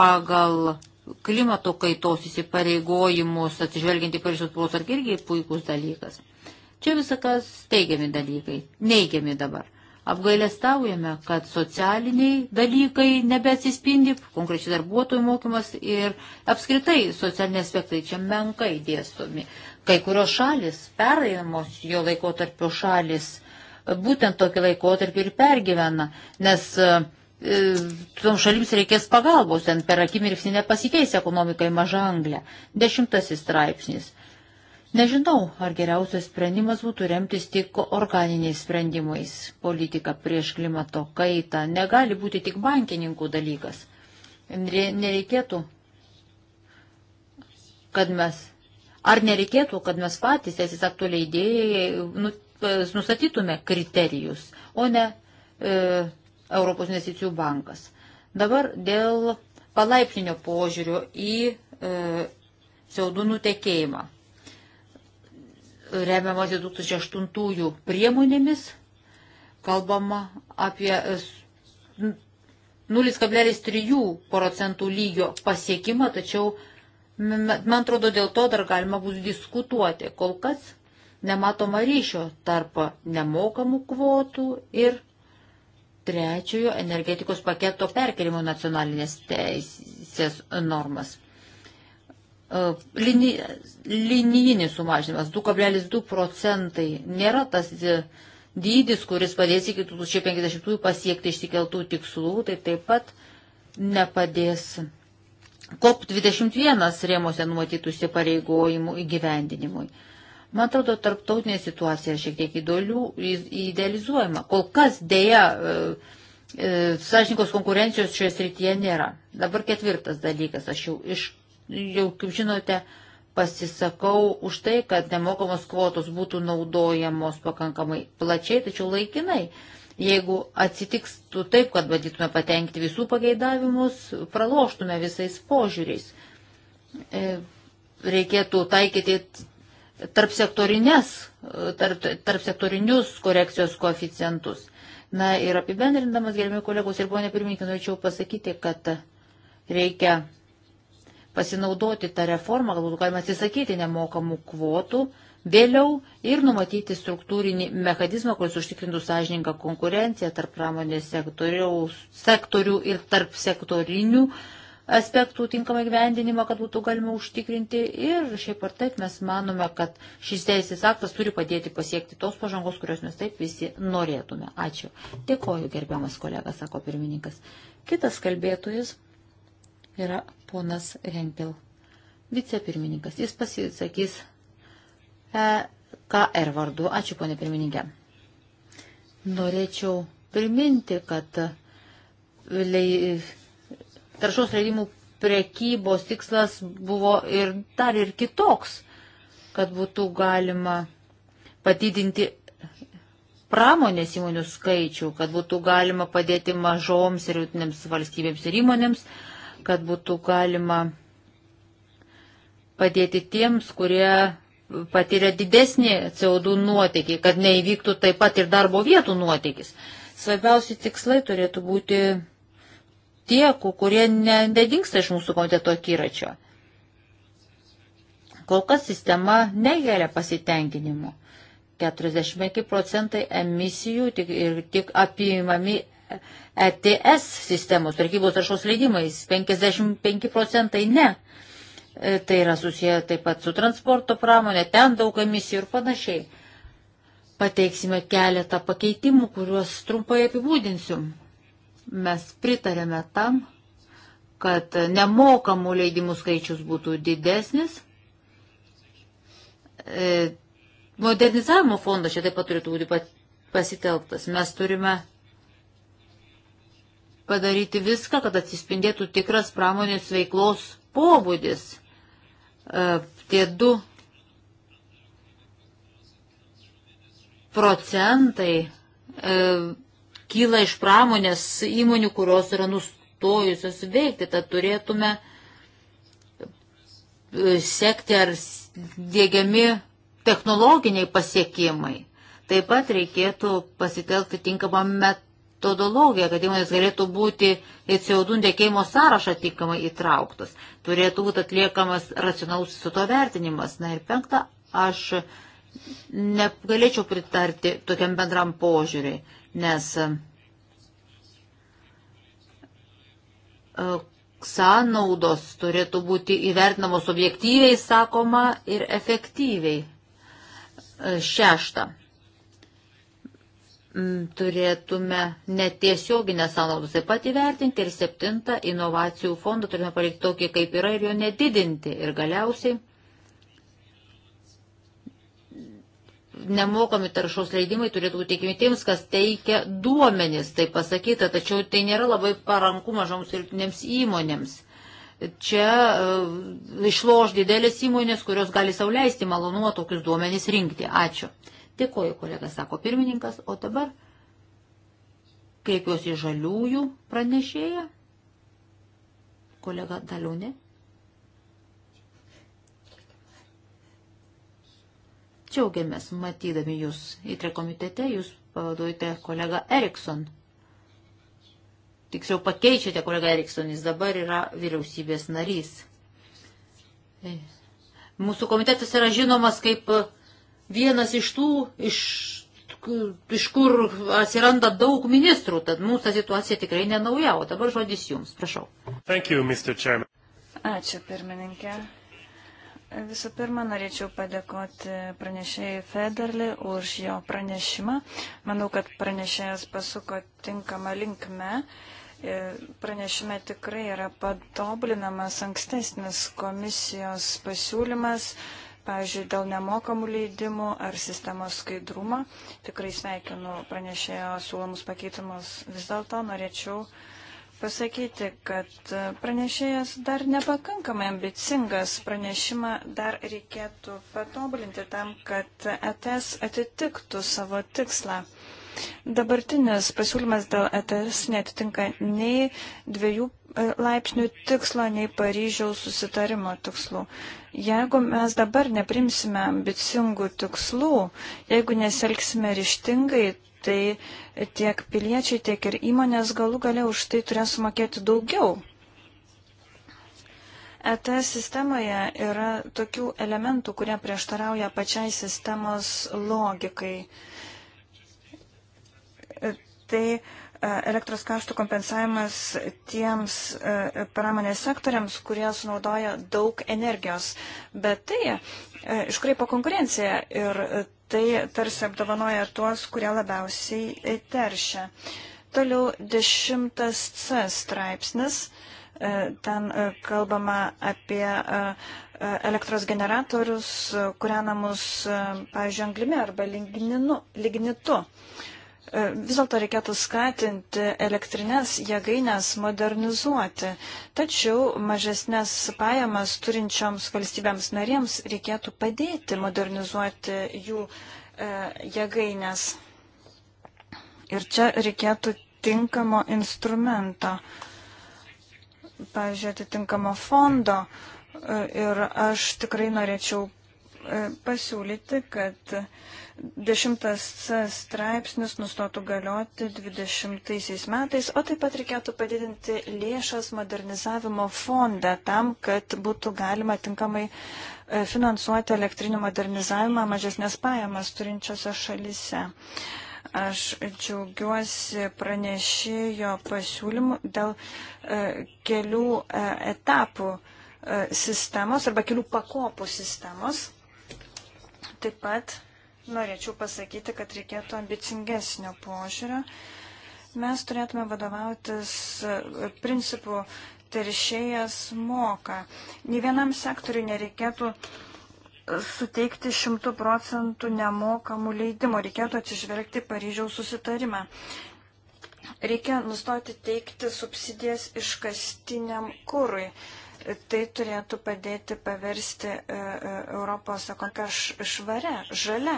pagal klimato kaitos įsipareigojimus, atsižvelgiant į Paryžiaus protarkį, irgi puikus dalykas. Čia visakas teigiami dalykai, neigiami dabar. Apgailestaujame, kad socialiniai dalykai nebesispindi, konkrečiai darbuotojų mokymas ir apskritai socialiniai aspektai čia menkai dėstomi. Kai kurios šalis, pereinamos jo laikotarpio šalis, būtent tokį laikotarpį ir pergyvena, nes e, tom šalims reikės pagalbos, ten per akimirksnį nepasikeis ekonomikai mažanglę. Dešimtasis straipsnis. Nežinau, ar geriausias sprendimas būtų remtis tik organiniais sprendimais. Politika prieš klimato kaitą negali būti tik bankininkų dalykas. Nereikėtų, kad mes, ar nereikėtų, kad mes patys, teisės aktų leidėjai, nu, e, nustatytume kriterijus, o ne e, Europos investicijų bankas. Dabar dėl palaipsninio požiūrio į e, siaudų nutekėjimą remiamasi 2008 priemonėmis, kalbama apie 0,3 e, procentų lygio pasiekimą, tačiau, man atrodo, dėl to dar galima bus diskutuoti. Kol kas nematoma ryšio tarp nemokamų kvotų ir trečiojo energetikos paketo perkelimo nacionalinės teisės normas. E, lini, linijinis sumažinimas 2,2 procentai nėra tas e, dydis, kuris padės iki 2050 pasiekti išsikeltų tikslų, tai taip pat nepadės COP21 rėmose numatytų įsipareigojimų įgyvendinimui. Man atrodo, tarptautinė situacija yra šiek tiek įdolių, idealizuojama. Kol kas dėja e, e, sąžininkos konkurencijos šioje srityje nėra. Dabar ketvirtas dalykas, aš jau iš jau, kaip žinote, pasisakau už tai, kad nemokamos kvotos būtų naudojamos pakankamai plačiai, tačiau laikinai. Jeigu atsitikstų taip, kad bandytume patenkti visų pageidavimus, praloštume visais požiūriais. E, reikėtų taikyti tarp, tarp, tarp sektorinius korekcijos koeficientus. Na ir apibendrindamas, gerbimi kolegos ir ponė pirmininkė, norėčiau pasakyti, kad reikia pasinaudoti tą reformą, galbūt galima atsisakyti nemokamų kvotų vėliau ir numatyti struktūrinį mechanizmą, kuris užtikrintų sąžininką konkurenciją tarp pramonės sektorių ir tarp sektorinių aspektų tinkamą gyvendinimą, kad būtų galima užtikrinti. Ir šiaip ar taip mes manome, kad šis teisės aktas turi padėti pasiekti tos pažangos, kurios mes taip visi norėtume. Ačiū. Dėkoju, gerbiamas kolega, sako pirmininkas. Kitas kalbėtojas yra ponas Renpil, vicepirmininkas. Jis pasisakys EKR vardu. Ačiū, ponė pirmininkė. Norėčiau priminti, kad lei, taršos leidimų prekybos tikslas buvo ir dar ir kitoks, kad būtų galima padidinti pramonės įmonių skaičių, kad būtų galima padėti mažoms ir jūtinėms valstybėms ir įmonėms, uh, kad būtų galima padėti tiems, kurie patiria didesnį CO2 nuotėkį, kad neįvyktų taip pat ir darbo vietų nuotėkis. Svarbiausi tikslai turėtų būti tie, kurie nedingsta iš mūsų komiteto akiračio. Kol kas sistema negeria pasitenkinimu. 45 procentai emisijų tik, ir tik apimami ETS sistemos, prekybos taršos leidimais, 55 procentai ne. E, tai yra susiję taip pat su transporto pramonė, ten daug emisijų ir panašiai. Pateiksime keletą pakeitimų, kuriuos trumpai apibūdinsiu. Mes pritarėme tam, kad nemokamų leidimų skaičius būtų didesnis. E, modernizavimo fondas čia taip pat turėtų būti pasitelktas. Mes turime padaryti viską, kad atsispindėtų tikras pramonės veiklos pobūdis. E, tie du procentai e, kyla iš pramonės įmonių, kurios yra nustojusios veikti, tad turėtume e, sekti ar dėgiami technologiniai pasiekimai. Taip pat reikėtų pasitelkti tinkamą metą metodologiją, kad įmonės galėtų būti į CO2 dėkėjimo sąrašą tinkamai įtrauktos. Turėtų būti atliekamas racionalus su to vertinimas. Na ir penktą, aš negalėčiau pritarti tokiam bendram požiūriui, nes e, sąnaudos turėtų būti įvertinamos objektyviai, sakoma, ir efektyviai. E, šešta turėtume netiesioginę sąnaudą taip pat įvertinti ir septintą inovacijų fondą turime palikti tokį, kaip yra ir jo nedidinti. Ir galiausiai nemokami taršos leidimai turėtų būti teikiami tiems, kas teikia duomenis, tai pasakyta, tačiau tai nėra labai paranku mažoms ir tinėms įmonėms. Čia uh, išloš didelės įmonės, kurios gali sauliaisti malonu tokius duomenis rinkti. Ačiū. Dėkoju, kolega, sako pirmininkas, o dabar kreipiuosi žaliųjų pranešėją. Kolega Daliūnė. Džiaugiamės matydami jūs įtre komitete, jūs pavaduojate kolegą Erikson. Tiksliau pakeičiate kolegą Erikson, jis dabar yra vyriausybės narys. Mūsų komitetas yra žinomas kaip vienas iš tų, iš, iš kur atsiranda daug ministrų, tad mums ta situacija tikrai nenauja, o dabar žodis jums, prašau. Thank you, Ačiū, pirmininkė. Visų pirma, norėčiau padėkoti pranešėjai Federli už jo pranešimą. Manau, kad pranešėjas pasuko tinkamą linkmę. Pranešime tikrai yra patobulinamas ankstesnis komisijos pasiūlymas pavyzdžiui, dėl nemokamų leidimų ar sistemos skaidrumą. Tikrai sveikinu pranešėjo siūlomus pakeitimus. Vis dėlto norėčiau pasakyti, kad pranešėjas dar nepakankamai ambicingas pranešimą dar reikėtų patobulinti tam, kad ETS atitiktų savo tikslą. Dabartinis pasiūlymas dėl ETS netitinka nei dviejų e, laipsnių tikslo, nei Paryžiaus susitarimo tikslų. Jeigu mes dabar neprimsime ambicingų tikslų, jeigu neselgsime ryštingai, tai tiek piliečiai, tiek ir įmonės galų gale už tai turės sumokėti daugiau. ETS sistemoje yra tokių elementų, kurie prieštarauja pačiai sistemos logikai. E, tai E, elektros kaštų kompensavimas tiems e, pramonės sektoriams, kurie sunaudoja daug energijos. Bet tai e, iškraipo konkurenciją ir tai tarsi apdovanoja tuos, kurie labiausiai teršia. Toliau dešimtas C straipsnis. Ten kalbama apie elektros generatorius, kūrenamus, pavyzdžiui, anglimi arba ligninu, lignitu. lignitu E, vis dėlto reikėtų skatinti elektrinės jėgainės modernizuoti, tačiau mažesnės pajamas turinčioms valstybėms narėms reikėtų padėti modernizuoti jų e, jėgainės. Ir čia reikėtų tinkamo instrumento, pavyzdžiui, atitinkamo fondo. E, ir aš tikrai norėčiau pasiūlyti, kad uh, Dešimtas straipsnis nustotų galioti 20 metais, o taip pat reikėtų padidinti lėšas modernizavimo fondą tam, kad būtų galima tinkamai e, finansuoti elektrinių modernizavimą mažesnės pajamas turinčiose šalise. Aš džiaugiuosi pranešėjo pasiūlymų dėl e, kelių e, etapų sistemos arba kelių pakopų sistemos. Taip pat norėčiau pasakyti, kad reikėtų ambicingesnio požiūrio. Mes turėtume vadovautis e, principu teršėjas moka. Nė vienam sektoriui nereikėtų e, suteikti šimtų procentų nemokamų leidimų. Reikėtų atsižvelgti Paryžiaus susitarimą. Reikia nustoti teikti subsidijas iškastiniam kūrui. Uh, Tai turėtų padėti paversti e, e, Europos ekonomiką švarę, žalę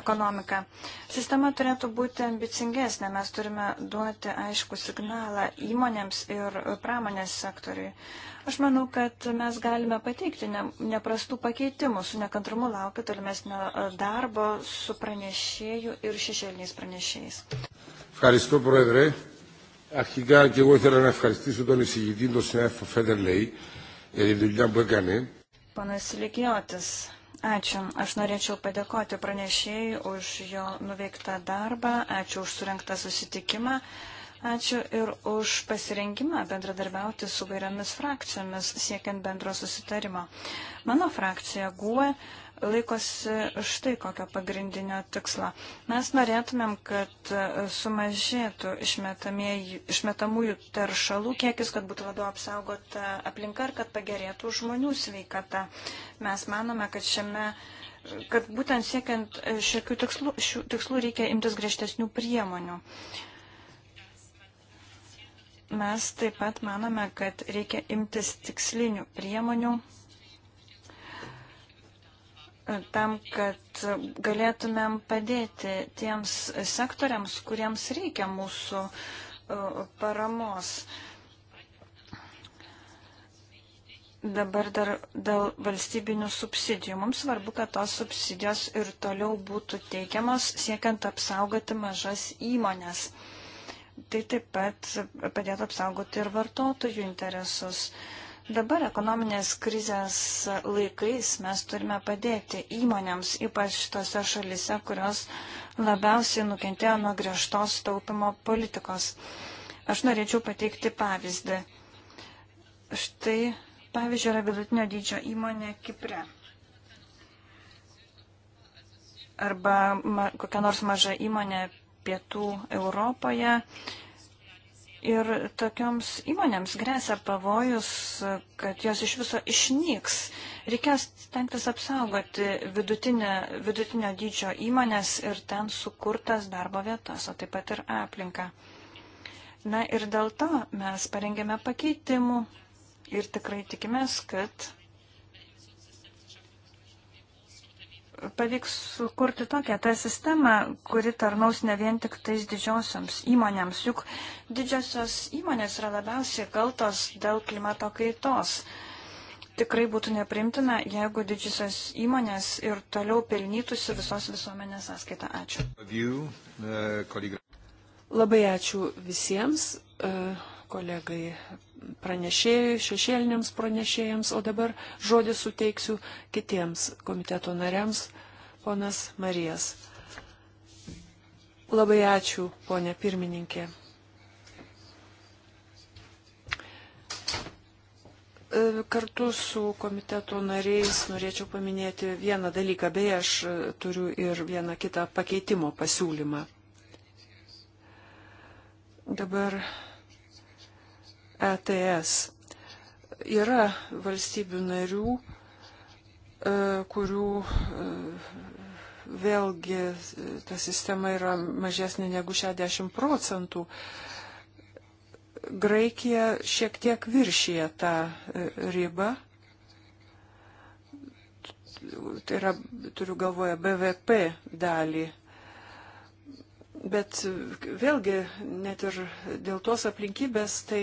ekonomiką. Sistema turėtų būti ambicingesnė. Mes turime duoti aišku signalą įmonėms ir pramonės sektoriui. Aš manau, kad mes galime pateikti ne, neprastų pakeitimų. Su nekantrumu laukiu tolimesnio e, darbo su pranešėju ir šešėliniais pranešėjais. Ευχαριστώ, Πρόεδρε. Αρχικά και εγώ ήθελα να ευχαριστήσω τον εισηγητή, τον συνάδελφο Φέντερ Λέι, για τη δουλειά που έκανε. Panas Ligiotis, ačiū. Aš norėčiau padėkoti pranešėjai už jo nuveiktą darbą, ačiū už surinktą susitikimą, ačiū ir už pasirinkimą bendradarbiauti su vairiomis frakcijomis siekiant bendro susitarimo. Mano frakcija GUE laikosi štai kokio pagrindinio tikslo. Mes norėtumėm, kad sumažėtų išmetamųjų teršalų kiekis, kad būtų labiau apsaugota aplinka ir kad pagerėtų žmonių sveikata. Mes manome, kad šiame kad būtent siekiant šiokių tikslų, šių tikslų reikia imtis griežtesnių priemonių. Mes taip pat manome, kad reikia imtis tikslinių priemonių tam, kad galėtumėm padėti tiems sektoriams, kuriems reikia mūsų e, paramos. Dabar dar dėl valstybinių subsidijų. Mums svarbu, kad tos subsidijos ir toliau būtų teikiamos, siekiant apsaugoti mažas įmonės. Tai taip pat padėtų apsaugoti ir vartotojų interesus. Uh, Dabar ekonominės krizės laikais mes turime padėti įmonėms, ypač tose šalise, kurios labiausiai nukentėjo nuo griežtos taupimo politikos. Aš norėčiau pateikti pavyzdį. Štai, pavyzdžiui, yra vidutinio dydžio įmonė Kipre arba ma, kokia nors maža įmonė pietų Europoje, Ir tokioms įmonėms grėsia pavojus, kad jos iš viso išnyks. Reikės tenktis apsaugoti vidutinė, vidutinio dydžio įmonės ir ten sukurtas darbo vietas, o taip pat ir aplinką. Na ir dėl to mes parengėme pakeitimų ir tikrai tikimės, kad pavyks sukurti tokią tą sistemą, kuri tarnaus ne vien tik tais didžiosioms įmonėms, juk didžiosios įmonės yra labiausiai kaltos dėl klimato kaitos. Tikrai būtų neprimtina, jeigu didžiosios įmonės ir toliau pelnytųsi visos visuomenės sąskaitą. Ačiū. Uh, Labai ačiū visiems uh, kolegai pranešėjui, šešėliniams pranešėjams, o dabar žodį suteiksiu kitiems komiteto nariams, ponas Marijas. Labai ačiū, ponė pirmininkė. E, kartu su komiteto nariais norėčiau paminėti vieną dalyką, beje, aš e, turiu ir vieną kitą pakeitimo pasiūlymą. Dabar ETS. Yra valstybių narių, e, kurių e, vėlgi ta sistema yra mažesnė negu 60 procentų. Graikija šiek tiek viršyje tą e, ribą. Tai yra, turiu galvoje, BVP dalį Bet vėlgi, net ir dėl tos aplinkybės, tai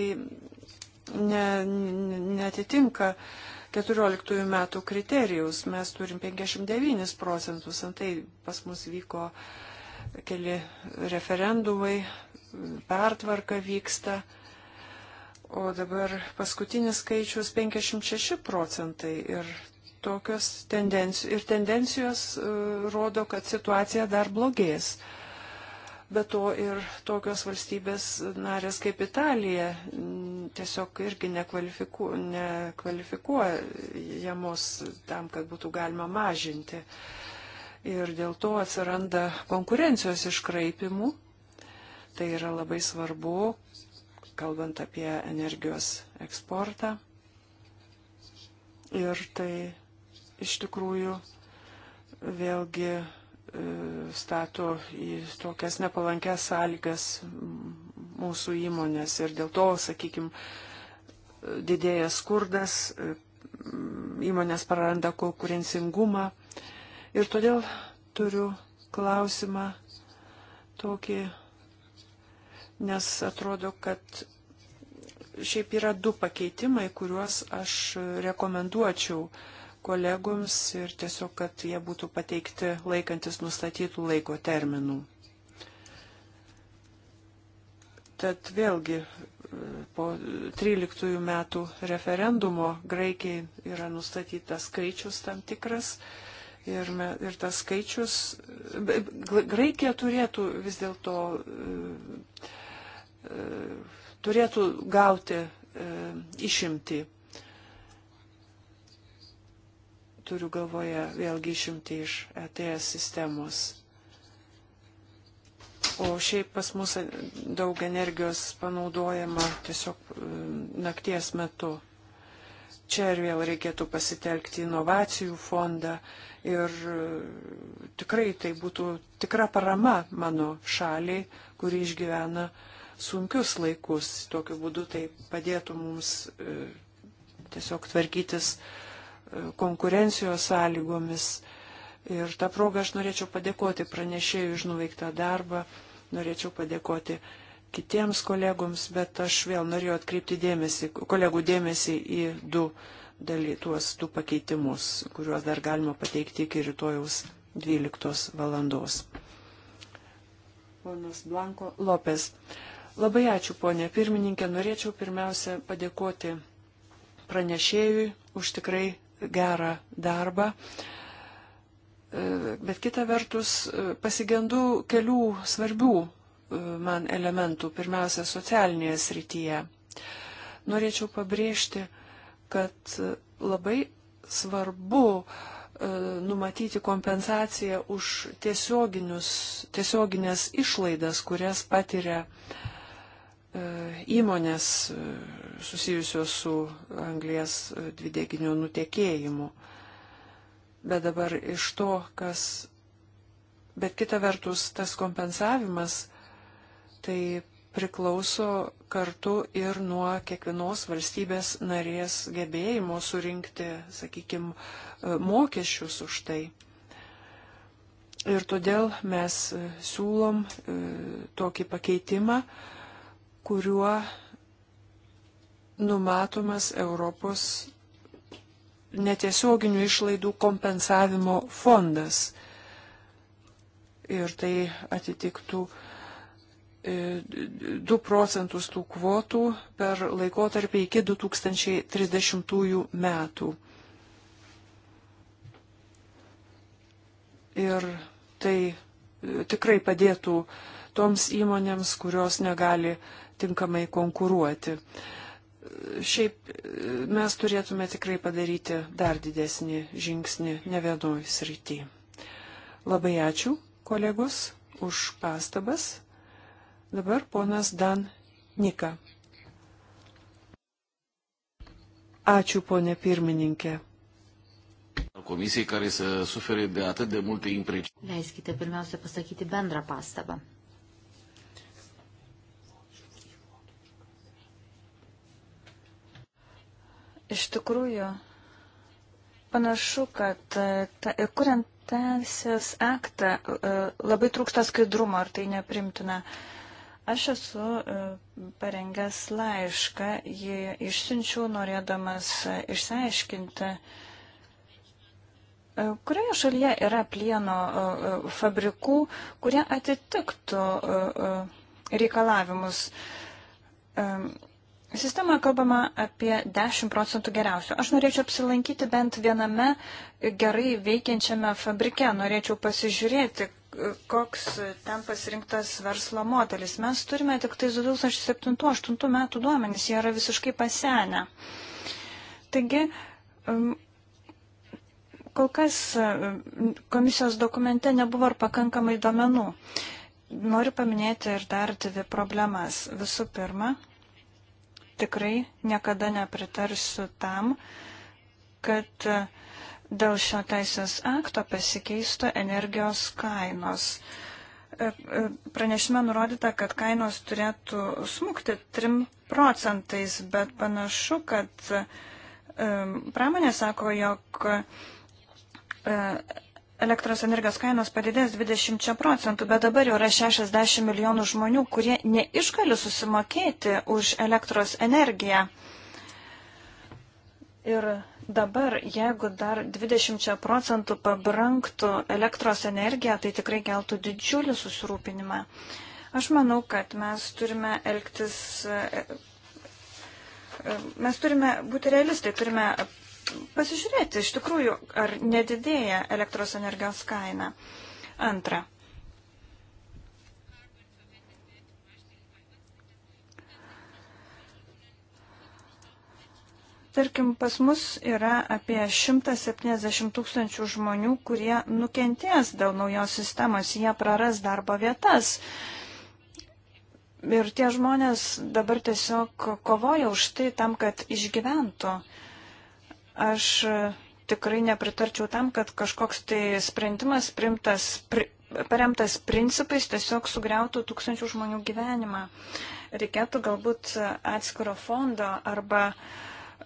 ne, netitinka 14 metų kriterijus. Mes turim 59 procentus, antai pas mus vyko keli referendumai, pertvarka vyksta. O dabar paskutinis skaičius 56 procentai ir tokios tendencijos, ir tendencijos uh, rodo, kad situacija dar blogės. Uh, Bet to ir tokios valstybės narės kaip Italija tiesiog irgi nekvalifiku, nekvalifikuojamos tam, kad būtų galima mažinti. Ir dėl to atsiranda konkurencijos iškraipimų. Tai yra labai svarbu, kalbant apie energijos eksportą. Ir tai iš tikrųjų vėlgi E, stato į tokias nepalankes sąlygas mūsų įmonės ir dėl to, sakykime, didėja skurdas, e, įmonės praranda konkurencingumą. Ir todėl turiu klausimą tokį, nes atrodo, kad šiaip yra du pakeitimai, kuriuos aš rekomenduočiau uh, kolegoms ir tiesiog, kad jie būtų pateikti laikantis nustatytų laiko terminų. Tad vėlgi po 13 metų referendumo Graikijai yra nustatytas skaičius tam tikras ir, me, ir tas skaičius, Graikija turėtų vis dėlto, e, e, turėtų gauti e, išimti turiu galvoje vėlgi išimti iš ETS sistemos. O šiaip pas mus daug energijos panaudojama tiesiog e, nakties metu. Čia ir vėl reikėtų pasitelkti inovacijų fondą ir e, tikrai tai būtų tikra parama mano šaliai, kuri išgyvena sunkius laikus. Tokiu būdu tai padėtų mums e, tiesiog tvarkytis uh, konkurencijos sąlygomis. Ir tą progą aš norėčiau padėkoti pranešėjui už nuveiktą darbą, norėčiau padėkoti kitiems kolegoms, bet aš vėl norėjau atkreipti dėmesį, kolegų dėmesį į du daly, tuos du pakeitimus, kuriuos dar galima pateikti iki rytojaus 12 valandos. Ponas Blanko Lopes. Labai ačiū, ponė pirmininkė. Norėčiau pirmiausia padėkoti pranešėjui už tikrai gerą darbą. E, bet kita vertus, e, pasigendu kelių svarbių e, man elementų, pirmiausia, socialinėje srityje. Norėčiau pabrėžti, kad labai svarbu numatyti kompensaciją už tiesioginės išlaidas, kurias patiria uh, E, įmonės e, susijusios su anglės e, dvideginio nutekėjimu. Bet dabar iš to, kas. Bet kita vertus, tas kompensavimas tai priklauso kartu ir nuo kiekvienos valstybės narės gebėjimo surinkti, sakykime, mokesčius už tai. Ir todėl mes siūlom tokį pakeitimą, kuriuo numatomas Europos netiesioginių išlaidų kompensavimo fondas. Ir tai atitiktų 2 e, procentus tų kvotų per laikotarpį iki 2030 metų. Ir tai e, tikrai padėtų toms įmonėms, kurios negali tinkamai konkuruoti. Šiaip e, mes turėtume tikrai padaryti dar didesnį žingsnį ne vienoj srity. Labai ačiū, kolegos, už pastabas. Dabar ponas Dan Nika. Ačiū, ponė pirmininkė comisiei care să sufere de atât de multe imprecizii. Leiskite pirmiausia pasakyti bendrą pastabą. Iš tikrųjų, panašu, kad e, ta, e, kuriant teisės aktą e, labai trūksta skaidrumo, ar tai neprimtina. Aš esu parengęs laišką, jį išsiunčiau norėdamas išsiaiškinti, kurioje šalyje yra plieno fabrikų, kurie atitiktų reikalavimus Sistemoje kalbama apie 10 procentų geriausių. Aš norėčiau apsilankyti bent viename gerai veikiančiame fabrike. Norėčiau pasižiūrėti, koks ten pasirinktas verslo modelis. Mes turime tik tai 2007-2008 metų duomenys, jie yra visiškai pasenę. Taigi, kol kas komisijos dokumente nebuvo ir pakankamai duomenų. Noriu paminėti ir dar dvi problemas. Visų pirma, tikrai niekada nepritarsiu tam, kad dėl šio teisės akto pasikeistų energijos kainos. E, e, pranešime nurodyta, kad kainos turėtų smukti 3 procentais, bet panašu, kad e, pramonė sako, jog elektros energijos kainos padidės 20 procentų, bet dabar jau yra 60 milijonų žmonių, kurie neišgali susimokėti už elektros energiją. Ir dabar, jeigu dar 20 procentų pabranktų elektros energija, tai tikrai keltų didžiulį susirūpinimą. Aš manau, kad mes turime elgtis e, e, mes turime būti realistai, turime pasižiūrėti iš tikrųjų, ar nedidėja elektros energijos kaina. Antra. Tarkim, pas mus yra apie 170 tūkstančių žmonių, kurie nukentės dėl naujos sistemos, jie praras darbo vietas. Ir tie žmonės dabar tiesiog kovoja už tai tam, kad išgyventų. Aš e, tikrai nepritarčiau tam, kad kažkoks tai sprendimas primtas, pri, paremtas principais tiesiog sugriautų tūkstančių žmonių gyvenimą. Reikėtų galbūt atskiro fondo arba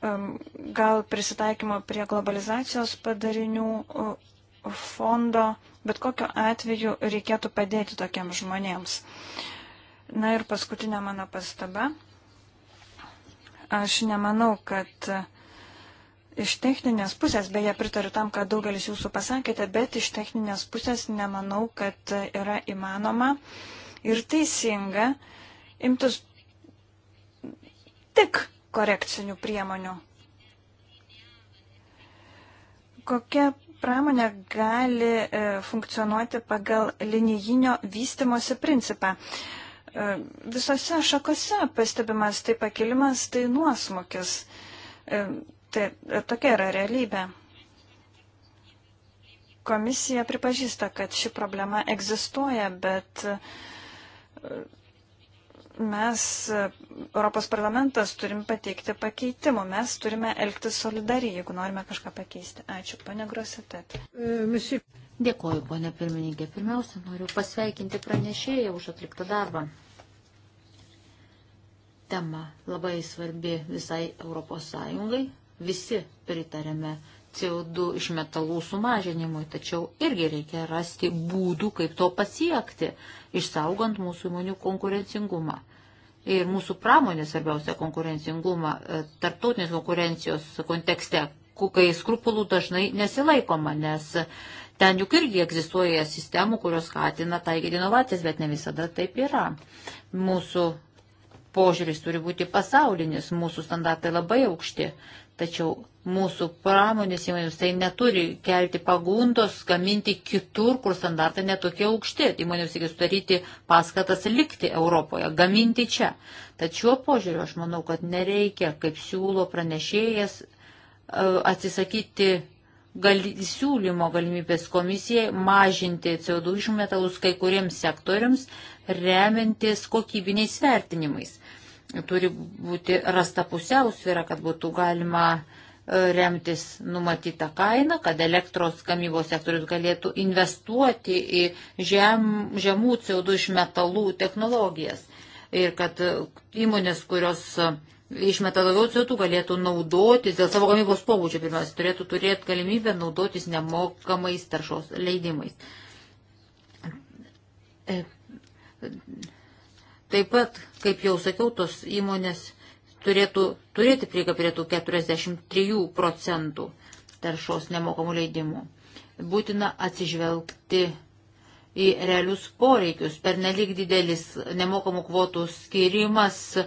um, gal prisitaikymo prie globalizacijos padarinių fondo, bet kokiu atveju reikėtų padėti tokiems žmonėms. Na ir paskutinė mano pastaba. Aš nemanau, kad uh, Iš techninės pusės, beje, pritariu tam, ką daugelis jūsų pasakėte, bet iš techninės pusės nemanau, kad yra įmanoma ir teisinga imtis tik korekcinių priemonių. Kokia pramonė gali e, funkcionuoti pagal linijinio vystimosi principą? E, visose šakose pastebimas tai pakilimas, tai nuosmukis e, Tai tokia yra realybė. Komisija pripažįsta, kad ši problema egzistuoja, bet e, mes, e, Europos parlamentas, turim pateikti pakeitimų. Mes turime elgti solidariai, jeigu norime kažką pakeisti. Ačiū, pane Grositet. E, Dėkoju, ponė pirmininkė. Pirmiausia, noriu pasveikinti pranešėją už atliktą darbą tema labai svarbi visai Europos Sąjungai, visi pritarėme CO2 iš metalų sumažinimui, tačiau irgi reikia rasti būdų, kaip to pasiekti, išsaugant mūsų įmonių konkurencingumą. Ir mūsų pramonės svarbiausia konkurencingumą e, tarptautinės konkurencijos kontekste, kai skrupulų dažnai nesilaikoma, nes ten juk irgi egzistuoja sistemų, kurios skatina taikyti inovacijas, bet ne visada taip yra. Mūsų požiūris turi būti pasaulinis, mūsų standartai labai aukšti. Tačiau mūsų pramonės įmonėms tai neturi kelti pagundos gaminti kitur, kur standartai netokie aukšti. Įmonėms reikia sudaryti paskatas likti Europoje, gaminti čia. Tačiau požiūriu aš manau, kad nereikia, kaip siūlo pranešėjas, e, atsisakyti gal, siūlymo galimybės komisijai mažinti CO2 išmetalus kai kuriems sektoriams, remiantis kokybiniais vertinimais. Turi būti rasta pusiausvėra, kad būtų galima e, remtis numatytą kainą, kad elektros gamybos sektorius galėtų investuoti į žem, žemų CO2 iš metalų technologijas ir kad e, įmonės, kurios e, išmeta daugiau CO2, galėtų naudotis dėl savo gamybos pobūdžio, pirmiausia, turėtų turėti galimybę naudotis nemokamais taršos leidimais. Taip pat, kaip jau sakiau, tos įmonės turėtų turėti prieigą prie tų 43 procentų taršos nemokamų leidimų. Būtina atsižvelgti į realius poreikius. Per nelik didelis nemokamų kvotų skirimas e,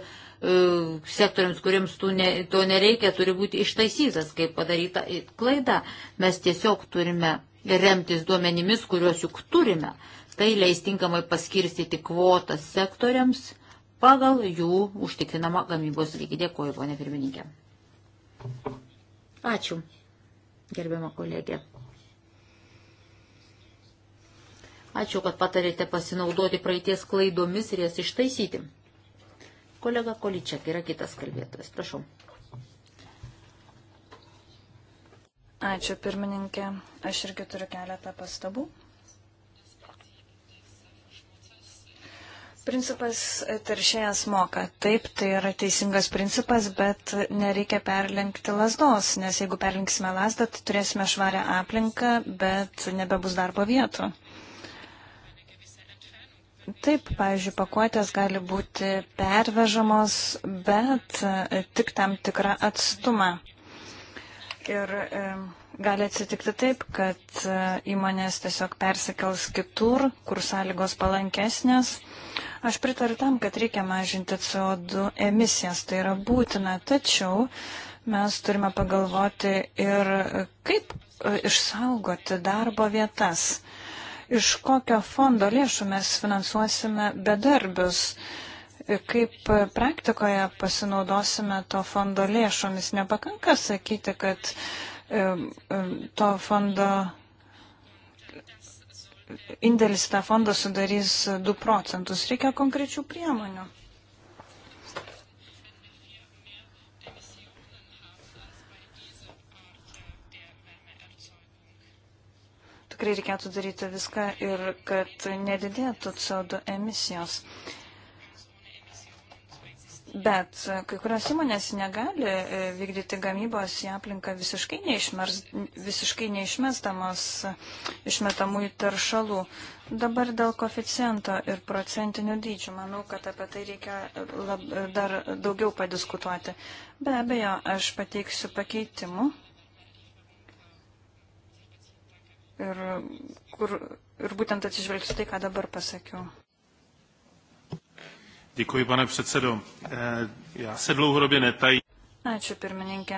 sektoriams, kuriems ne, to nereikia, turi būti ištaisytas, kaip padaryta klaida. Mes tiesiog turime remtis duomenimis, kuriuos juk turime. Tai leis tinkamai paskirstyti kvotas sektoriams pagal jų užtikrinamą gamybos lygį. Dėkuoju, ponė pirmininkė. Ačiū, gerbiama kolegė. Ačiū, kad patarėte pasinaudoti praeities klaidomis ir jas ištaisyti. Kolega Količiak yra kitas kalbėtojas. Prašau. Ačiū, pirmininkė. Aš irgi turiu keletą pastabų. Principas teršėjas moka. Taip, tai yra teisingas principas, bet nereikia perlenkti lasdos, nes jeigu perlenksime lasdą, tai turėsime švarę aplinką, bet nebebus darbo vietų. Taip, pavyzdžiui, pakuotės gali būti pervežamos, bet e, tik tam tikrą atstumą. Ir e, gali atsitikti taip, kad e, įmonės tiesiog persikels kitur, kur sąlygos palankesnės Aš pritariu tam, kad reikia mažinti CO2 emisijas, tai yra būtina, tačiau mes turime pagalvoti ir kaip e, išsaugoti darbo vietas. Iš kokio fondo lėšų mes finansuosime bedarbius, e, kaip praktikoje pasinaudosime to fondo lėšomis. Nepakanka sakyti, kad e, to fondo indėlis tą fondą sudarys 2 procentus. Reikia konkrečių priemonių. Tikrai reikėtų daryti viską ir kad nedidėtų CO2 emisijos. Uh, Bet e, kai kurios įmonės negali e, vykdyti gamybos į aplinką visiškai, neišmers, visiškai neišmestamos e, išmetamųjų taršalų. Dabar dėl koficiento ir procentinių dydžių, manau, kad apie tai reikia lab, dar daugiau padiskutuoti. Be abejo, aš pateiksiu pakeitimų. Ir, kur, ir būtent atsižvelgsiu tai, ką dabar pasakiau. Děkuji, pane předsedo. Eh, já se dlouhodobě netají. Ačiū, pirmininkė.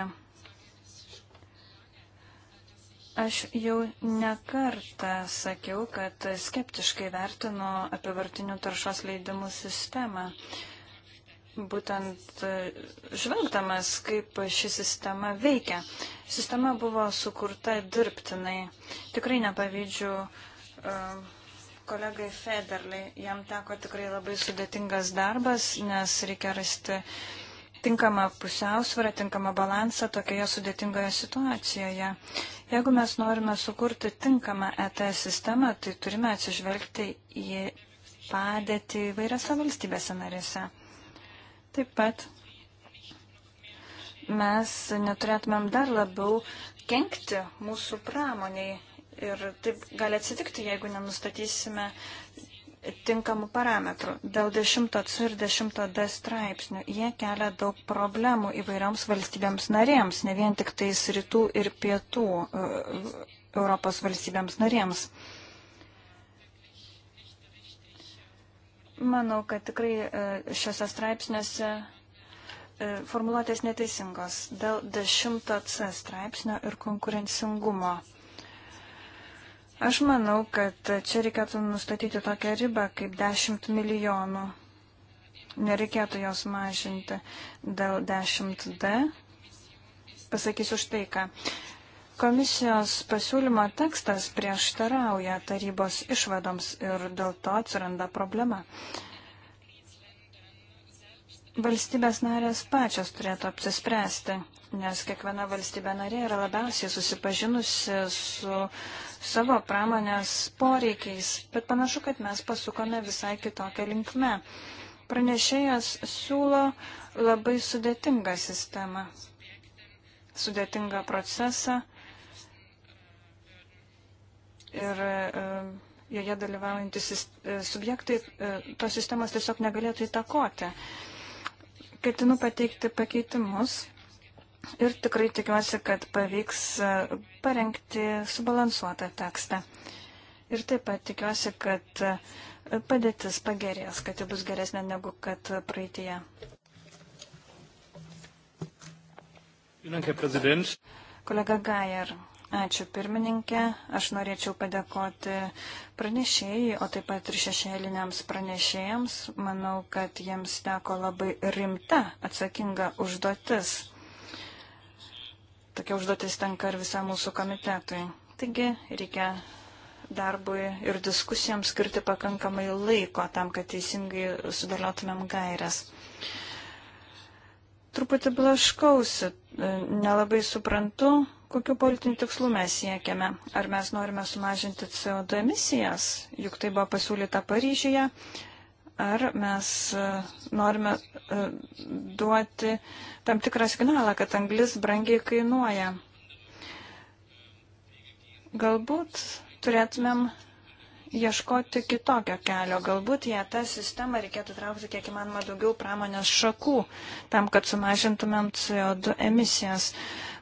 Aš jau nekartą sakiau, kad skeptiškai vertinu apivartinių taršos leidimų sistemą. Būtent eh, žvelgdamas, kaip ši sistema veikia. Sistema buvo sukurta dirbtinai. Tikrai nepavydžiu uh, kolegai Federlai. Jam teko tikrai labai sudėtingas darbas, nes reikia rasti tinkamą pusiausvyrą, tinkamą balansą tokioje sudėtingoje situacijoje. Jeigu mes norime sukurti tinkamą ETS sistemą, tai turime atsižvelgti į padėtį vairiose valstybėse narėse. Taip pat mes neturėtumėm dar labiau kenkti mūsų pramoniai. Ir taip gali atsitikti, jeigu nenustatysime tinkamų parametrų. Dėl 10C ir 10D straipsnių jie kelia daug problemų įvairioms valstybėms narėms, ne vien tik tais rytų ir pietų e, Europos valstybėms narėms. Manau, kad tikrai e, šiuose straipsniuose e, formuluotės neteisingos dėl 10C straipsnio ir konkurencingumo. Aš manau, kad čia reikėtų nustatyti tokią ribą kaip 10 milijonų. Nereikėtų jos mažinti dėl 10D. Pasakysiu štai ką. Komisijos pasiūlymo tekstas prieštarauja tarybos išvadoms ir dėl to atsiranda problema. Valstybės narės pačios turėtų apsispręsti, nes kiekviena valstybė narė yra labiausiai susipažinusi su uh, savo pramonės poreikiais, bet panašu, kad mes pasukome visai kitokią linkmę. Pranešėjas siūlo labai sudėtingą sistemą, sudėtingą procesą ir e, joje dalyvaujantis e, subjektai e, tos sistemos tiesiog negalėtų įtakoti. Ketinu pateikti pakeitimus ir tikrai tikiuosi, kad pavyks e, parengti subalansuotą tekstą. Ir taip pat tikiuosi, kad e, padėtis pagerės, kad ji bus geresnė negu kad praeitie. Kolega Gajer, ačiū pirmininkė. Aš norėčiau padėkoti pranešėjai, o taip pat ir šešėliniams pranešėjams. Manau, kad jiems teko labai rimta atsakinga užduotis Tokia užduotis tenka ir visam mūsų komitetui. Taigi reikia darbui ir diskusijoms skirti pakankamai laiko tam, kad teisingai sudėliotumėm gairias. Truputį blaškausi, e, nelabai suprantu, kokiu politiniu tikslu mes siekiame. Ar mes norime sumažinti CO2 emisijas, juk tai buvo pasiūlyta Paryžiuje, ar mes e, norime e, duoti tam tikrą signalą, kad anglis brangiai kainuoja. Galbūt turėtumėm ieškoti kitokio kelio. Galbūt jie tą sistemą reikėtų traukti kiek įmanoma daugiau pramonės šakų, tam, kad sumažintumėm CO2 emisijas.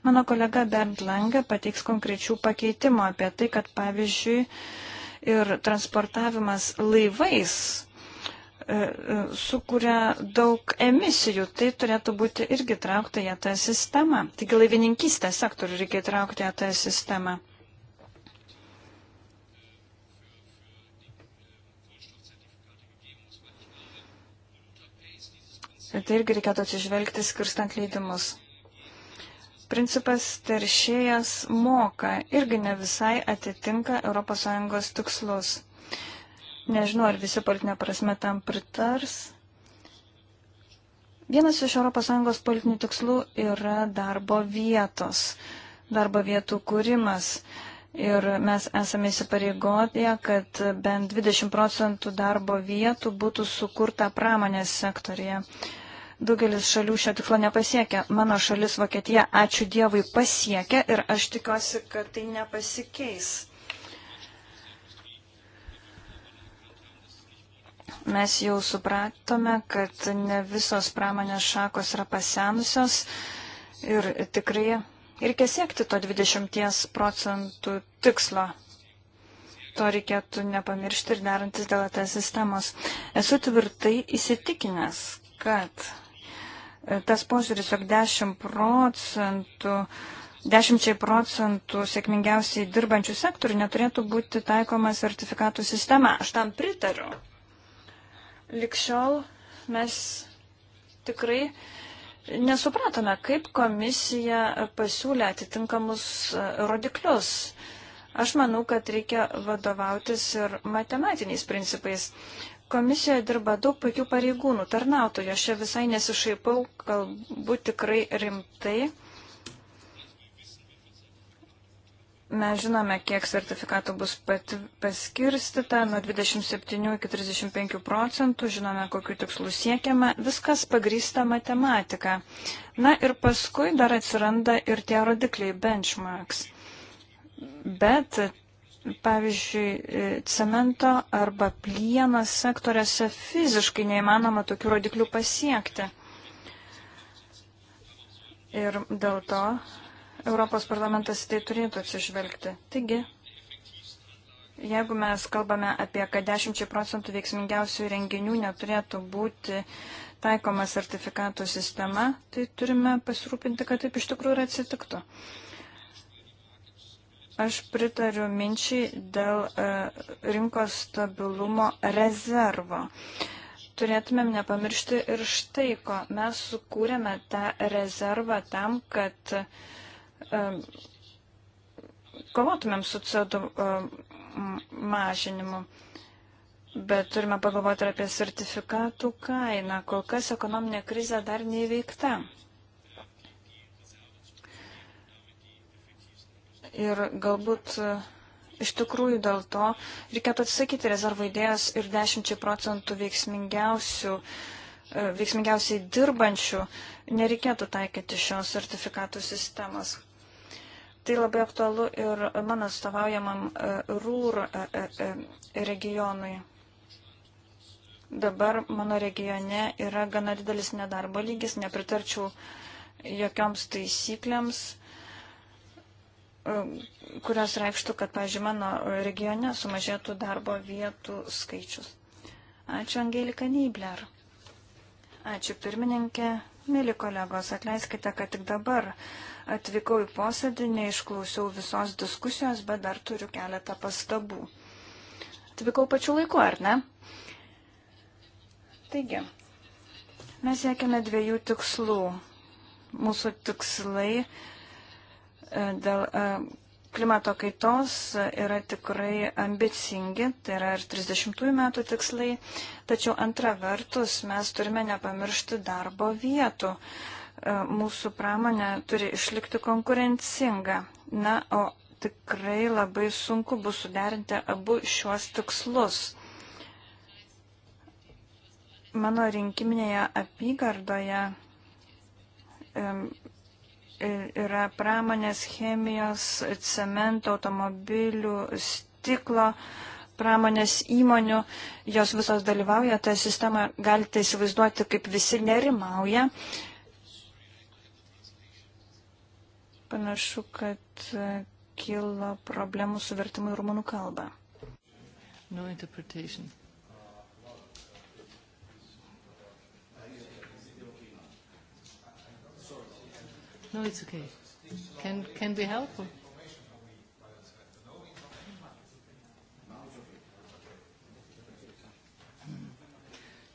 Mano kolega Bernd Lange pateiks konkrečių pakeitimų apie tai, kad pavyzdžiui ir transportavimas laivais E, e, sukuria daug emisijų, tai turėtų būti irgi traukta į e tą sistemą. Taigi laivininkystės sektorių reikia traukti į tą sistemą. Tai irgi reikėtų atsižvelgti skirstant leidimus. Principas teršėjas moka irgi ne visai atitinka ES tikslus. Nežinau, ar visi politinė prasme tam pritars. Vienas iš ES politinių tikslų yra darbo vietos, darbo vietų kūrimas. Ir mes esame įsipareigoję, kad bent 20 procentų darbo vietų būtų sukurta pramonės sektorija. Daugelis šalių šio tikslo nepasiekia. Mano šalis Vokietija, ačiū Dievui, pasiekia ir aš tikiuosi, kad tai nepasikeis. Mes jau supratome, kad ne visos pramonės šakos yra pasenusios ir tikrai reikia siekti to 20 procentų tikslo. To reikėtų nepamiršti ir darantis dėl tos sistemos. Esu tvirtai įsitikinęs, kad e, tas požiūris, jog 10 procentų, 10 procentų sėkmingiausiai dirbančių sektorių neturėtų būti taikoma sertifikatų sistema. Aš tam pritariu. Likščiol mes tikrai nesupratome, kaip komisija pasiūlė atitinkamus e, rodiklius. Aš manau, kad reikia vadovautis ir matematiniais principais. Komisijoje dirba daug puikių pareigūnų, tarnautojų. Aš čia visai nesišaipau, kalbu tikrai rimtai. Mes žinome, kiek sertifikatų bus pat, paskirstita nuo 27 iki 35 procentų, žinome, kokiu tikslu siekiama, viskas pagrįsta matematika. Na ir paskui dar atsiranda ir tie rodikliai benchmarks. Bet, pavyzdžiui, e, cemento arba plienas sektoriuose fiziškai neįmanoma tokių rodiklių pasiekti. Ir dėl to Europos parlamentas tai turėtų atsižvelgti. Taigi, jeigu mes kalbame apie, kad 10 procentų veiksmingiausių renginių neturėtų būti taikoma sertifikatų sistema, tai turime pasirūpinti, kad taip iš tikrųjų ir atsitiktų. Aš pritariu minčiai dėl e, rinkos stabilumo rezervo. Turėtumėm nepamiršti ir štai ko. Mes sukūrėme tą rezervą tam, kad uh, kovotumėm su CO2 mažinimu, bet turime pagalvoti ir apie sertifikatų kainą. Kol kas ekonominė krizė dar neįveikta. Ir galbūt e, iš tikrųjų dėl to reikėtų atsisakyti rezervo idėjos ir 10 procentų veiksmingiausių, e, veiksmingiausiai dirbančių uh, nereikėtų taikyti šios sertifikatų sistemos. Tai labai aktualu ir mano atstovaujamam e, RUR e, e, regionui. Dabar mano regione yra gana didelis nedarbo lygis, nepritarčiau jokioms taisyklėms kurios reikštų, kad, pažiūrėjau, mano regione sumažėtų darbo vietų skaičius. Ačiū Angelika Neibler. Ačiū pirmininkė. Mėly kolegos, atleiskite, kad tik dabar atvykau į posėdį, neišklausiau visos diskusijos, bet dar turiu keletą pastabų. Atvykau pačiu laiku, ar ne? Taigi, mes siekiame dviejų tikslų. Mūsų tikslai e, dėl e, klimato kaitos yra tikrai ambicingi, tai yra ir 30 metų tikslai, tačiau antra vertus mes turime nepamiršti darbo vietų. E, mūsų pramonė turi išlikti konkurencinga. Na, o tikrai labai sunku bus suderinti abu šiuos tikslus. Mano rinkiminėje apygardoje yra pramonės, chemijos, cemento, automobilių, stiklo pramonės įmonių, jos visos dalyvauja, tą sistemą galite įsivaizduoti, kaip visi nerimauja. Panašu, kad e, kilo problemų su vertimu į rumunų kalbą. No interpretation. No, it's okay. Can, can we help? Or?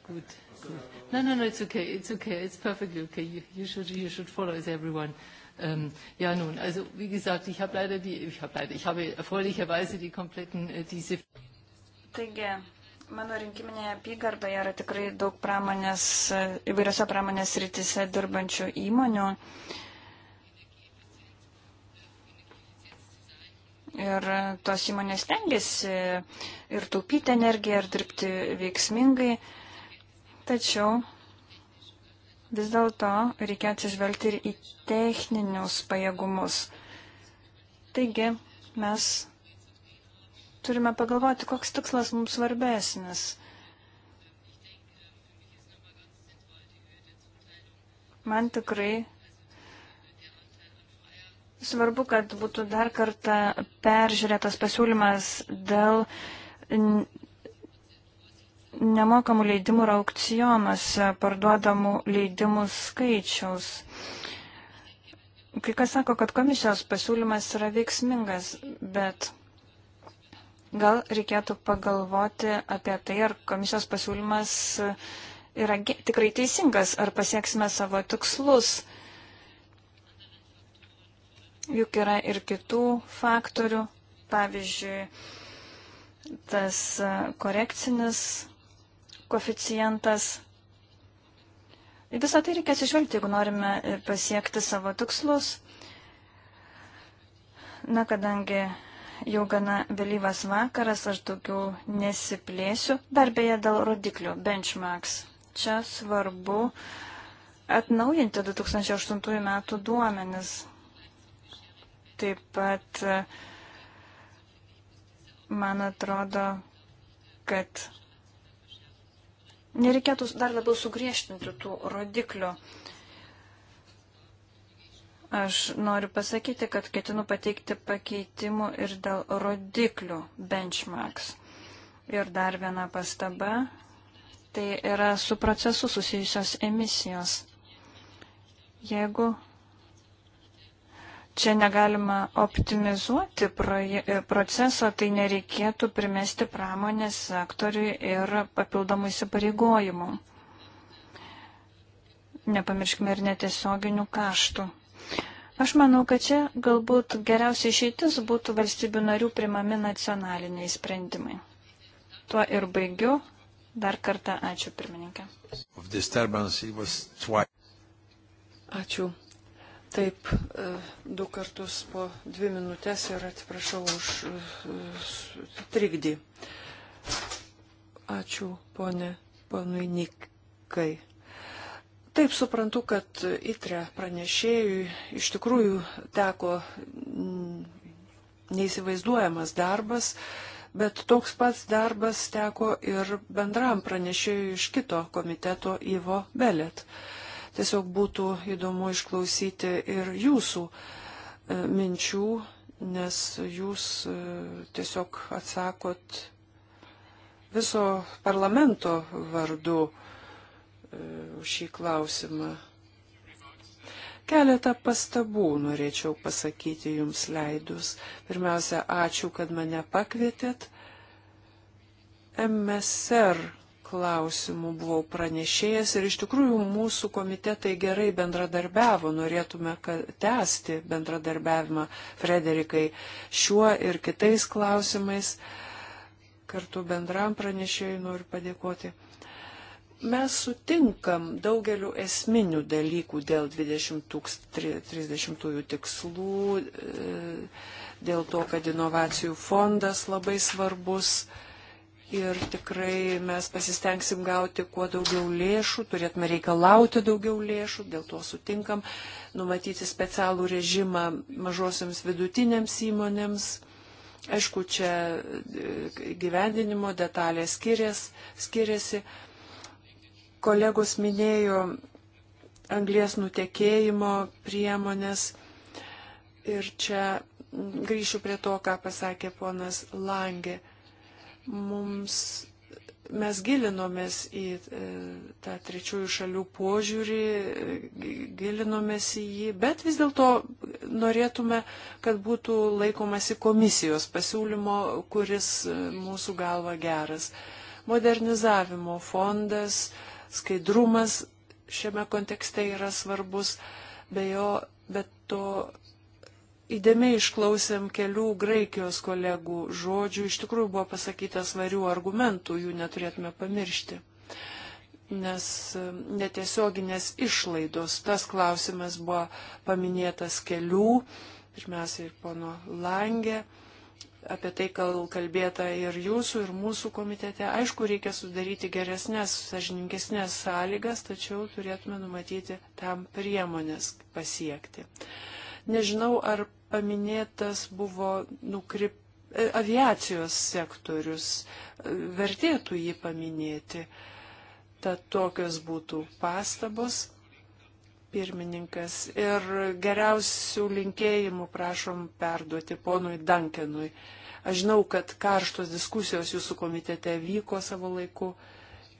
Good. good. No, no, no, it's okay. It's okay. It's perfectly okay. You, you should, you should follow as everyone. Ähm, ja, nun, also wie gesagt, ich habe leider die, ich habe leider, ich habe erfreulicherweise die kompletten äh, diese. Taigi, mano rinkiminėje apygardoje yra tikrai daug pramonės, äh, įvairiose pramonės rytise dirbančių įmonių. Äh, Ir tos įmonės tengiasi ir taupyti energiją, ir dirbti veiksmingai. Tačiau vis dėlto reikia atsižvelgti ir į techninius pajėgumus. Taigi mes turime pagalvoti, koks tikslas mums svarbesnis. Man tikrai Svarbu, kad būtų dar kartą peržiūrėtas pasiūlymas dėl nemokamų leidimų ir aukcijonuose parduodamų leidimų skaičiaus. Kai kas sako, kad komisijos pasiūlymas yra veiksmingas, bet gal reikėtų pagalvoti apie tai, ar komisijos pasiūlymas yra tikrai teisingas, ar pasieksime savo tikslus. Juk yra ir kitų faktorių, pavyzdžiui, tas e, korekcinis koficijantas. Visą tai reikia atsižvelgti, jeigu norime e, pasiekti savo tikslus. Na, kadangi jau gana vėlyvas vakaras, aš daugiau nesiplėsiu. Dar beje dėl rodiklių, benchmarks. Čia svarbu atnaujinti 2008 metų duomenis. Taip pat, man atrodo, kad nereikėtų dar labiau sugriežtinti tų rodiklių. Aš noriu pasakyti, kad ketinu pateikti pakeitimų ir dėl rodiklių benchmarks. Ir dar viena pastaba, tai yra su procesu susijusios emisijos. Jeigu čia negalima optimizuoti e, proceso, tai nereikėtų primesti pramonės sektoriui ir papildomų įsipareigojimų. Nepamirškime ir netiesioginių kaštų. Aš manau, kad čia galbūt geriausia išeitis būtų valstybių narių primami nacionaliniai sprendimai. Tuo ir baigiu. Dar kartą ačiū pirmininkė. Ačiū Taip, e, du kartus po dvi minutės ir atsiprašau už e, trikdį. Ačiū, ponė, ponui Nikai. Taip suprantu, kad ITRE pranešėjui iš tikrųjų teko neįsivaizduojamas darbas, bet toks pats darbas teko ir bendram pranešėjui iš kito komiteto Ivo Belet. Uh, Tiesiog būtų įdomu išklausyti ir jūsų e, minčių, nes jūs e, tiesiog atsakot viso parlamento vardu e, šį klausimą. Keletą pastabų norėčiau pasakyti jums leidus. Pirmiausia, ačiū, kad mane pakvietėt. MSR klausimų buvau pranešėjęs ir iš tikrųjų mūsų komitetai gerai bendradarbiavo, norėtume tęsti bendradarbiavimą Frederikai šiuo ir kitais klausimais. Kartu bendram pranešėjui noriu padėkoti. Mes sutinkam daugeliu esminių dalykų dėl 2030 tikslų, e, dėl to, kad inovacijų fondas labai svarbus ir tikrai mes pasistengsim gauti kuo daugiau lėšų, turėtume reikalauti daugiau lėšų, dėl to sutinkam numatyti specialų režimą mažosiams vidutinėms įmonėms. Aišku, čia e, gyvendinimo detalės skirias, skiriasi. Kolegos minėjo anglės nutekėjimo priemonės ir čia grįšiu prie to, ką pasakė ponas Langė mums, mes gilinomės į e, tą trečiųjų šalių požiūrį, e, gilinomės į jį, bet vis dėlto norėtume, kad būtų laikomasi komisijos pasiūlymo, kuris e, mūsų galva geras. Modernizavimo fondas, skaidrumas šiame kontekste yra svarbus, be jo, bet to Įdėmiai išklausėm kelių Graikijos kolegų žodžių, iš tikrųjų buvo pasakyta svarių argumentų, jų neturėtume pamiršti. Nes e, netiesioginės išlaidos, tas klausimas buvo paminėtas kelių, pirmiausia ir pono Langė, apie tai kalbėta ir jūsų, ir mūsų komitete. Aišku, reikia sudaryti geresnės, sažininkesnės sąlygas, tačiau turėtume numatyti tam priemonės pasiekti nežinau, ar paminėtas buvo nukreip e, aviacijos sektorius, vertėtų jį paminėti. Tad tokios būtų pastabos, pirmininkas. Ir geriausių linkėjimų prašom perduoti ponui Dankenui. Aš žinau, kad karštos diskusijos jūsų komitete vyko savo laiku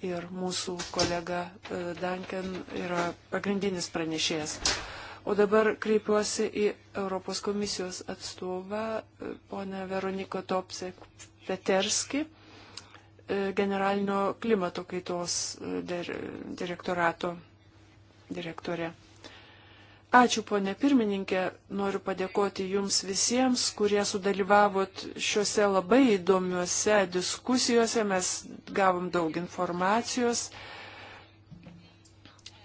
ir mūsų kolega e, Danken yra pagrindinis pranešėjas. O dabar kreipiuosi į Europos komisijos atstovą, e, ponę Veroniką Topsek Peterski, e, generalinio klimato kaitos e, direktorato direktorė. Ačiū, ponė pirmininkė, noriu padėkoti jums visiems, kurie sudalyvavot šiuose labai įdomiuose diskusijose, mes gavom daug informacijos.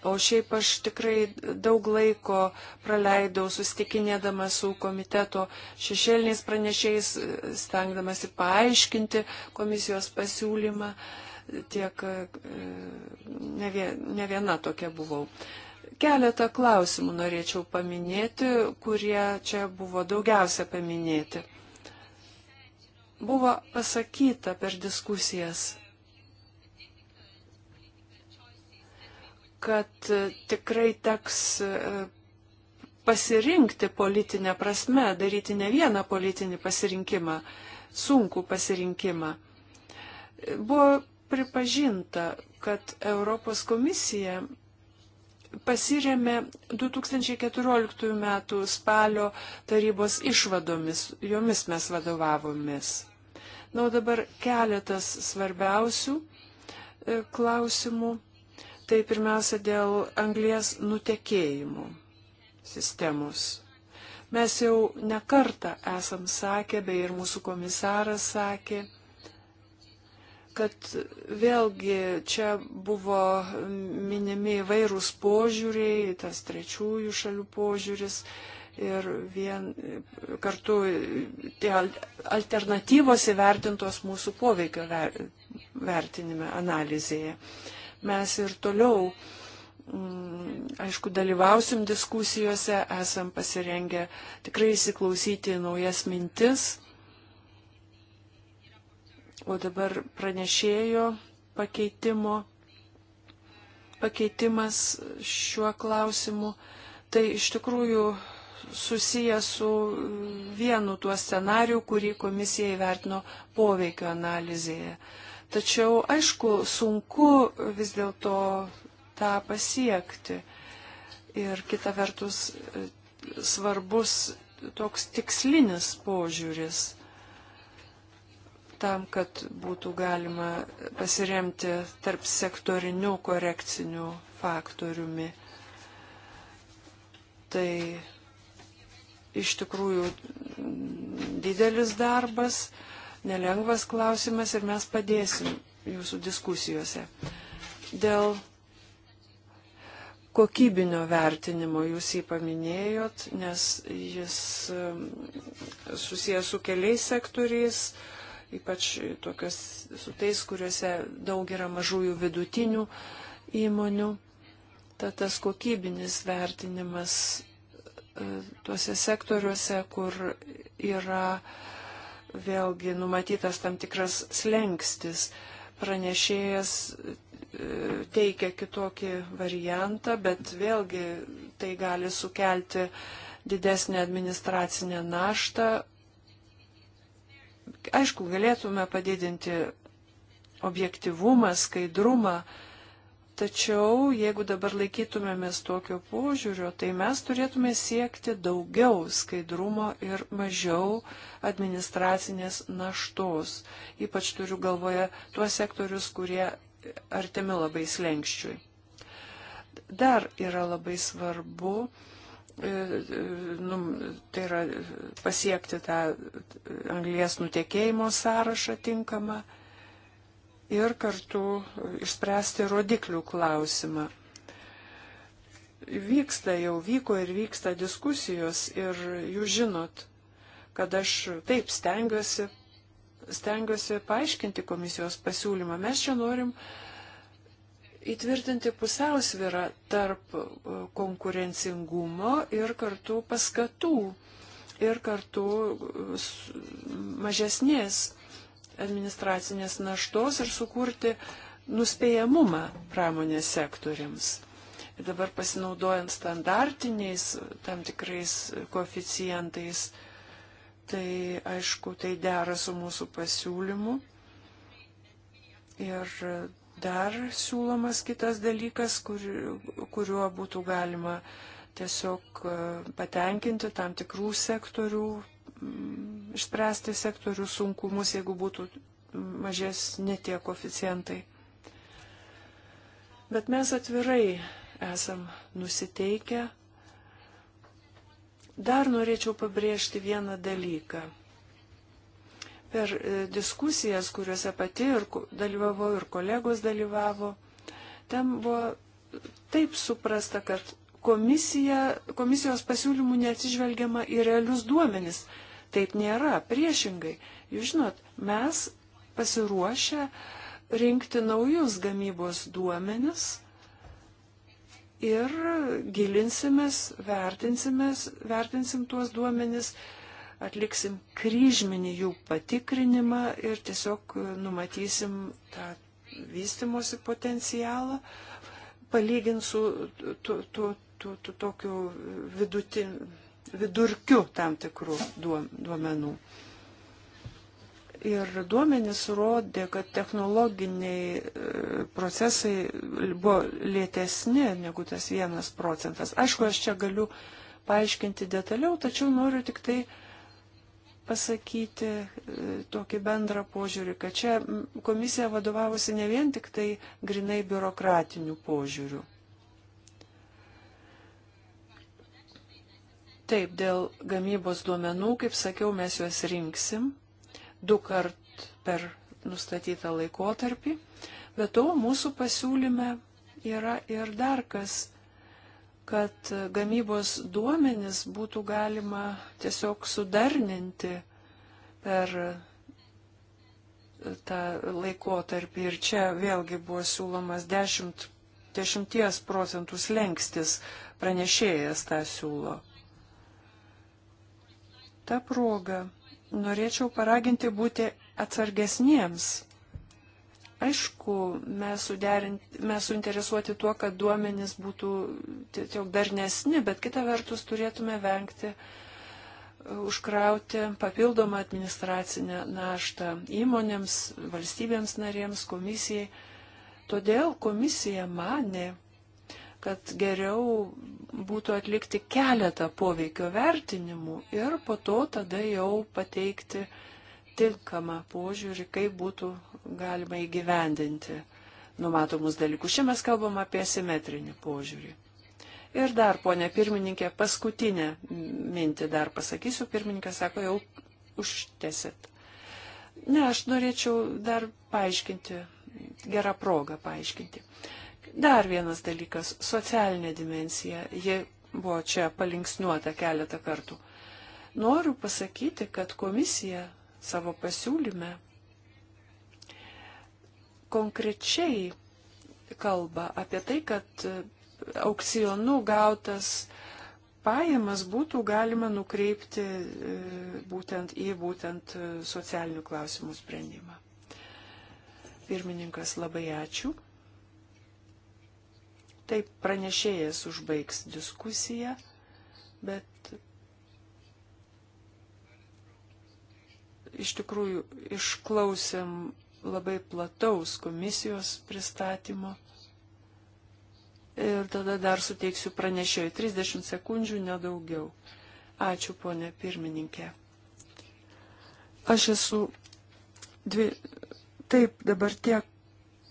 O šiaip aš tikrai daug laiko praleidau susitikinėdama su komiteto šešėliniais pranešėjais, stengdamasi paaiškinti komisijos pasiūlymą. Tiek e, ne, ne viena tokia buvau. Keletą klausimų norėčiau paminėti, kurie čia buvo daugiausia paminėti. Buvo pasakyta per diskusijas kad e, tikrai teks e, pasirinkti politinę prasme, daryti ne vieną politinį pasirinkimą, sunkų pasirinkimą. Buvo pripažinta, kad Europos komisija pasiremė 2014 m. spalio tarybos išvadomis, jomis mes vadovavomis. Na, o dabar keletas svarbiausių e, klausimų tai pirmiausia dėl anglės nutekėjimų sistemos. Mes jau nekartą esam sakę, bei ir mūsų komisaras sakė, kad vėlgi čia buvo minimi įvairūs požiūriai, tas trečiųjų šalių požiūris ir vien kartu tie alternatyvos įvertintos mūsų poveikio vertinime, analizėje mes ir toliau, mm, aišku, dalyvausim diskusijose, esam pasirengę tikrai įsiklausyti naujas mintis. O dabar pranešėjo pakeitimo, pakeitimas šiuo klausimu. Tai iš tikrųjų susiję su vienu tuo scenariu, kurį komisija įvertino poveikio analizėje. Tačiau, aišku, sunku vis dėlto tą pasiekti. Ir kita vertus svarbus toks tikslinis požiūris tam, kad būtų galima pasiremti tarp sektorinių korekcinių faktoriumi. Tai iš tikrųjų didelis darbas nelengvas klausimas ir mes padėsim jūsų diskusijose. Dėl kokybinio vertinimo jūs jį paminėjot, nes jis um, susijęs su keliais sektoriais, ypač tokios, su tais, kuriuose daug yra mažųjų vidutinių įmonių. Tad tas kokybinis vertinimas e, tuose sektoriuose, kur yra uh, vėlgi numatytas tam tikras slengstis. Pranešėjas e, teikia kitokį variantą, bet vėlgi tai gali sukelti didesnį administracinę naštą. Aišku, galėtume padidinti objektivumą, skaidrumą, Tačiau, jeigu dabar laikytumėmės tokio požiūrio, tai mes turėtume siekti daugiau skaidrumo ir mažiau administracinės naštos. Ypač turiu galvoje tuos sektorius, kurie artimi labai slengščiui. Dar yra labai svarbu, e, e, nu, tai yra pasiekti tą anglės nutekėjimo sąrašą tinkamą ir kartu išspręsti rodiklių klausimą. Vyksta jau, vyko ir vyksta diskusijos ir jūs žinot, kad aš taip stengiuosi, stengiuosi paaiškinti komisijos pasiūlymą. Mes čia norim įtvirtinti pusiausvyrą tarp e, konkurencingumo ir kartu paskatų ir kartu e, mažesnės administracinės naštos ir sukurti nuspėjamumą pramonės sektoriams. Ir dabar pasinaudojant standartiniais tam tikrais koficijantais, tai aišku, tai dera su mūsų pasiūlymu. Ir dar siūlomas kitas dalykas, kur, kuriuo būtų galima tiesiog e, patenkinti tam tikrų sektorių išspręsti sektorių sunkumus, jeigu būtų mažesni tie koficijantai. Bet mes atvirai esam nusiteikę. Dar norėčiau pabrėžti vieną dalyką. Per e, diskusijas, kuriuose pati ir dalyvavo, ir kolegos dalyvavo, ten buvo taip suprasta, kad komisija, komisijos pasiūlymų neatsižvelgiama į realius duomenis, Taip nėra. Priešingai, jūs žinot, mes pasiruošę rinkti naujus gamybos duomenis ir gilinsimės, vertinsimės, vertinsim tuos duomenis, atliksim kryžminį jų patikrinimą ir tiesiog numatysim tą vystimosi potencialą, palygint su to, to, to, to, tokiu vidutin, vidurkiu tam tikrų duomenų. Ir duomenys rodė, kad technologiniai e, procesai buvo lėtesni negu tas vienas procentas. Aišku, aš čia galiu paaiškinti detaliau, tačiau noriu tik tai pasakyti e, tokį bendrą požiūrį, kad čia komisija vadovavosi ne vien tik tai grinai biurokratiniu požiūriu. Taip, dėl gamybos duomenų, kaip sakiau, mes juos rinksim du kart per nustatytą laikotarpį, bet to mūsų pasiūlyme yra ir dar kas, kad gamybos duomenis būtų galima tiesiog sudarninti per tą laikotarpį. Ir čia vėlgi buvo siūlomas 10, 10 procentų slengstis, pranešėjas tą siūlo. Ta proga norėčiau paraginti būti atsargesniems. Aišku, mes, mes suinteresuoti tuo, kad duomenys būtų tiesiog darnesni, bet kita vertus turėtume vengti uh, užkrauti papildomą administracinę naštą įmonėms, valstybėms narėms, komisijai. Todėl komisija mane, kad geriau būtų atlikti keletą poveikio vertinimų ir po to tada jau pateikti tinkamą požiūrį, kaip būtų galima įgyvendinti numatomus dalykus. Šiandien mes kalbam apie simetrinį požiūrį. Ir dar, ponė pirmininkė, paskutinę mintį dar pasakysiu. Pirmininkas sako, jau užtesit. Ne, aš norėčiau dar paaiškinti, gerą progą paaiškinti. Uh, Dar vienas dalykas - socialinė dimensija. Ji buvo čia palinksniuota keletą kartų. Noriu pasakyti, kad komisija savo pasiūlyme konkrečiai kalba apie tai, kad aukcijonų gautas pajamas būtų galima nukreipti e, būtent į būtent socialinių klausimų sprendimą. Pirmininkas, labai ačiū. Taip pranešėjas užbaigs diskusiją, bet iš tikrųjų išklausėm labai plataus komisijos pristatymo. Ir tada dar suteiksiu pranešėjui 30 sekundžių, nedaugiau. Ačiū, ponė pirmininkė. Aš esu dvi. Taip, dabar tie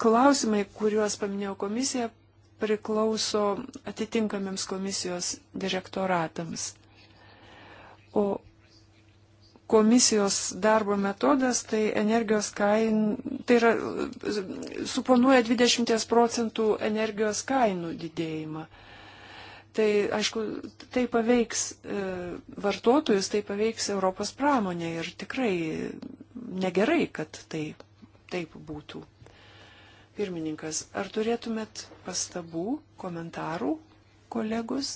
klausimai, kuriuos paminėjo komisija, priklauso atitinkamiems komisijos direktoratams. O komisijos darbo metodas, tai energijos kain, tai yra, suponuoja 20 procentų energijos kainų didėjimą. Tai, aišku, tai paveiks e, vartotojus, tai paveiks Europos pramonę ir tikrai negerai, kad tai taip būtų. Pirmininkas, ar turėtumėt pastabų, komentarų, kolegus?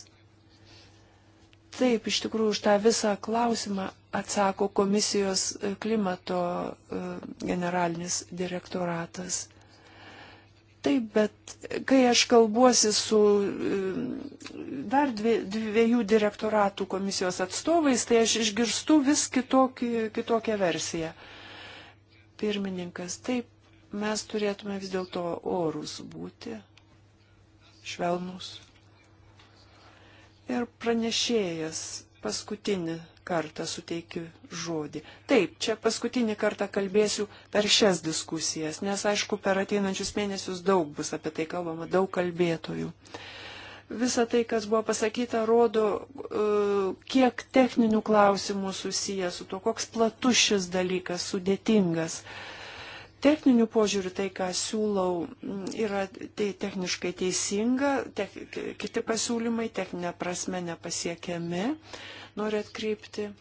Taip, iš tikrųjų, už tą visą klausimą atsako komisijos e, klimato e, generalinis direktoratas. Taip, bet e, kai aš kalbuosi su dar dviejų direktoratų komisijos atstovais, tai aš išgirstu vis kitokį, kitokią versiją. Pirmininkas, taip, mes turėtume vis dėlto orus būti, švelnus. Ir pranešėjas paskutinį kartą suteikiu žodį. Taip, čia paskutinį kartą kalbėsiu per šias diskusijas, nes aišku, per ateinančius mėnesius daug bus apie tai kalbama, daug kalbėtojų. Visa tai, kas buvo pasakyta, rodo, e, kiek techninių klausimų susijęs su to, koks platus šis dalykas, sudėtingas. Uh, Techninių požiūrių tai, ką siūlau, yra tai techniškai teisinga, te, kiti pasiūlymai techninė prasme nepasiekiami, noriu atkreipti e,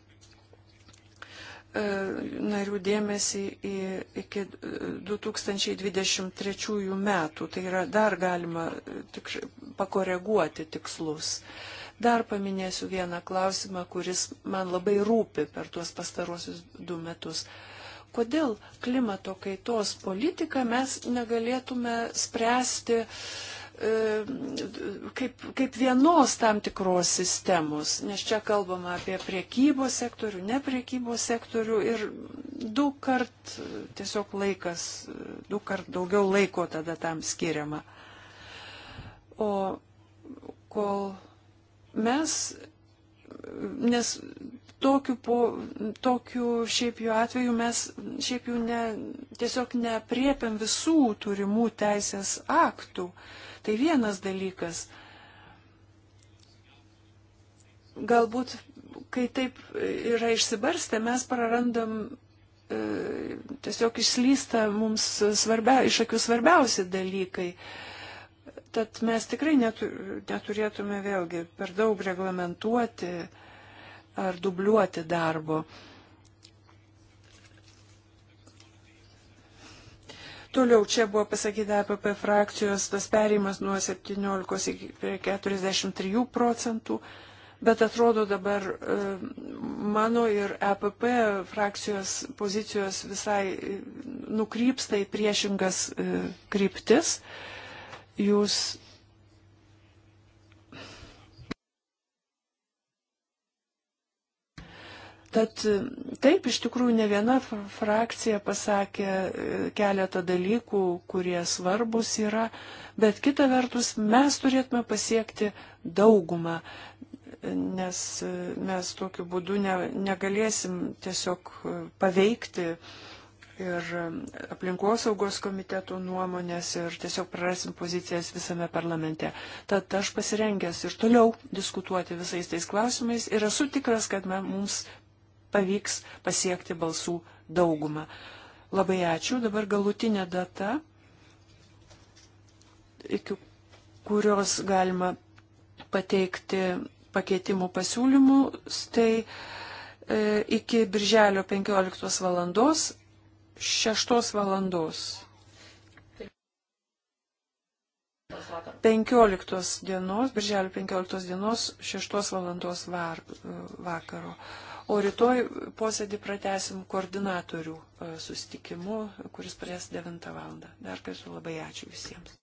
narių dėmesį į, iki 2023 metų, tai yra dar galima e, tik, pakoreguoti tikslus. Dar paminėsiu vieną klausimą, kuris man labai rūpi per tuos pastarosius du metus. Kodėl klimato kaitos politiką mes negalėtume spręsti e, kaip, kaip vienos tam tikros sistemos, nes čia kalbama apie priekybos sektorių, ne priekybos sektorių ir du kart tiesiog laikas, du kart daugiau laiko tada tam skiriama. O kol mes, nes Tokiu, po, tokiu šiaip jau atveju mes šiaip jau ne, tiesiog nepriepiam visų turimų teisės aktų. Tai vienas dalykas. Galbūt, kai taip yra išsibarstę, mes prarandam e, tiesiog išslysta mums svarbia, iš akių svarbiausi dalykai. Tad mes tikrai neturėtume vėlgi per daug reglamentuoti ar dubliuoti darbo. Toliau čia buvo pasakyta APP frakcijos tas perėjimas nuo 17 iki 43 procentų, bet atrodo dabar e, mano ir APP e frakcijos pozicijos visai e, nukrypsta į priešingas kryptis. Jūs Tad taip, iš tikrųjų, ne viena frakcija pasakė e, keletą dalykų, kurie svarbus yra, bet kita vertus, mes turėtume pasiekti daugumą, nes e, mes tokiu būdu ne, negalėsim tiesiog e, paveikti ir aplinkosaugos komiteto nuomonės ir tiesiog prarasim pozicijas visame parlamente. Tad aš pasirengęs ir toliau diskutuoti visais tais klausimais ir esu tikras, kad mums pavyks pasiekti balsų daugumą. Labai ačiū. Dabar galutinė data, iki kurios galima pateikti pakeitimų pasiūlymų, tai e, iki birželio 15 valandos, 6 valandos. 15 dienos, birželio 15 dienos, 6 valandos var, e, vakaro. O rytoj posėdį pratesim koordinatorių e, susitikimu, kuris pradės 9 val. Dar kartą labai ačiū visiems.